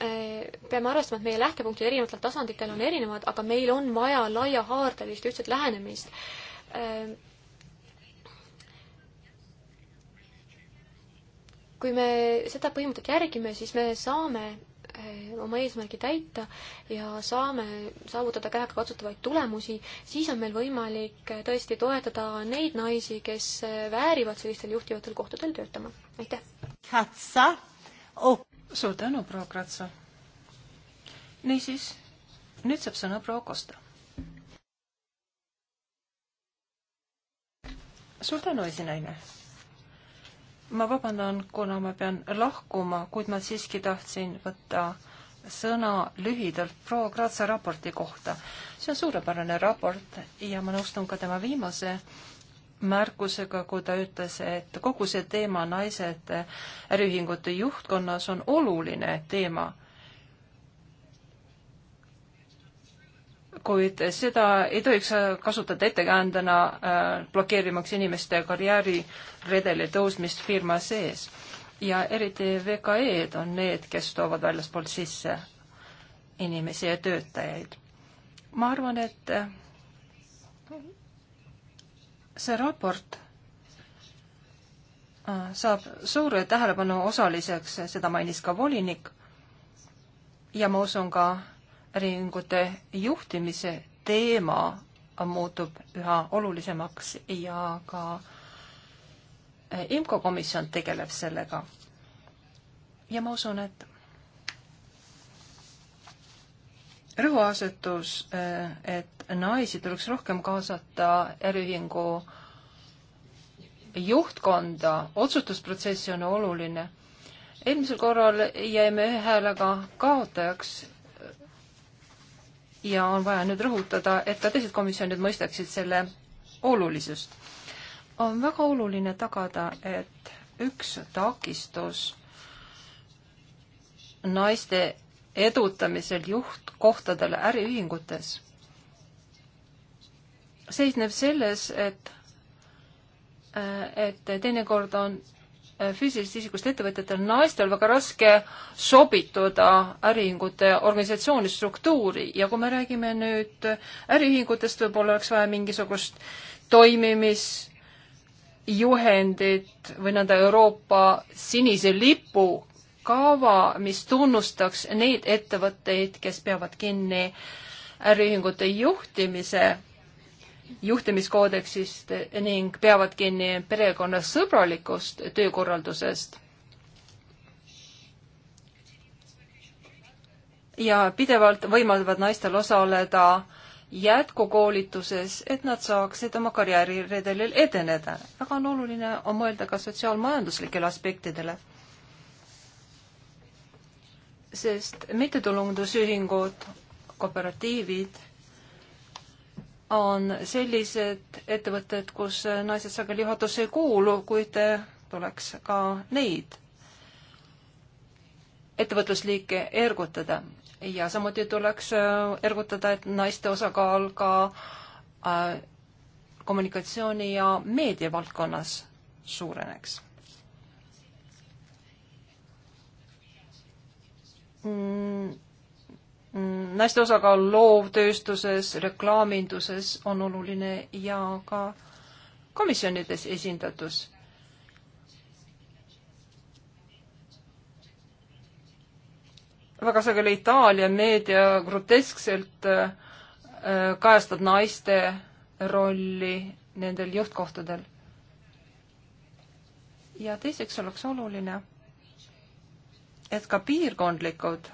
eh, peame arvestama, et meie lähtepunktid erinevatel tasanditel on erinevad, aga meil on vaja laiahaardelist ühtset lähenemist. Eh, kui me seda põhimõtet järgime, siis me saame Eh, oma eesmärgi täita ja saame saavutada käegakatsutavaid tulemusi, siis on meil võimalik eh, tõesti toetada neid naisi, kes eh, väärivad sellistel juhtivatel kohtadel töötama. aitäh! Katsa oh.! suur tänu, proua Kratsa! niisiis, nüüd saab sõna proua Kosta. suur tänu, esinaine! ma vabandan, kuna ma pean lahkuma, kuid ma siiski tahtsin võtta sõna lühidalt proua Graatsa raporti kohta. see on suurepärane raport ja ma nõustun ka tema viimase märkusega, kui ta ütles, et kogu see teema naised äriühingute juhtkonnas on oluline teema kuid seda ei tohiks kasutada ettekäändena äh, blokeerimaks inimeste karjääriredeli tõusmist firma sees. ja eriti VKE-d on need, kes toovad väljaspoolt sisse inimesi ja töötajaid. ma arvan, et äh, see raport äh, saab suure tähelepanu osaliseks, seda mainis ka volinik, ja ma usun ka, äriühingute juhtimise teema muutub üha olulisemaks ja ka eh, IMCO komisjon tegeleb sellega. ja ma usun, et rõhuasetus, eh, et naisi tuleks rohkem kaasata äriühingu juhtkonda, otsustusprotsessi on oluline. eelmisel korral jäime ühe häälega kaotajaks ja on vaja nüüd rõhutada, et ka teised komisjonid mõistaksid selle olulisust. on väga oluline tagada, et üks takistus naiste edutamisel juhtkohtadele äriühingutes seisneb selles, et et teinekord on Äh, füüsilisest isikust ettevõtjatel naistel väga raske sobituda äriühingute organisatsiooni struktuuri ja kui me räägime nüüd äriühingutest, võib-olla oleks vaja mingisugust toimimisjuhendit või nõnda Euroopa sinise lipu kava, mis tunnustaks neid ettevõtteid, kes peavad kinni äriühingute juhtimise juhtimistoodeksist ning peavad kinni perekonnasõbralikust töökorraldusest. ja pidevalt võimaldavad naistel osaleda jätkukoolituses, et nad saaksid oma karjääriredelil edeneda. väga on oluline on mõelda ka sotsiaalmajanduslikele aspektidele. sest mittetulundusühingud, kooperatiivid on sellised ettevõtted, kus naised sageli juhatusse ei kuulu, kuid tuleks ka neid ettevõtlusliike ergutada ja samuti tuleks äh, ergutada, et naiste osakaal ka äh, kommunikatsiooni ja meediavaldkonnas suureneks. Mm, Mm, naiste osakaal loovtööstuses, reklaaminduses on oluline ja ka komisjonides esindatus. väga sageli Itaalia meedia groteskselt äh, kajastab naiste rolli nendel juhtkohtadel. ja teiseks oleks oluline, et ka piirkondlikud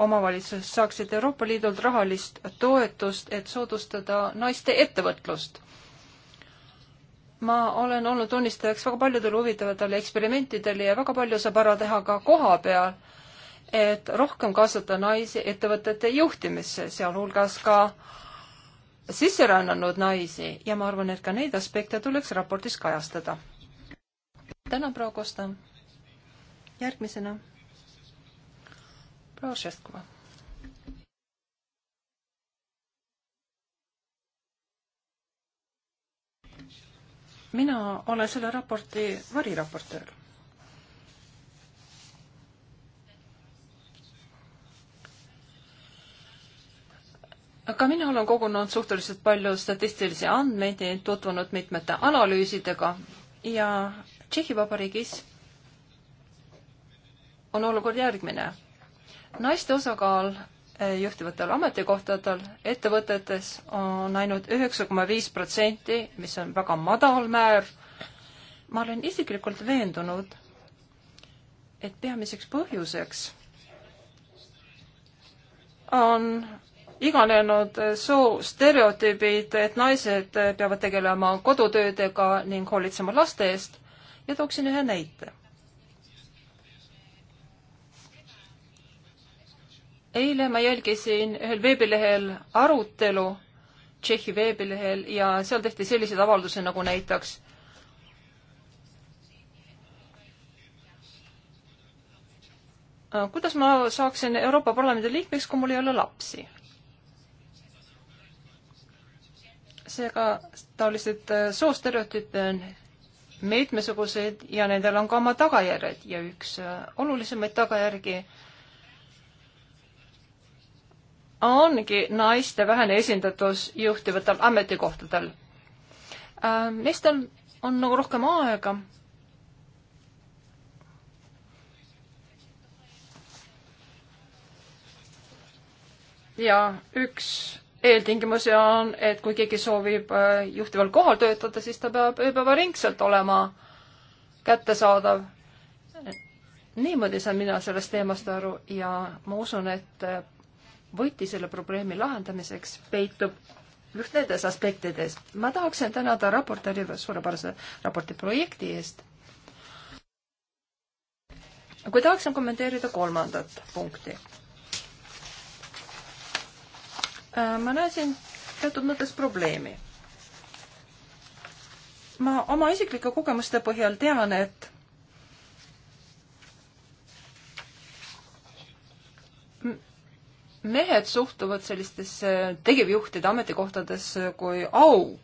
omavalitsused saaksid Euroopa Liidult rahalist toetust, et soodustada naiste ettevõtlust. ma olen olnud tunnistajaks väga paljudele huvitavatele eksperimentidele ja väga palju saab ära teha ka koha peal, et rohkem kaasata naisi ettevõtete juhtimisse, sealhulgas ka sisserännanud naisi ja ma arvan, et ka neid aspekte tuleks raportis kajastada. tänan, proua Kosta. järgmisena proua Šeskova. mina olen selle raporti variraportöör. ka mina olen kogunud suhteliselt palju statistilisi andmeid ja tutvunud mitmete analüüsidega ja Tšehhi Vabariigis on olukord järgmine naiste osakaal eh, juhtivatel ametikohtadel ettevõtetes on ainult üheksa koma viis protsenti, mis on väga madal määr. ma olen isiklikult veendunud, et peamiseks põhjuseks on iganenud eh, soo stereotüübid, et naised eh, peavad tegelema kodutöödega ning hoolitsema laste eest ja tooksin ühe näite eile ma jälgisin ühel veebilehel arutelu, Tšehhi veebilehel, ja seal tehti selliseid avaldusi nagu näiteks kuidas ma saaksin Euroopa Parlamendi liikmeks, kui mul ei ole lapsi? seega taolised soostereotüüpe on mitmesuguseid ja nendel on ka oma tagajärjed ja üks olulisemaid tagajärgi ongi naiste vähene esindatus juhtivatel ametikohtadel. Ähm, meestel on nagu rohkem aega. ja üks eeltingimusi on, et kui keegi soovib äh, juhtival kohal töötada, siis ta peab ööpäevaringselt olema kättesaadav niimoodi saan mina sellest teemast aru ja ma usun, et äh, võti selle probleemi lahendamiseks peitub just nendes aspektides. ma tahaksin tänada raportööri suurepärase raporti projekti eest. kui tahaksin kommenteerida kolmandat punkti. Äh, ma näen siin teatud mõttes probleemi. ma oma isiklike kogemuste põhjal tean, et mehed suhtuvad sellistesse tegevjuhtide ametikohtadesse kui au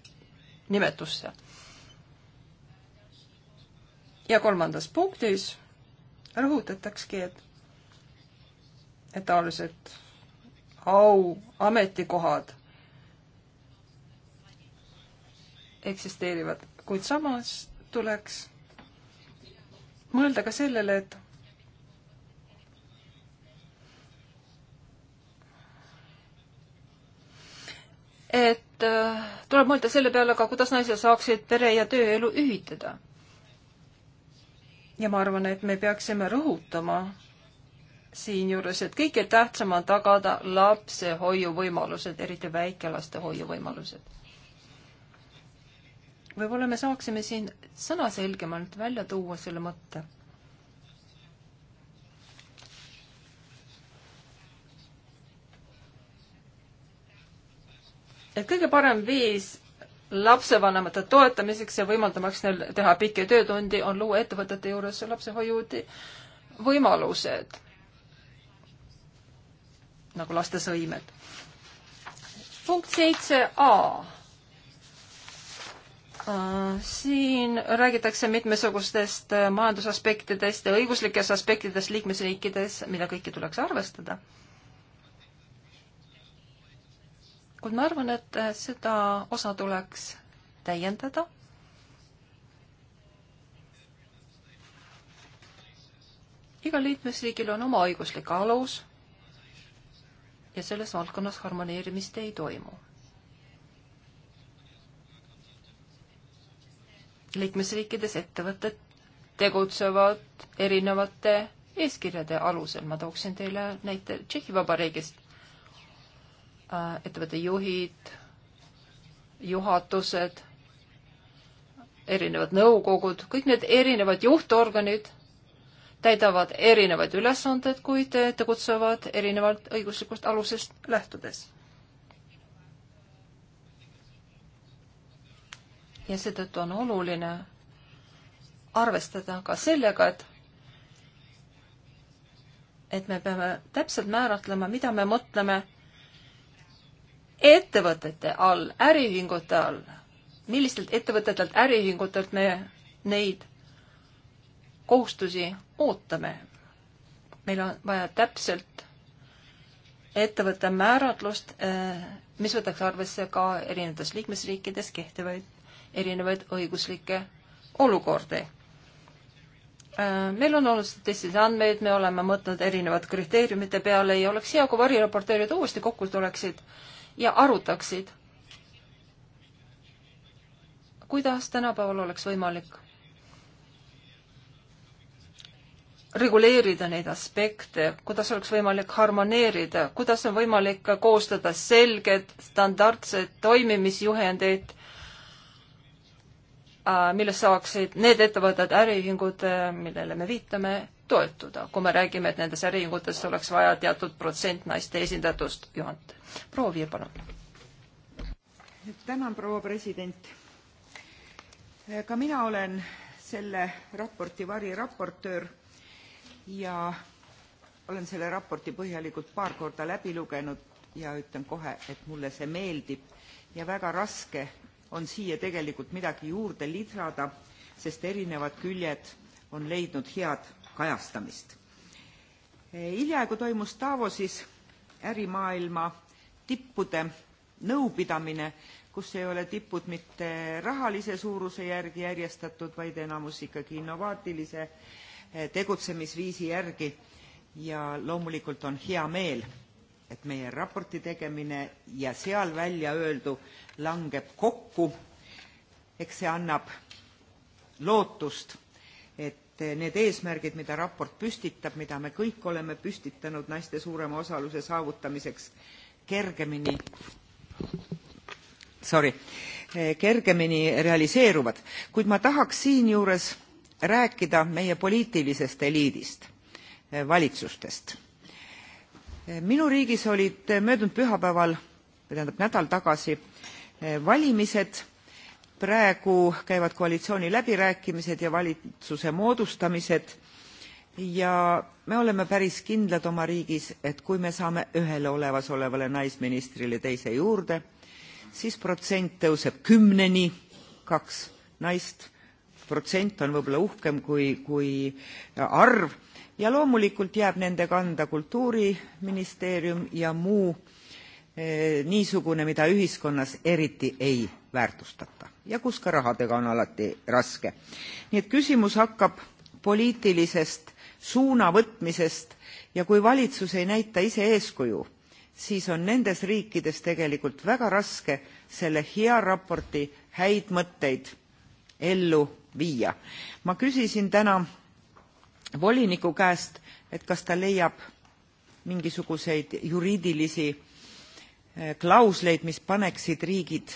nimetusse. ja kolmandas punktis rõhutatakski, et, et taolised au ametikohad eksisteerivad, kuid samas tuleks mõelda ka sellele, et et äh, tuleb mõelda selle peale ka, kuidas naised saaksid pere- ja tööelu ühitada. ja ma arvan, et me peaksime rõhutama siinjuures, et kõige tähtsam on tagada lapse hoiuvõimalused, eriti väikelaste hoiuvõimalused. võib-olla me saaksime siin sõnaselgemalt välja tuua selle mõtte et kõige parem viis lapsevanemate toetamiseks ja võimaldamaks neil teha pikki töötundi on luua ettevõtete juures lapsehoiudi võimalused nagu laste sõimed. punkt seitse A. Äh, siin räägitakse mitmesugustest äh, majandusaspektidest ja õiguslikest aspektidest liikmesriikides, mida kõike tuleks arvestada kuid ma arvan, et eh, seda osa tuleks täiendada. igal liikmesriigil on oma õiguslik alus ja selles valdkonnas harmoneerimist ei toimu. liikmesriikides ettevõtted tegutsevad erinevate eeskirjade alusel. ma tooksin teile näite Tšehhi Vabariigist. Äh, ettevõtte juhid, juhatused, erinevad nõukogud, kõik need erinevad juhtorganid täidavad erinevaid ülesanded, kuid tegutsevad erinevalt õiguslikust alusest lähtudes. ja seetõttu on oluline arvestada ka sellega, et et me peame täpselt määratlema, mida me mõtleme ettevõtete all, äriühingute all, millistelt ettevõtetelt, äriühingutelt me neid kohustusi ootame. meil on vaja täpselt ettevõtte määratlust, eh, mis võtaks arvesse ka erinevates liikmesriikides kehtivaid erinevaid õiguslikke olukordi. Eh, meil on olnud statistilisi andmeid, me oleme mõtelnud erinevate kriteeriumite peale ja oleks hea, kui variraporteerijad uuesti kokku tuleksid ja arutaksid, kuidas tänapäeval oleks võimalik reguleerida neid aspekte, kuidas oleks võimalik harmoneerida, kuidas on võimalik koostada selged standardsed toimimisjuhendid, äh, millest saaksid need ettevõtted, äriühingud, äh, millele me viitame, toetuda, kui me räägime, et nendes äriühingutes oleks vaja teatud protsent naiste esindatust juhataja. proua Viir, palun. tänan, proua president. ka mina olen selle raporti variraportöör ja olen selle raporti põhjalikult paar korda läbi lugenud ja ütlen kohe, et mulle see meeldib ja väga raske on siia tegelikult midagi juurde lisada, sest erinevad küljed on leidnud head kajastamist. hiljaaegu toimus Davosis ärimaailma tippude nõupidamine kus ei ole tipud mitte rahalise suuruse järgi järjestatud vaid enamus ikkagi innovaatilise eh, tegutsemisviisi järgi ja loomulikult on hea meel et meie raporti tegemine ja seal välja öeldu langeb kokku eks see annab lootust et eh, need eesmärgid, mida raport püstitab, mida me kõik oleme püstitanud naiste suurema osaluse saavutamiseks, kergemini sorry, eh, kergemini realiseeruvad, kuid ma tahaks siinjuures rääkida meie poliitilisest eliidist, eh, valitsustest. minu riigis olid möödunud pühapäeval või tähendab nädal tagasi valimised praegu käivad koalitsiooniläbirääkimised ja valitsuse moodustamised ja me oleme päris kindlad oma riigis et kui me saame ühele olemasolevale naisministrile teise juurde siis protsent tõuseb kümneni kaks naist protsent on võib-olla uhkem kui kui arv ja loomulikult jääb nende kanda kultuuriministeerium ja muu Eh, niisugune, mida ühiskonnas eriti ei väärtustata ja kus ka rahadega on alati raske. nii et küsimus hakkab poliitilisest suuna võtmisest ja kui valitsus ei näita ise eeskuju, siis on nendes riikides tegelikult väga raske selle hea raporti häid mõtteid ellu viia. ma küsisin täna voliniku käest, et kas ta leiab mingisuguseid juriidilisi Eh, klausleid mis paneksid riigid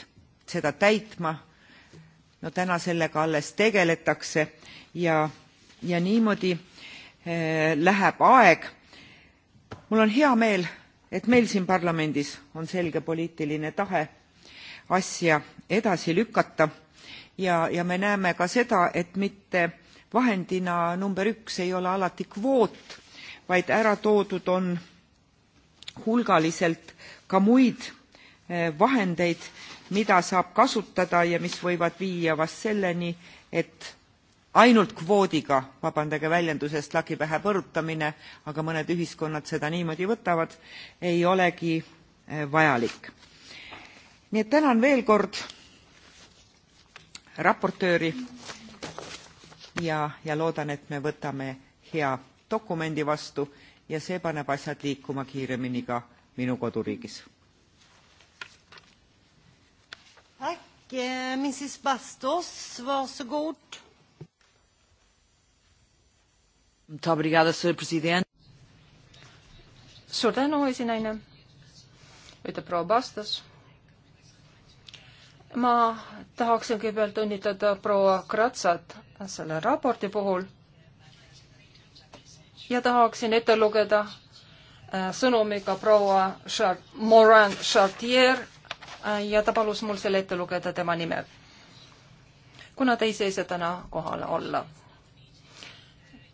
seda täitma no täna sellega alles tegeletakse ja ja niimoodi eh, läheb aeg mul on hea meel et meil siin parlamendis on selge poliitiline tahe asja edasi lükata ja ja me näeme ka seda et mitte vahendina number üks ei ole alati kvoot vaid ära toodud on hulgaliselt ka muid eh, vahendeid mida saab kasutada ja mis võivad viia vast selleni et ainult kvoodiga vabandage väljendusest lagi pähe põrutamine aga mõned ühiskonnad seda niimoodi võtavad ei olegi eh, vajalik. nii et tänan veel kord raportööri ja ja loodan et me võtame hea dokumendi vastu ja see paneb asjad liikuma kiiremini ka minu koduriigis. Eh, suur tänu, esinaine, ütleb proua Bastos ma tahaksin kõigepealt õnnitleda proua Kratsat selle raporti puhul ja tahaksin ette lugeda Äh, sõnumiga proua Moran Chartier äh, ja ta palus mul selle ette lugeda tema nimel, kuna ta ei saa ise täna kohal olla.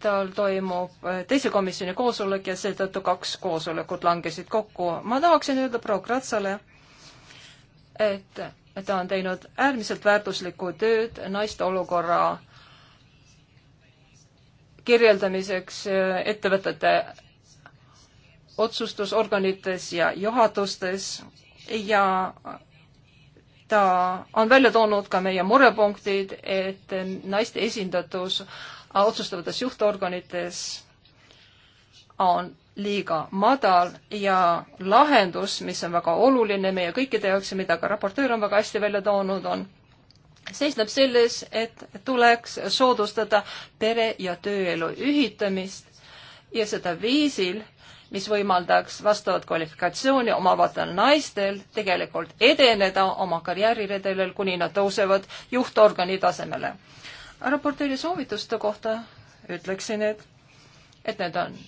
tal toimub äh, teise komisjoni koosolek ja seetõttu kaks koosolekut langesid kokku. ma tahaksin öelda proua Kratsale, et ta on teinud äärmiselt väärtuslikku tööd naiste olukorra kirjeldamiseks ettevõtete otsustusorganites ja juhatustes ja ta on välja toonud ka meie murepunktid, et naiste esindatus otsustavates juhtorganites on liiga madal ja lahendus, mis on väga oluline meie kõikide jaoks ja mida ka raportöör on väga hästi välja toonud, on, seisneb selles, et tuleks soodustada pere ja tööelu ühitamist ja seda viisil, mis võimaldaks vastavat kvalifikatsiooni omavatel naistel tegelikult edeneda oma karjääriredelil, kuni nad tõusevad juhtorgani tasemele. raporteeri soovituste kohta ütleksin, et, et need on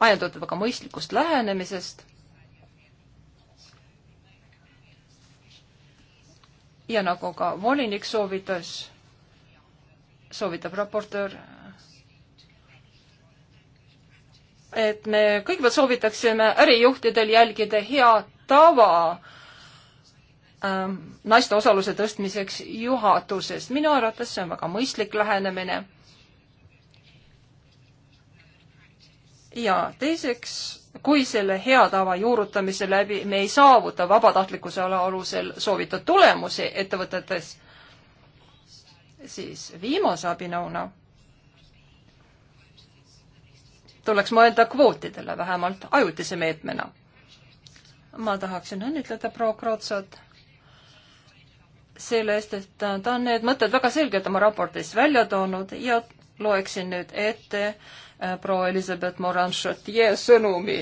ajendatud väga mõistlikust lähenemisest ja nagu ka volinik soovitas, soovitab raportöör et me kõigepealt soovitaksime ärijuhtidel jälgida hea tava ähm, naiste osaluse tõstmiseks juhatuses. minu arvates see on väga mõistlik lähenemine. ja teiseks, kui selle hea tava juurutamise läbi me ei saavuta vabatahtlikkuse ala alusel soovitud tulemusi ettevõtetes, siis viimase abinõuna no, tuleks mõelda kvootidele vähemalt ajutise meetmena. ma tahaksin õnnitleda proua Krootsat selle eest, et ta on need mõtted väga selgelt oma raportis välja toonud ja loeksin nüüd ette äh, proua Elizabeth Morin-Chartier sõnumi.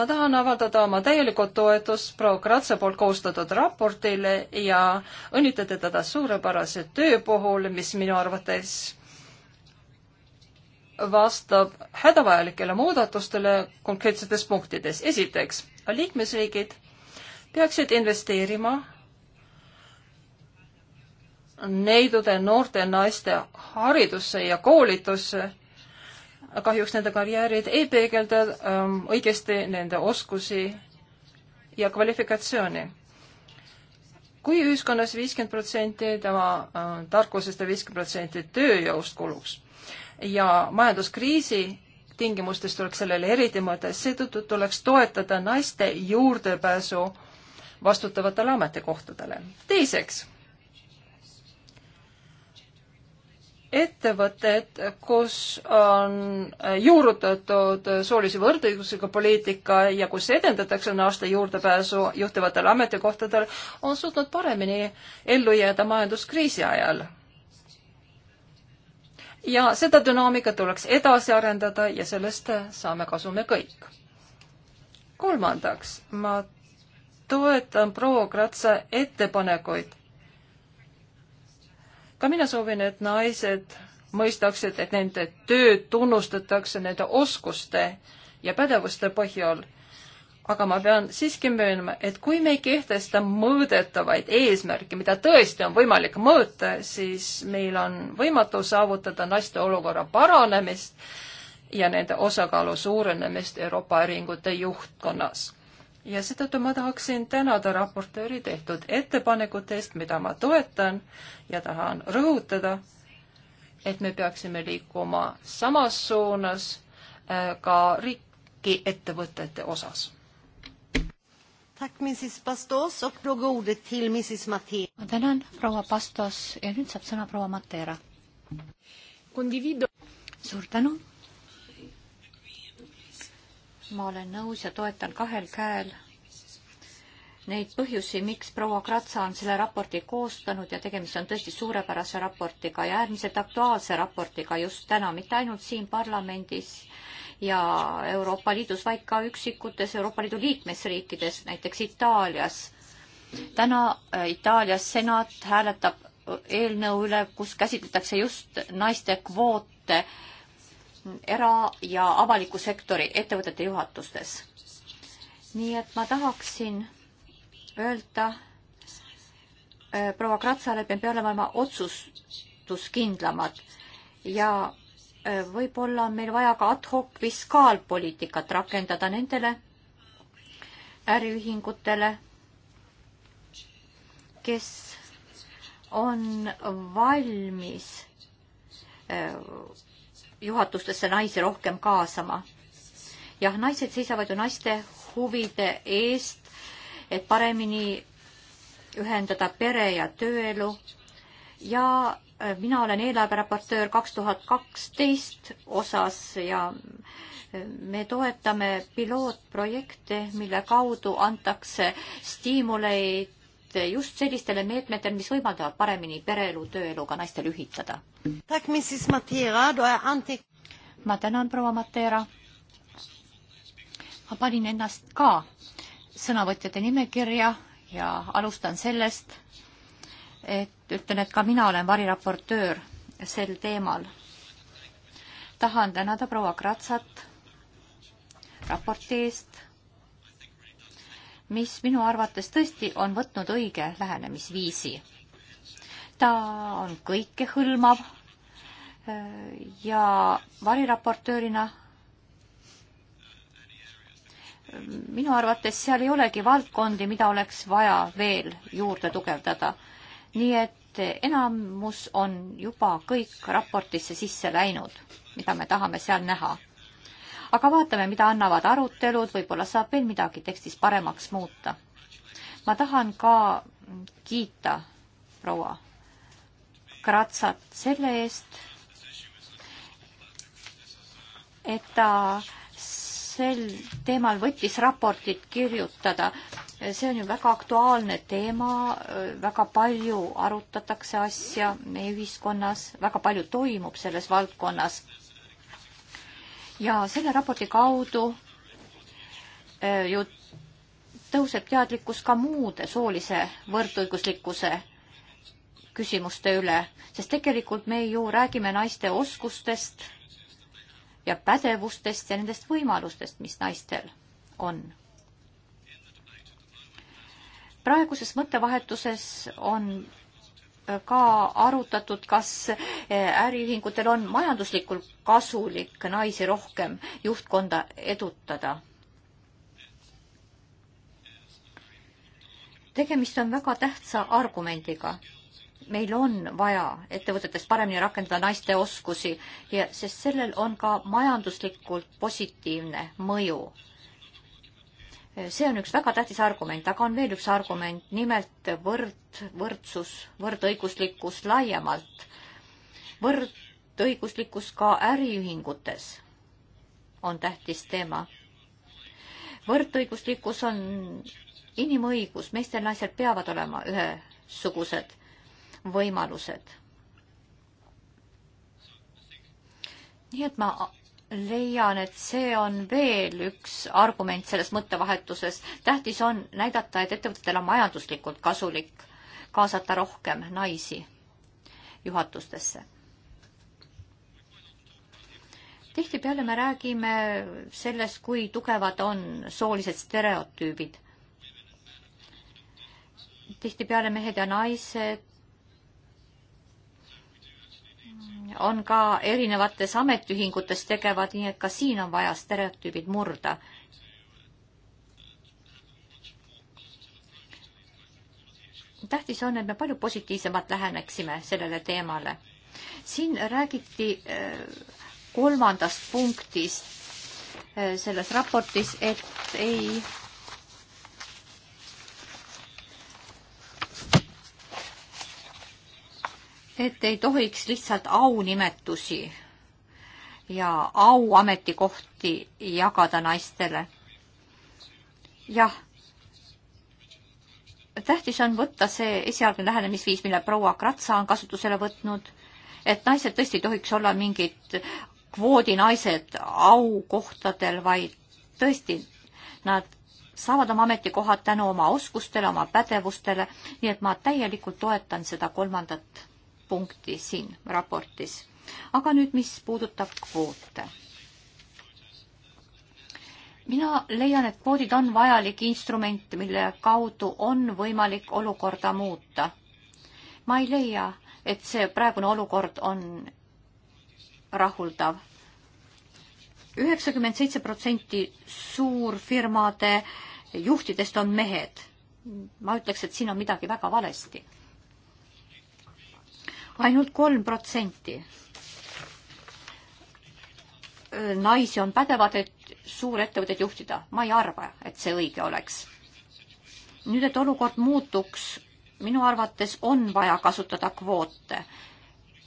ma tahan avaldada oma täielikku toetust proua Kratse poolt koostatud raportile ja õnnitleda teda suurepärase töö puhul, mis minu arvates vastab hädavajalikele muudatustele konkreetsetes punktides. esiteks, liikmesriigid peaksid investeerima neidude noorte naiste haridusse ja koolitusse. kahjuks nende karjäärid ei peegelda ähm, õigesti nende oskusi ja kvalifikatsiooni kui ühiskonnas viiskümmend protsenti tema äh, tarkusest ja viiskümmend protsenti tööjõust kuluks ja majanduskriisi tingimustes tuleks sellele eriti mõelda, seetõttu tuleks toetada naiste juurdepääsu vastutavatele ametikohtadele. teiseks, ettevõtted, kus on juurutatud soolise võrdõigusega poliitika ja kus edendatakse naiste juurdepääsu juhtivatele ametikohtadele, on suutnud paremini ellu jääda majanduskriisi ajal ja seda dünaamikat tuleks edasi arendada ja sellest saame kasu me kõik. kolmandaks, ma toetan proua Kratsa ettepanekuid. ka mina soovin, et naised mõistaksid, et nende tööd tunnustatakse nende oskuste ja pädevuste põhjal aga ma pean siiski möönma, et kui me ei kehtesta mõõdetavaid eesmärke, mida tõesti on võimalik mõõta, siis meil on võimatu saavutada naiste olukorra paranemist ja nende osakaalu suurenemist Euroopa äringute juhtkonnas. ja seetõttu ma tahaksin tänada raportööri tehtud ettepanekute eest, mida ma toetan ja tahan rõhutada, et me peaksime liikuma samas suunas äh, ka riiki ettevõtete osas Tack, Mrs. Bastos. Och då går ordet till Mrs. Matera. Ma tänan, proua Bastos. Ja nüüd saab sõna proua Matera. Condivido. Suur tänu. Ma olen nõus ja toetan kahel käel neid põhjusi, miks proua Kratsa on selle raporti koostanud ja tegemist on tõesti suurepärase raportiga ja äärmiselt aktuaalse raportiga just täna, mitte ainult siin parlamendis, ja Euroopa Liidus, vaid ka üksikutes Euroopa Liidu liikmesriikides, näiteks Itaalias. täna äh, Itaalias senat hääletab äh, eelnõu üle, kus käsitletakse just naiste kvoote era- ja avaliku sektori ettevõtete juhatustes. nii et ma tahaksin öelda äh, proua Kratsale, et me peame olema otsustuskindlamad ja võib-olla on meil vaja ka ad hoc fiskaalpoliitikat rakendada nendele äriühingutele, kes on valmis äh, juhatustesse naisi rohkem kaasama. jah, naised seisavad ju naiste huvide eest, et paremini ühendada pere ja tööelu ja mina olen eelarveraportöör kaks tuhat kaksteist osas ja e, me toetame pilootprojekte, mille kaudu antakse stiimuleid just sellistele meetmetele, mis võimaldavad paremini pereelu, tööeluga naistel ühitada. ma tänan, proua Matera. ma panin ennast ka sõnavõtjate nimekirja ja alustan sellest et ütlen, et ka mina olen variraportöör sel teemal. tahan tänada proua Kratsat raporti eest, mis minu arvates tõesti on võtnud õige lähenemisviisi. ta on kõikehõlmav äh, ja variraportöörina minu arvates seal ei olegi valdkondi, mida oleks vaja veel juurde tugevdada nii et enamus on juba kõik raportisse sisse läinud, mida me tahame seal näha. aga vaatame, mida annavad arutelud, võib-olla saab veel midagi tekstis paremaks muuta. ma tahan ka kiita proua Kratsat selle eest, et ta äh, sel teemal võttis raportit kirjutada. see on ju väga aktuaalne teema, väga palju arutatakse asja meie ühiskonnas, väga palju toimub selles valdkonnas. ja selle raporti kaudu eh, ju tõuseb teadlikkus ka muude soolise võrdõiguslikkuse küsimuste üle, sest tegelikult me ju räägime naiste oskustest ja pädevustest ja nendest võimalustest, mis naistel on. praeguses mõttevahetuses on ka arutatud, kas äriühingutel on majanduslikult kasulik naisi rohkem juhtkonda edutada. tegemist on väga tähtsa argumendiga meil on vaja ettevõtetes paremini rakendada naiste oskusi ja sest sellel on ka majanduslikult positiivne mõju. see on üks väga tähtis argument, aga on veel üks argument, nimelt võrd, võrdsus, võrdõiguslikkus laiemalt. võrdõiguslikkus ka äriühingutes on tähtis teema. võrdõiguslikkus on inimõigus, meestel-naised peavad olema ühesugused võimalused. nii et ma leian, et see on veel üks argument selles mõttevahetuses. tähtis on näidata, et ettevõtetel on majanduslikult kasulik kaasata rohkem naisi juhatustesse. tihtipeale me räägime sellest, kui tugevad on soolised stereotüübid. tihtipeale mehed ja naised on ka erinevates ametiühingutes tegevad, nii et ka siin on vaja stereotüübid murda. tähtis on, et me palju positiivsemalt läheneksime sellele teemale. siin räägiti eh, kolmandast punktist eh, selles raportis, et ei et ei tohiks lihtsalt aunimetusi ja auametikohti jagada naistele. jah, tähtis on võtta see esialgne lähenemisviis, mille proua Kratsa on kasutusele võtnud, et naised tõesti ei tohiks olla mingid kvoodinaised aukohtadel, vaid tõesti nad saavad oma ametikohad tänu oma oskustele, oma pädevustele, nii et ma täielikult toetan seda kolmandat punkti siin raportis. aga nüüd, mis puudutab kvoote. mina leian, et kvoodid on vajalik instrument, mille kaudu on võimalik olukorda muuta. ma ei leia, et see praegune olukord on rahuldav. üheksakümmend seitse protsenti suurfirmade juhtidest on mehed. ma ütleks, et siin on midagi väga valesti ainult kolm protsenti naisi on pädevad, et suurettevõtteid juhtida. ma ei arva, et see õige oleks. nüüd, et olukord muutuks, minu arvates on vaja kasutada kvoote.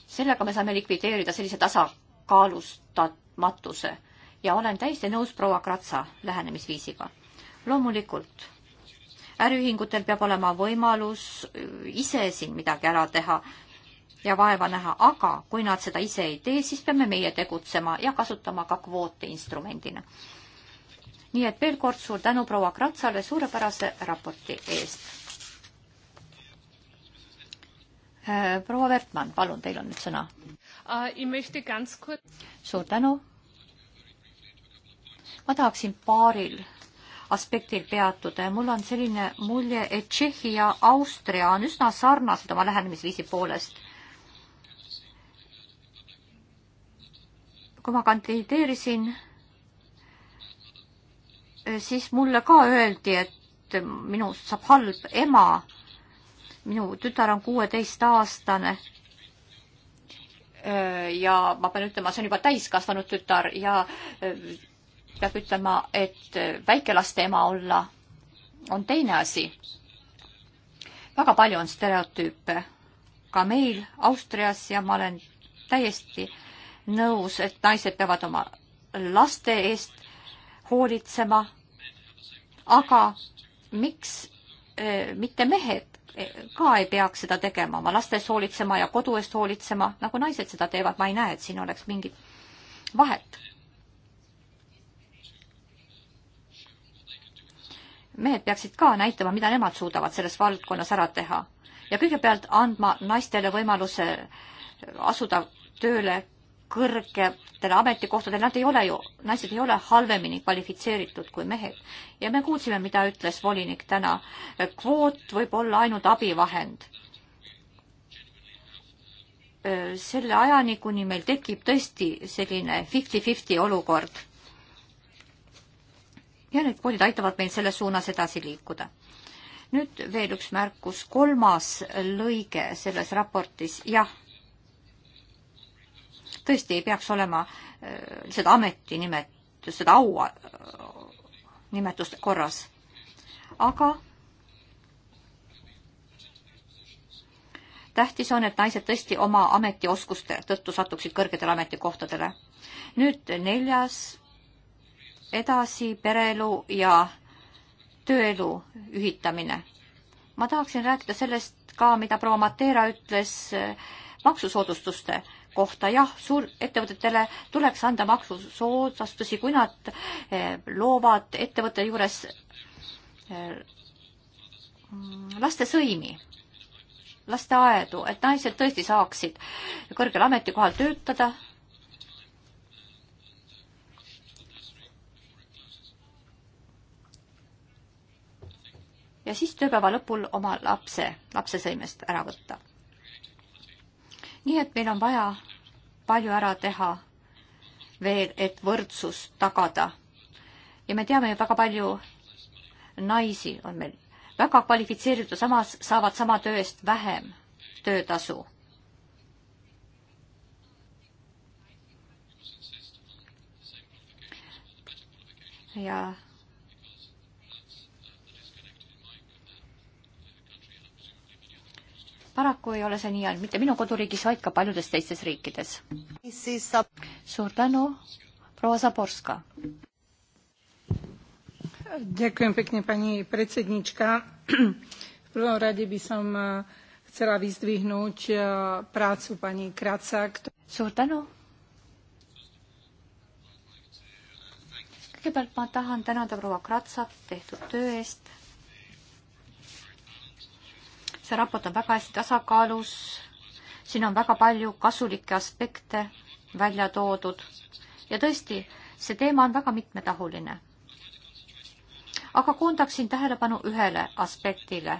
sellega me saame likvideerida sellise tasakaalustamatuse ja olen täiesti nõus proua Kratsa lähenemisviisiga. loomulikult äriühingutel peab olema võimalus ise siin midagi ära teha ja vaeva näha, aga kui nad seda ise ei tee, siis peame meie tegutsema ja kasutama ka kvoote instrumendina. nii et veel kord suur tänu proua Kratsale suurepärase raporti eest. Äh, proua Wertmann, palun, teil on nüüd sõna uh,. suur tänu. ma tahaksin paaril aspektil peatuda ja mul on selline mulje, et Tšehhi ja Austria on üsna sarnased oma lähenemisviisi poolest kui ma kandideerisin, siis mulle ka öeldi, et minust saab halb ema. minu tütar on kuueteistaastane. ja ma pean ütlema, see on juba täiskasvanud tütar ja peab ütlema, et väikelaste ema olla on teine asi. väga palju on stereotüüpe ka meil Austrias ja ma olen täiesti äh, nõus, et naised peavad oma laste eest hoolitsema. aga miks eh, mitte mehed eh, ka ei peaks seda tegema, oma laste eest hoolitsema ja kodu eest hoolitsema, nagu naised seda teevad, ma ei näe, et siin oleks mingit vahet. mehed peaksid ka näitama, mida nemad suudavad selles valdkonnas ära teha ja kõigepealt andma naistele võimaluse asuda tööle kõrgetele ametikohtadele, nad ei ole ju, naised ei ole halvemini kvalifitseeritud kui mehed. ja me kuulsime, mida ütles volinik täna. kvoot võib olla ainult abivahend. selle ajani, kuni meil tekib tõesti selline fifty-fifty olukord. ja need koolid aitavad meil selles suunas edasi liikuda nüüd veel üks märkus, kolmas lõige selles raportis, jah tõesti ei peaks olema äh, seda ametinimetust, seda aua äh, nimetust korras. aga tähtis on, et naised tõesti oma ametioskuste tõttu satuksid kõrgetele ametikohtadele. nüüd neljas, edasi pereelu ja tööelu ühitamine. ma tahaksin rääkida sellest ka, mida proua Mateera ütles äh, maksusoodustuste kohta, jah, suurettevõtetele tuleks anda maksusoodustusi, kui nad eh, loovad ettevõtte juures eh, lastesõimi, lasteaedu, et naised tõesti saaksid kõrgel ametikohal töötada. ja siis tööpäeva lõpul oma lapse lapsesõimest ära võtta nii et meil on vaja palju ära teha veel, et võrdsust tagada. ja me teame ju väga palju naisi on meil väga kvalifitseeritud, samas saavad sama töö eest vähem töötasu. ja paraku ei ole see nii ainult mitte minu koduriigis, vaid ka paljudes teistes riikides. suur tänu, proua Zaborska. Ďakujem pekne, pani predsednička. V prvom rade by som eh, chcela vyzdvihnúť eh, prácu pani Kraca. Suur tänu. kõigepealt ma tahan tänada proua Kratsat tehtud töö eest see raport on väga hästi tasakaalus, siin on väga palju kasulikke aspekte välja toodud ja tõesti, see teema on väga mitmetahuline. aga koondaksin tähelepanu ühele aspektile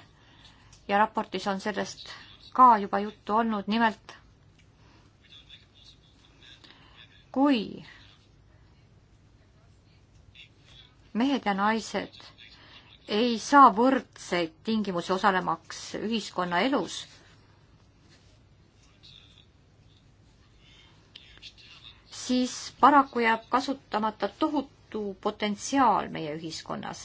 ja raportis on sellest ka juba juttu olnud, nimelt kui mehed ja naised ei saa võrdseid tingimusi osalemaks ühiskonnaelus. siis paraku jääb kasutamata tohutu potentsiaal meie ühiskonnas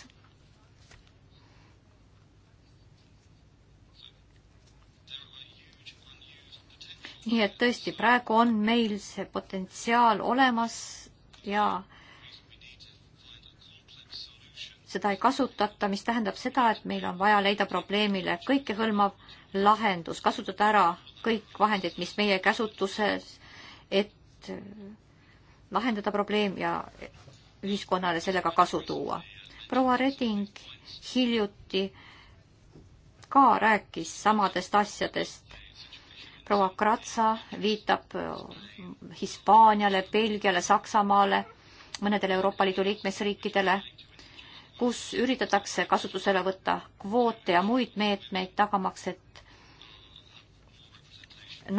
nii et tõesti, praegu on meil see potentsiaal olemas ja seda ei kasutata, mis tähendab seda, et meil on vaja leida probleemile kõikehõlmav lahendus, kasutada ära kõik vahendid, mis meie käsutuses, et äh, lahendada probleem ja ühiskonnale sellega kasu tuua. proua Reding hiljuti ka rääkis samadest asjadest. proua Kratsa viitab äh, Hispaaniale, Belgiale, Saksamaale, mõnedele Euroopa Liidu liikmesriikidele kus üritatakse kasutusele võtta kvoote ja muid meetmeid, tagamaks, et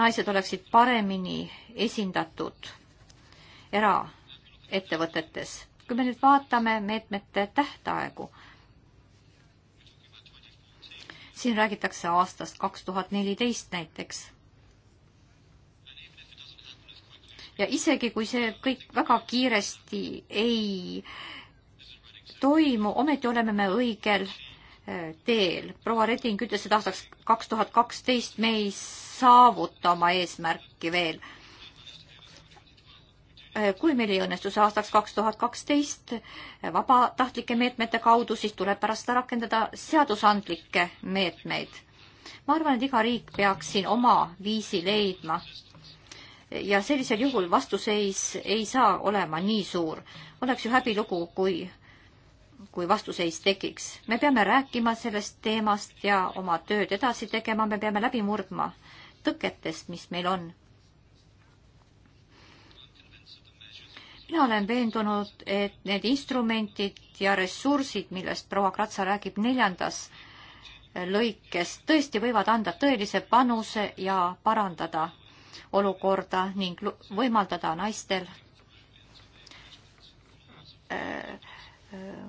naised oleksid paremini esindatud eraettevõtetes. kui me nüüd vaatame meetmete tähtaegu, siin räägitakse aastast kaks tuhat neliteist näiteks. ja isegi, kui see kõik väga kiiresti ei toimu, ometi oleme me õigel äh, teel. proua Reding ütles, et aastaks kaks tuhat kaksteist me ei saavuta oma eesmärki veel. Äh, kui meil ei õnnestu see aastaks kaks tuhat kaksteist äh, vabatahtlike meetmete kaudu, siis tuleb pärast seda rakendada seadusandlikke meetmeid. ma arvan, et iga riik peaks siin oma viisi leidma ja sellisel juhul vastuseis ei saa olema nii suur. oleks ju häbilugu, kui kui vastuseis tekiks. me peame rääkima sellest teemast ja oma tööd edasi tegema, me peame läbi murdma tõketest, mis meil on. mina olen veendunud, et need instrumentid ja ressursid, millest proua Kratsa räägib neljandas lõikes, tõesti võivad anda tõelise panuse ja parandada olukorda ning võimaldada naistel äh,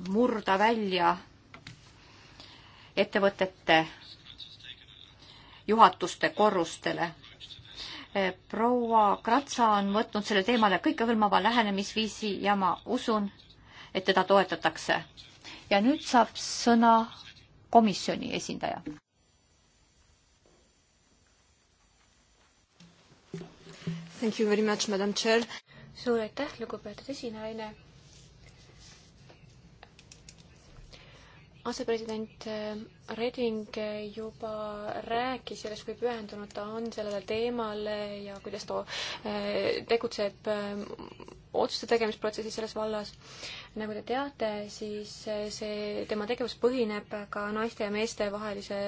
murda välja ettevõtete juhatuste korrustele. proua Kratsa on võtnud selle teemale kõikehõlmava lähenemisviisi ja ma usun, et teda toetatakse. ja nüüd saab sõna komisjoni esindaja. Thank you very much, madam chair. suur aitäh, lugupeetud esinaine asepresident äh, Reding juba rääkis sellest, kui pühendunud ta on sellele teemale ja kuidas ta äh, tegutseb äh, otsuste tegemisprotsessis selles vallas. nagu te teate, siis see, tema tegevus põhineb ka naiste ja meeste vahelise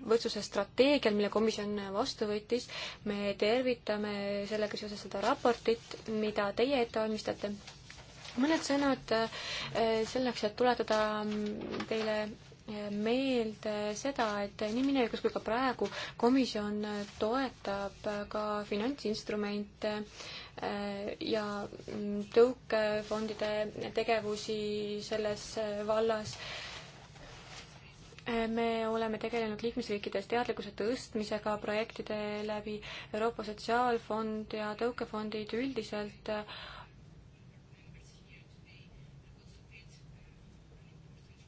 võrdsuse strateegial, mille komisjon vastu võttis. me tervitame sellega seoses seda raportit, mida teie ette valmistate mõned sõnad äh, selleks, et tuletada teile äh, meelde seda, et nii minevikus kui ka praegu komisjon toetab ka finantsinstrumente äh, ja mm, tõukefondide tegevusi selles vallas. me oleme tegelenud liikmesriikides teadlikkuse tõstmisega projektide läbi Euroopa Sotsiaalfond ja tõukefondid üldiselt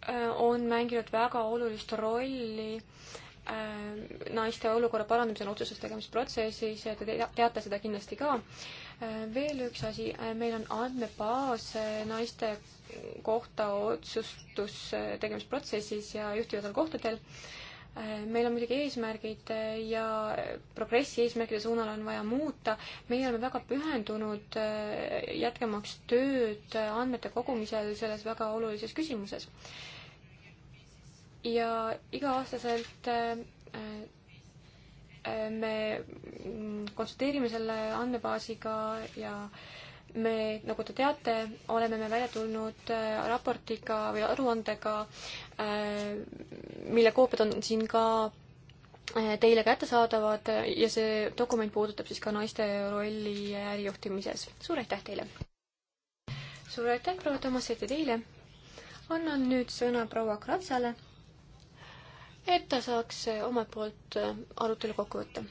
Äh, on mänginud väga olulist rolli äh, naiste olukorra parandamisel otsustuse tegemisprotsessis ja te teate seda kindlasti ka. Äh, veel üks asi, meil on andmebaas naiste kohta otsustuse tegemisprotsessis ja juhtivatel kohtadel. meil on muidugi eesmärgid ja progressi eesmärkide suunal on vaja muuta. meie oleme väga pühendunud jätkamaks tööd andmete kogumisel selles väga olulises küsimuses ja iga-aastaselt äh, äh, me mm, konsulteerime selle andmebaasiga ja me, nagu te teate, oleme me välja tulnud äh, raportiga või aruandega, mille koopiad on siin ka teile kättesaadavad ja see dokument puudutab siis ka naiste rolli ärijuhtimises. suur aitäh teile! suur aitäh, proua Tomas, ja teile! annan nüüd sõna proua Kratsale et ta saaks äh, omalt poolt äh, arutelu kokku võtta.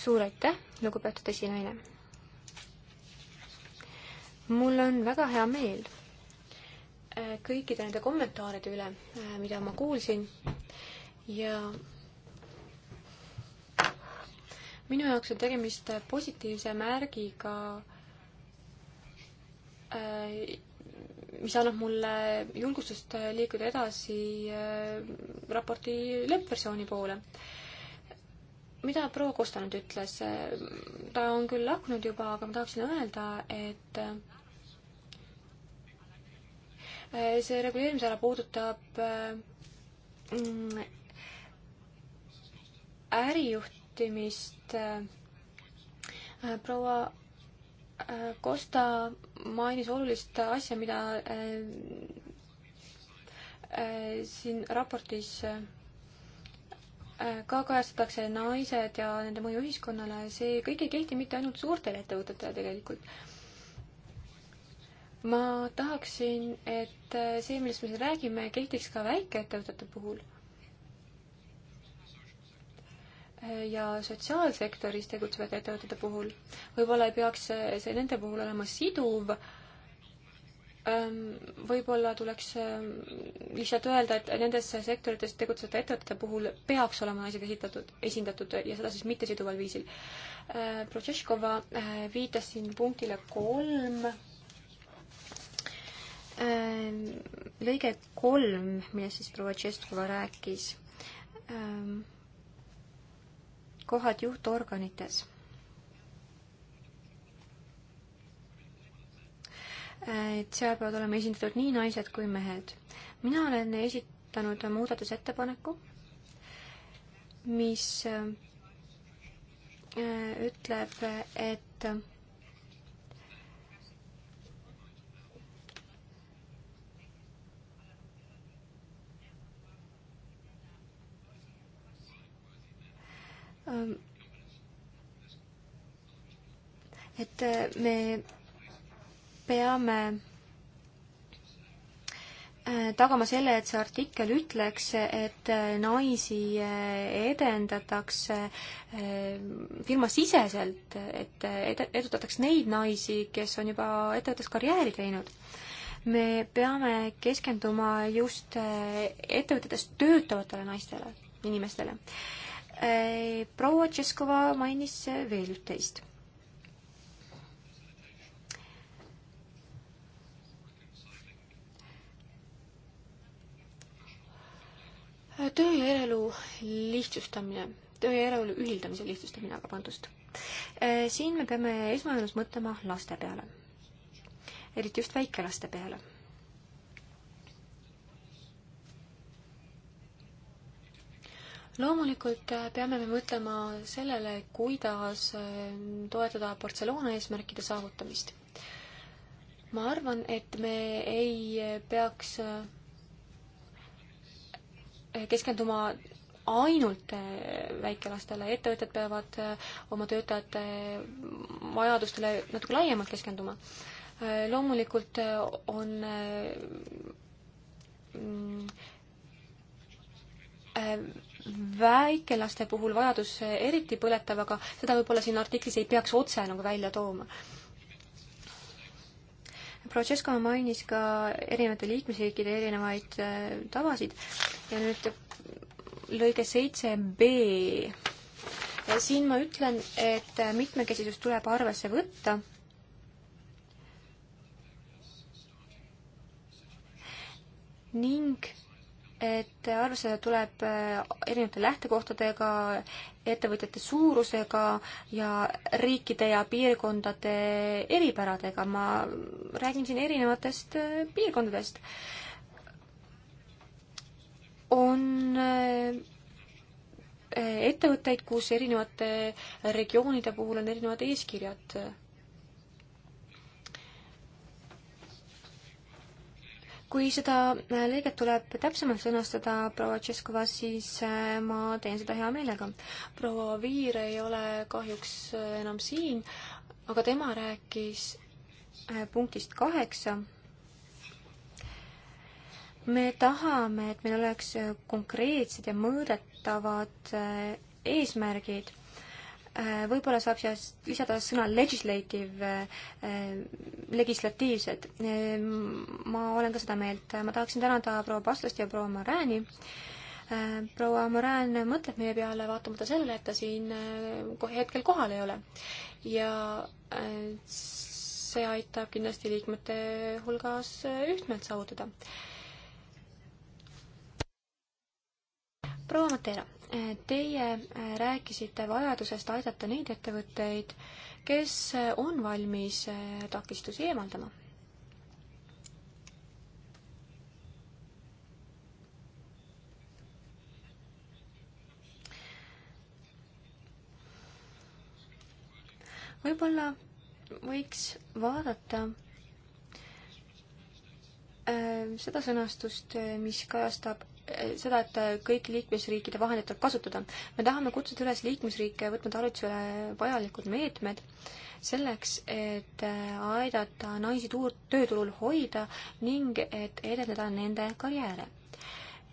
suur aitäh, lugupeetud esinaine. mul on väga hea meel äh, kõikide nende kommentaaride üle, mida ma kuulsin ja minu jaoks on tegemist positiivse märgiga mis annab mulle julgustust liikuda edasi äh, raporti lõppversiooni poole. mida proua Kosta nüüd ütles? ta on küll lahkunud juba, aga ma tahaksin öelda, et äh, see reguleerimisala puudutab äh, ärijuhtimist. proua Kosta mainis olulist asja, mida äh, äh, siin raportis äh, ka kajastatakse naised ja nende mõju ühiskonnale, see kõik ei kehti mitte ainult suurtele ettevõtetele tegelikult. ma tahaksin, et see, millest me siin räägime, kehtiks ka väikeettevõtete puhul ja sotsiaalsektoris tegutsevate ettevõtete puhul. võib-olla ei peaks see nende puhul olema siduv, ähm, võib-olla tuleks ähm, lihtsalt öelda, et nendes sektorites tegutsevate ettevõtete puhul peaks olema naised esitatud, esindatud ja seda siis mittesiduval viisil. Äh, Protseskova äh, viitas siin punktile kolm, ähm, lõige kolm, millest siis proua Tšestkova rääkis kohad juhtorganites. et seal peavad olema esindatud nii naised kui mehed. mina olen esitanud muudatusettepaneku, mis äh, ütleb, et Ähm, et äh, me peame äh, tagama selle, et see artikkel ütleks, et äh, naisi edendatakse firmasiseselt, et edutatakse neid naisi, kes on juba ettevõttes karjääri teinud. me peame keskenduma just ettevõtetes töötavatele naistele, inimestele proua Tšeskova mainis veel üht-teist. töö ja eraelu lihtsustamine, töö ja eraelu ühildamise lihtsustamine, aga vabandust. Äh, siin me peame esmajoones mõtlema laste peale, eriti just väikelaste peale loomulikult äh, peame me mõtlema sellele, kuidas äh, toetada Barcelona eesmärkide saavutamist. ma arvan, et me ei äh, peaks keskenduma ainult väikelastele, ettevõtted peavad oma töötajate vajadustele natuke laiemalt keskenduma. loomulikult on mm, väikelaste puhul vajadus eriti põletav, aga seda võib-olla siin artiklis ei peaks otse nagu välja tooma. Francesca mainis ka erinevate liikmesriikide erinevaid äh, tavasid ja nüüd lõige seitse B. siin ma ütlen, et mitmekesisus tuleb arvesse võtta ning et arvestada tuleb äh, erinevate lähtekohtadega, ettevõtjate suurusega ja riikide ja piirkondade eripäradega. ma räägin siin erinevatest äh, piirkondadest. on äh, ettevõtteid, kus erinevate regioonide puhul on erinevad eeskirjad kui seda äh, lõiget tuleb täpsemalt sõnastada, proua Tšeskova, siis äh, ma teen seda hea meelega. proua Viir ei ole kahjuks äh, enam siin, aga tema rääkis punktist kaheksa. me tahame, et meil oleks konkreetsed ja mõõdetavad eesmärgid Äh, võib-olla saab siia lisada sõna legislative, äh, legislatiivsed. Äh, ma olen ka seda meelt. ma tahaksin tänada proua Paslast ja proua Morääni. proua Morään mõtleb meie peale, vaatamata sellele, et ta siin kohe hetkel kohal ei ole. ja see aitab kindlasti liikmete hulgas ühtmeelt saavutada. proua Matera Teie äh, rääkisite vajadusest aidata neid ettevõtteid, kes äh, on valmis äh, takistusi eemaldama. võib-olla võiks vaadata seda sõnastust, mis kajastab seda, et kõik liikmesriikide vahendid tuleb kasutada. me tahame kutsuda üles liikmesriike võtma tarvitusele vajalikud meetmed selleks, et aidata naisi tuur-, tööturul hoida ning et edendada nende karjääre.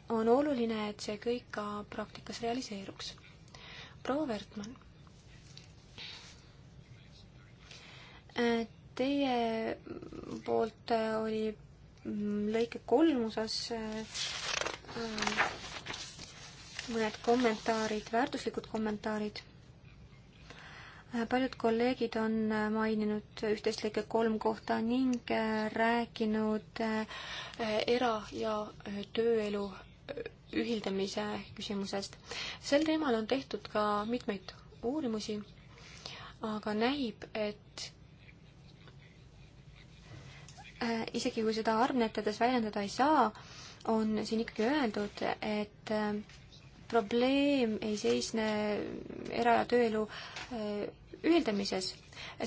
on oluline, et see kõik ka praktikas realiseeruks. proua Wertmann teie poolt oli lõike kolm osas Äh, mõned kommentaarid, väärtuslikud kommentaarid. Äh, paljud kolleegid on äh, maininud üht-teist lõike kolm kohta ning rääkinud era- ja tööelu ühildamise küsimusest. sel teemal on tehtud ka mitmeid uurimusi, aga näib, et Äh, isegi kui seda arvnetades väljendada ei saa, on siin ikkagi öeldud, et äh, probleem ei seisne era- ja tööelu äh, ühildamises.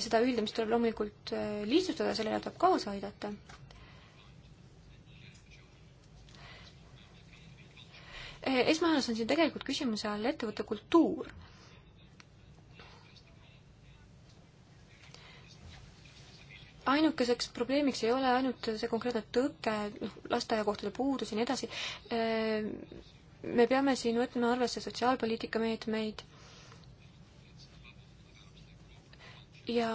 seda ühildamist tuleb loomulikult lihtsustada, sellele tuleb kaasa aidata. esmajoones on siin tegelikult küsimuse all ettevõtte kultuur ainukeseks probleemiks ei ole ainult see konkreetne tõke, noh, lasteaiakohtade puudus ja nii edasi, ehm, me peame siin võtma arvesse sotsiaalpoliitika meetmeid ja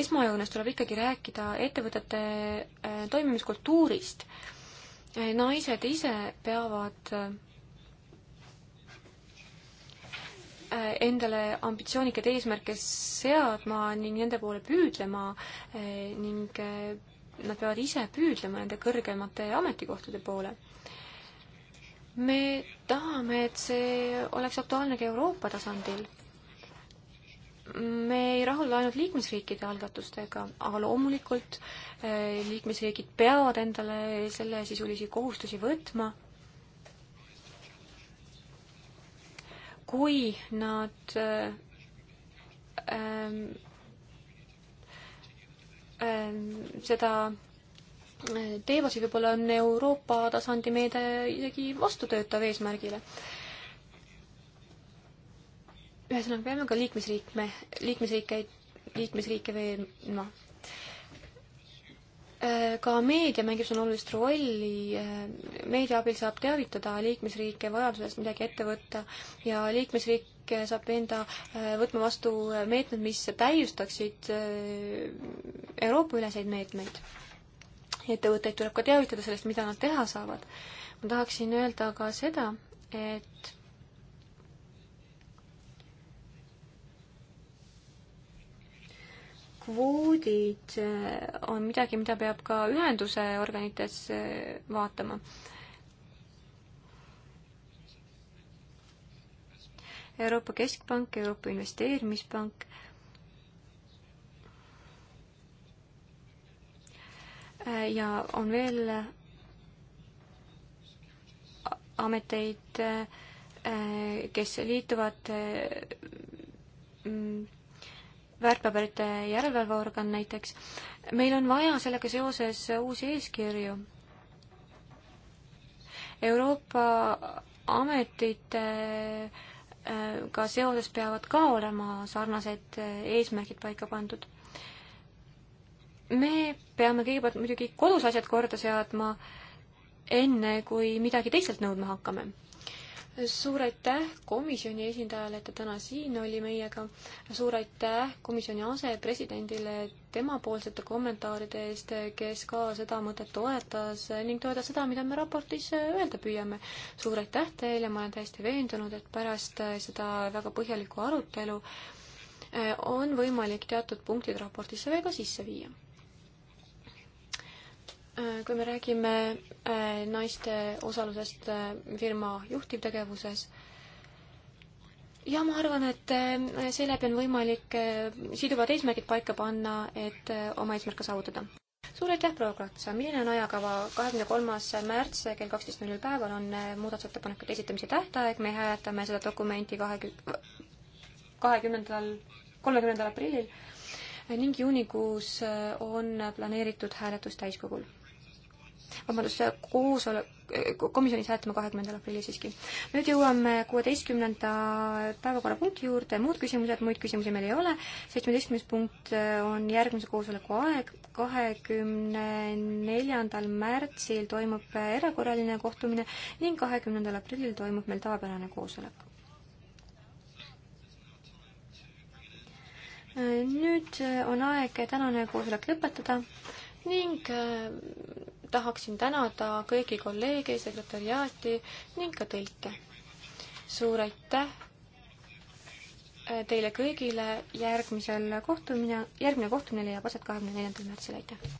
esmajoones tuleb ikkagi rääkida ettevõtete ehm, toimimiskultuurist. Ehm, naised ise peavad Äh, endale ambitsioonikaid eesmärke seadma ning nende poole püüdlema äh, ning äh, nad peavad ise püüdlema nende kõrgemate ametikohtade poole. me tahame, et see oleks aktuaalne ka Euroopa tasandil me ei rahulda ainult liikmesriikide algatustega, aga loomulikult liikmesriigid peavad endale sellesisulisi kohustusi võtma kui nad ähm, ähm, seda äh, teevad, siis võib-olla on Euroopa tasandi meede isegi vastutöötav eesmärgile. ühesõnaga, peame ka liikmesriikme, liikmesriike, liikmesriike veenma no, Äh, ka meedia mängib siin olulist rolli, äh, meedia abil saab teavitada liikmesriike vajadusest midagi ette võtta ja liikmesriik saab veenda äh, võtma vastu meetmed, mis täiustaksid Euroopa-üleseid meetmeid. ettevõtteid tuleb ka teavitada sellest, mida nad teha saavad. ma tahaksin öelda ka seda, et kvoodid eh, on midagi, mida peab ka ühenduse organites eh, vaatama. Euroopa Keskpank, Euroopa Investeerimispank eh, ja on veel ameteid, kes liituvad mm, väärtpaberite järelevalveorgan näiteks. meil on vaja sellega seoses uusi eeskirju. Euroopa ametite äh, ka seoses peavad ka olema sarnased äh, eesmärgid paika pandud. me peame kõigepealt muidugi kodus asjad korda seadma, enne kui midagi teistelt nõudma hakkame suur aitäh komisjoni esindajale, et ta täna siin oli meiega. suur aitäh komisjoni asepresidendile temapoolsete kommentaaride eest, kes ka seda mõtet toetas ning toetas seda, mida me raportis öelda püüame. suur aitäh teile, ma olen täiesti veendunud, et pärast seda väga põhjalikku arutelu on võimalik teatud punktid raportisse veel ka sisse viia Äh, kui me räägime äh, naiste osalusest äh, firma juhtivtegevuses, ja ma arvan, et seeläbi on võimalik siduvad eesmärgid paika panna, et oma eesmärke saavutada. suur aitäh, proua Kratsa, milline on ajakava? kahekümne kolmas märts kell kaksteist null null päeval on muudatusettepanekute esitamise tähtaeg, me hääletame seda dokumenti kahekümne, kahekümnendal, kolmekümnendal aprillil ning juunikuus on planeeritud hääletus täiskogul vabandust, koosolek, komisjonis hääletame kahekümnendal aprillil siiski. nüüd jõuame kuueteistkümnenda päevakorrapunkti juurde, muud küsimused, muid küsimusi meil ei ole. seitsmeteistkümnes punkt äh, on järgmise koosoleku aeg, kahekümne neljandal märtsil toimub äh, erakorraline kohtumine ning kahekümnendal aprillil toimub meil tavapärane koosolek. Äh, nüüd on aeg tänane koosolek lõpetada ning tahaksin tänada kõiki kolleege, sekretäriaati ning ka tõlke. suur aitäh äh, teile kõigile, järgmisel kohtumine, järgmine kohtumine leiab aset kahekümne neljandal märtsil, aitäh!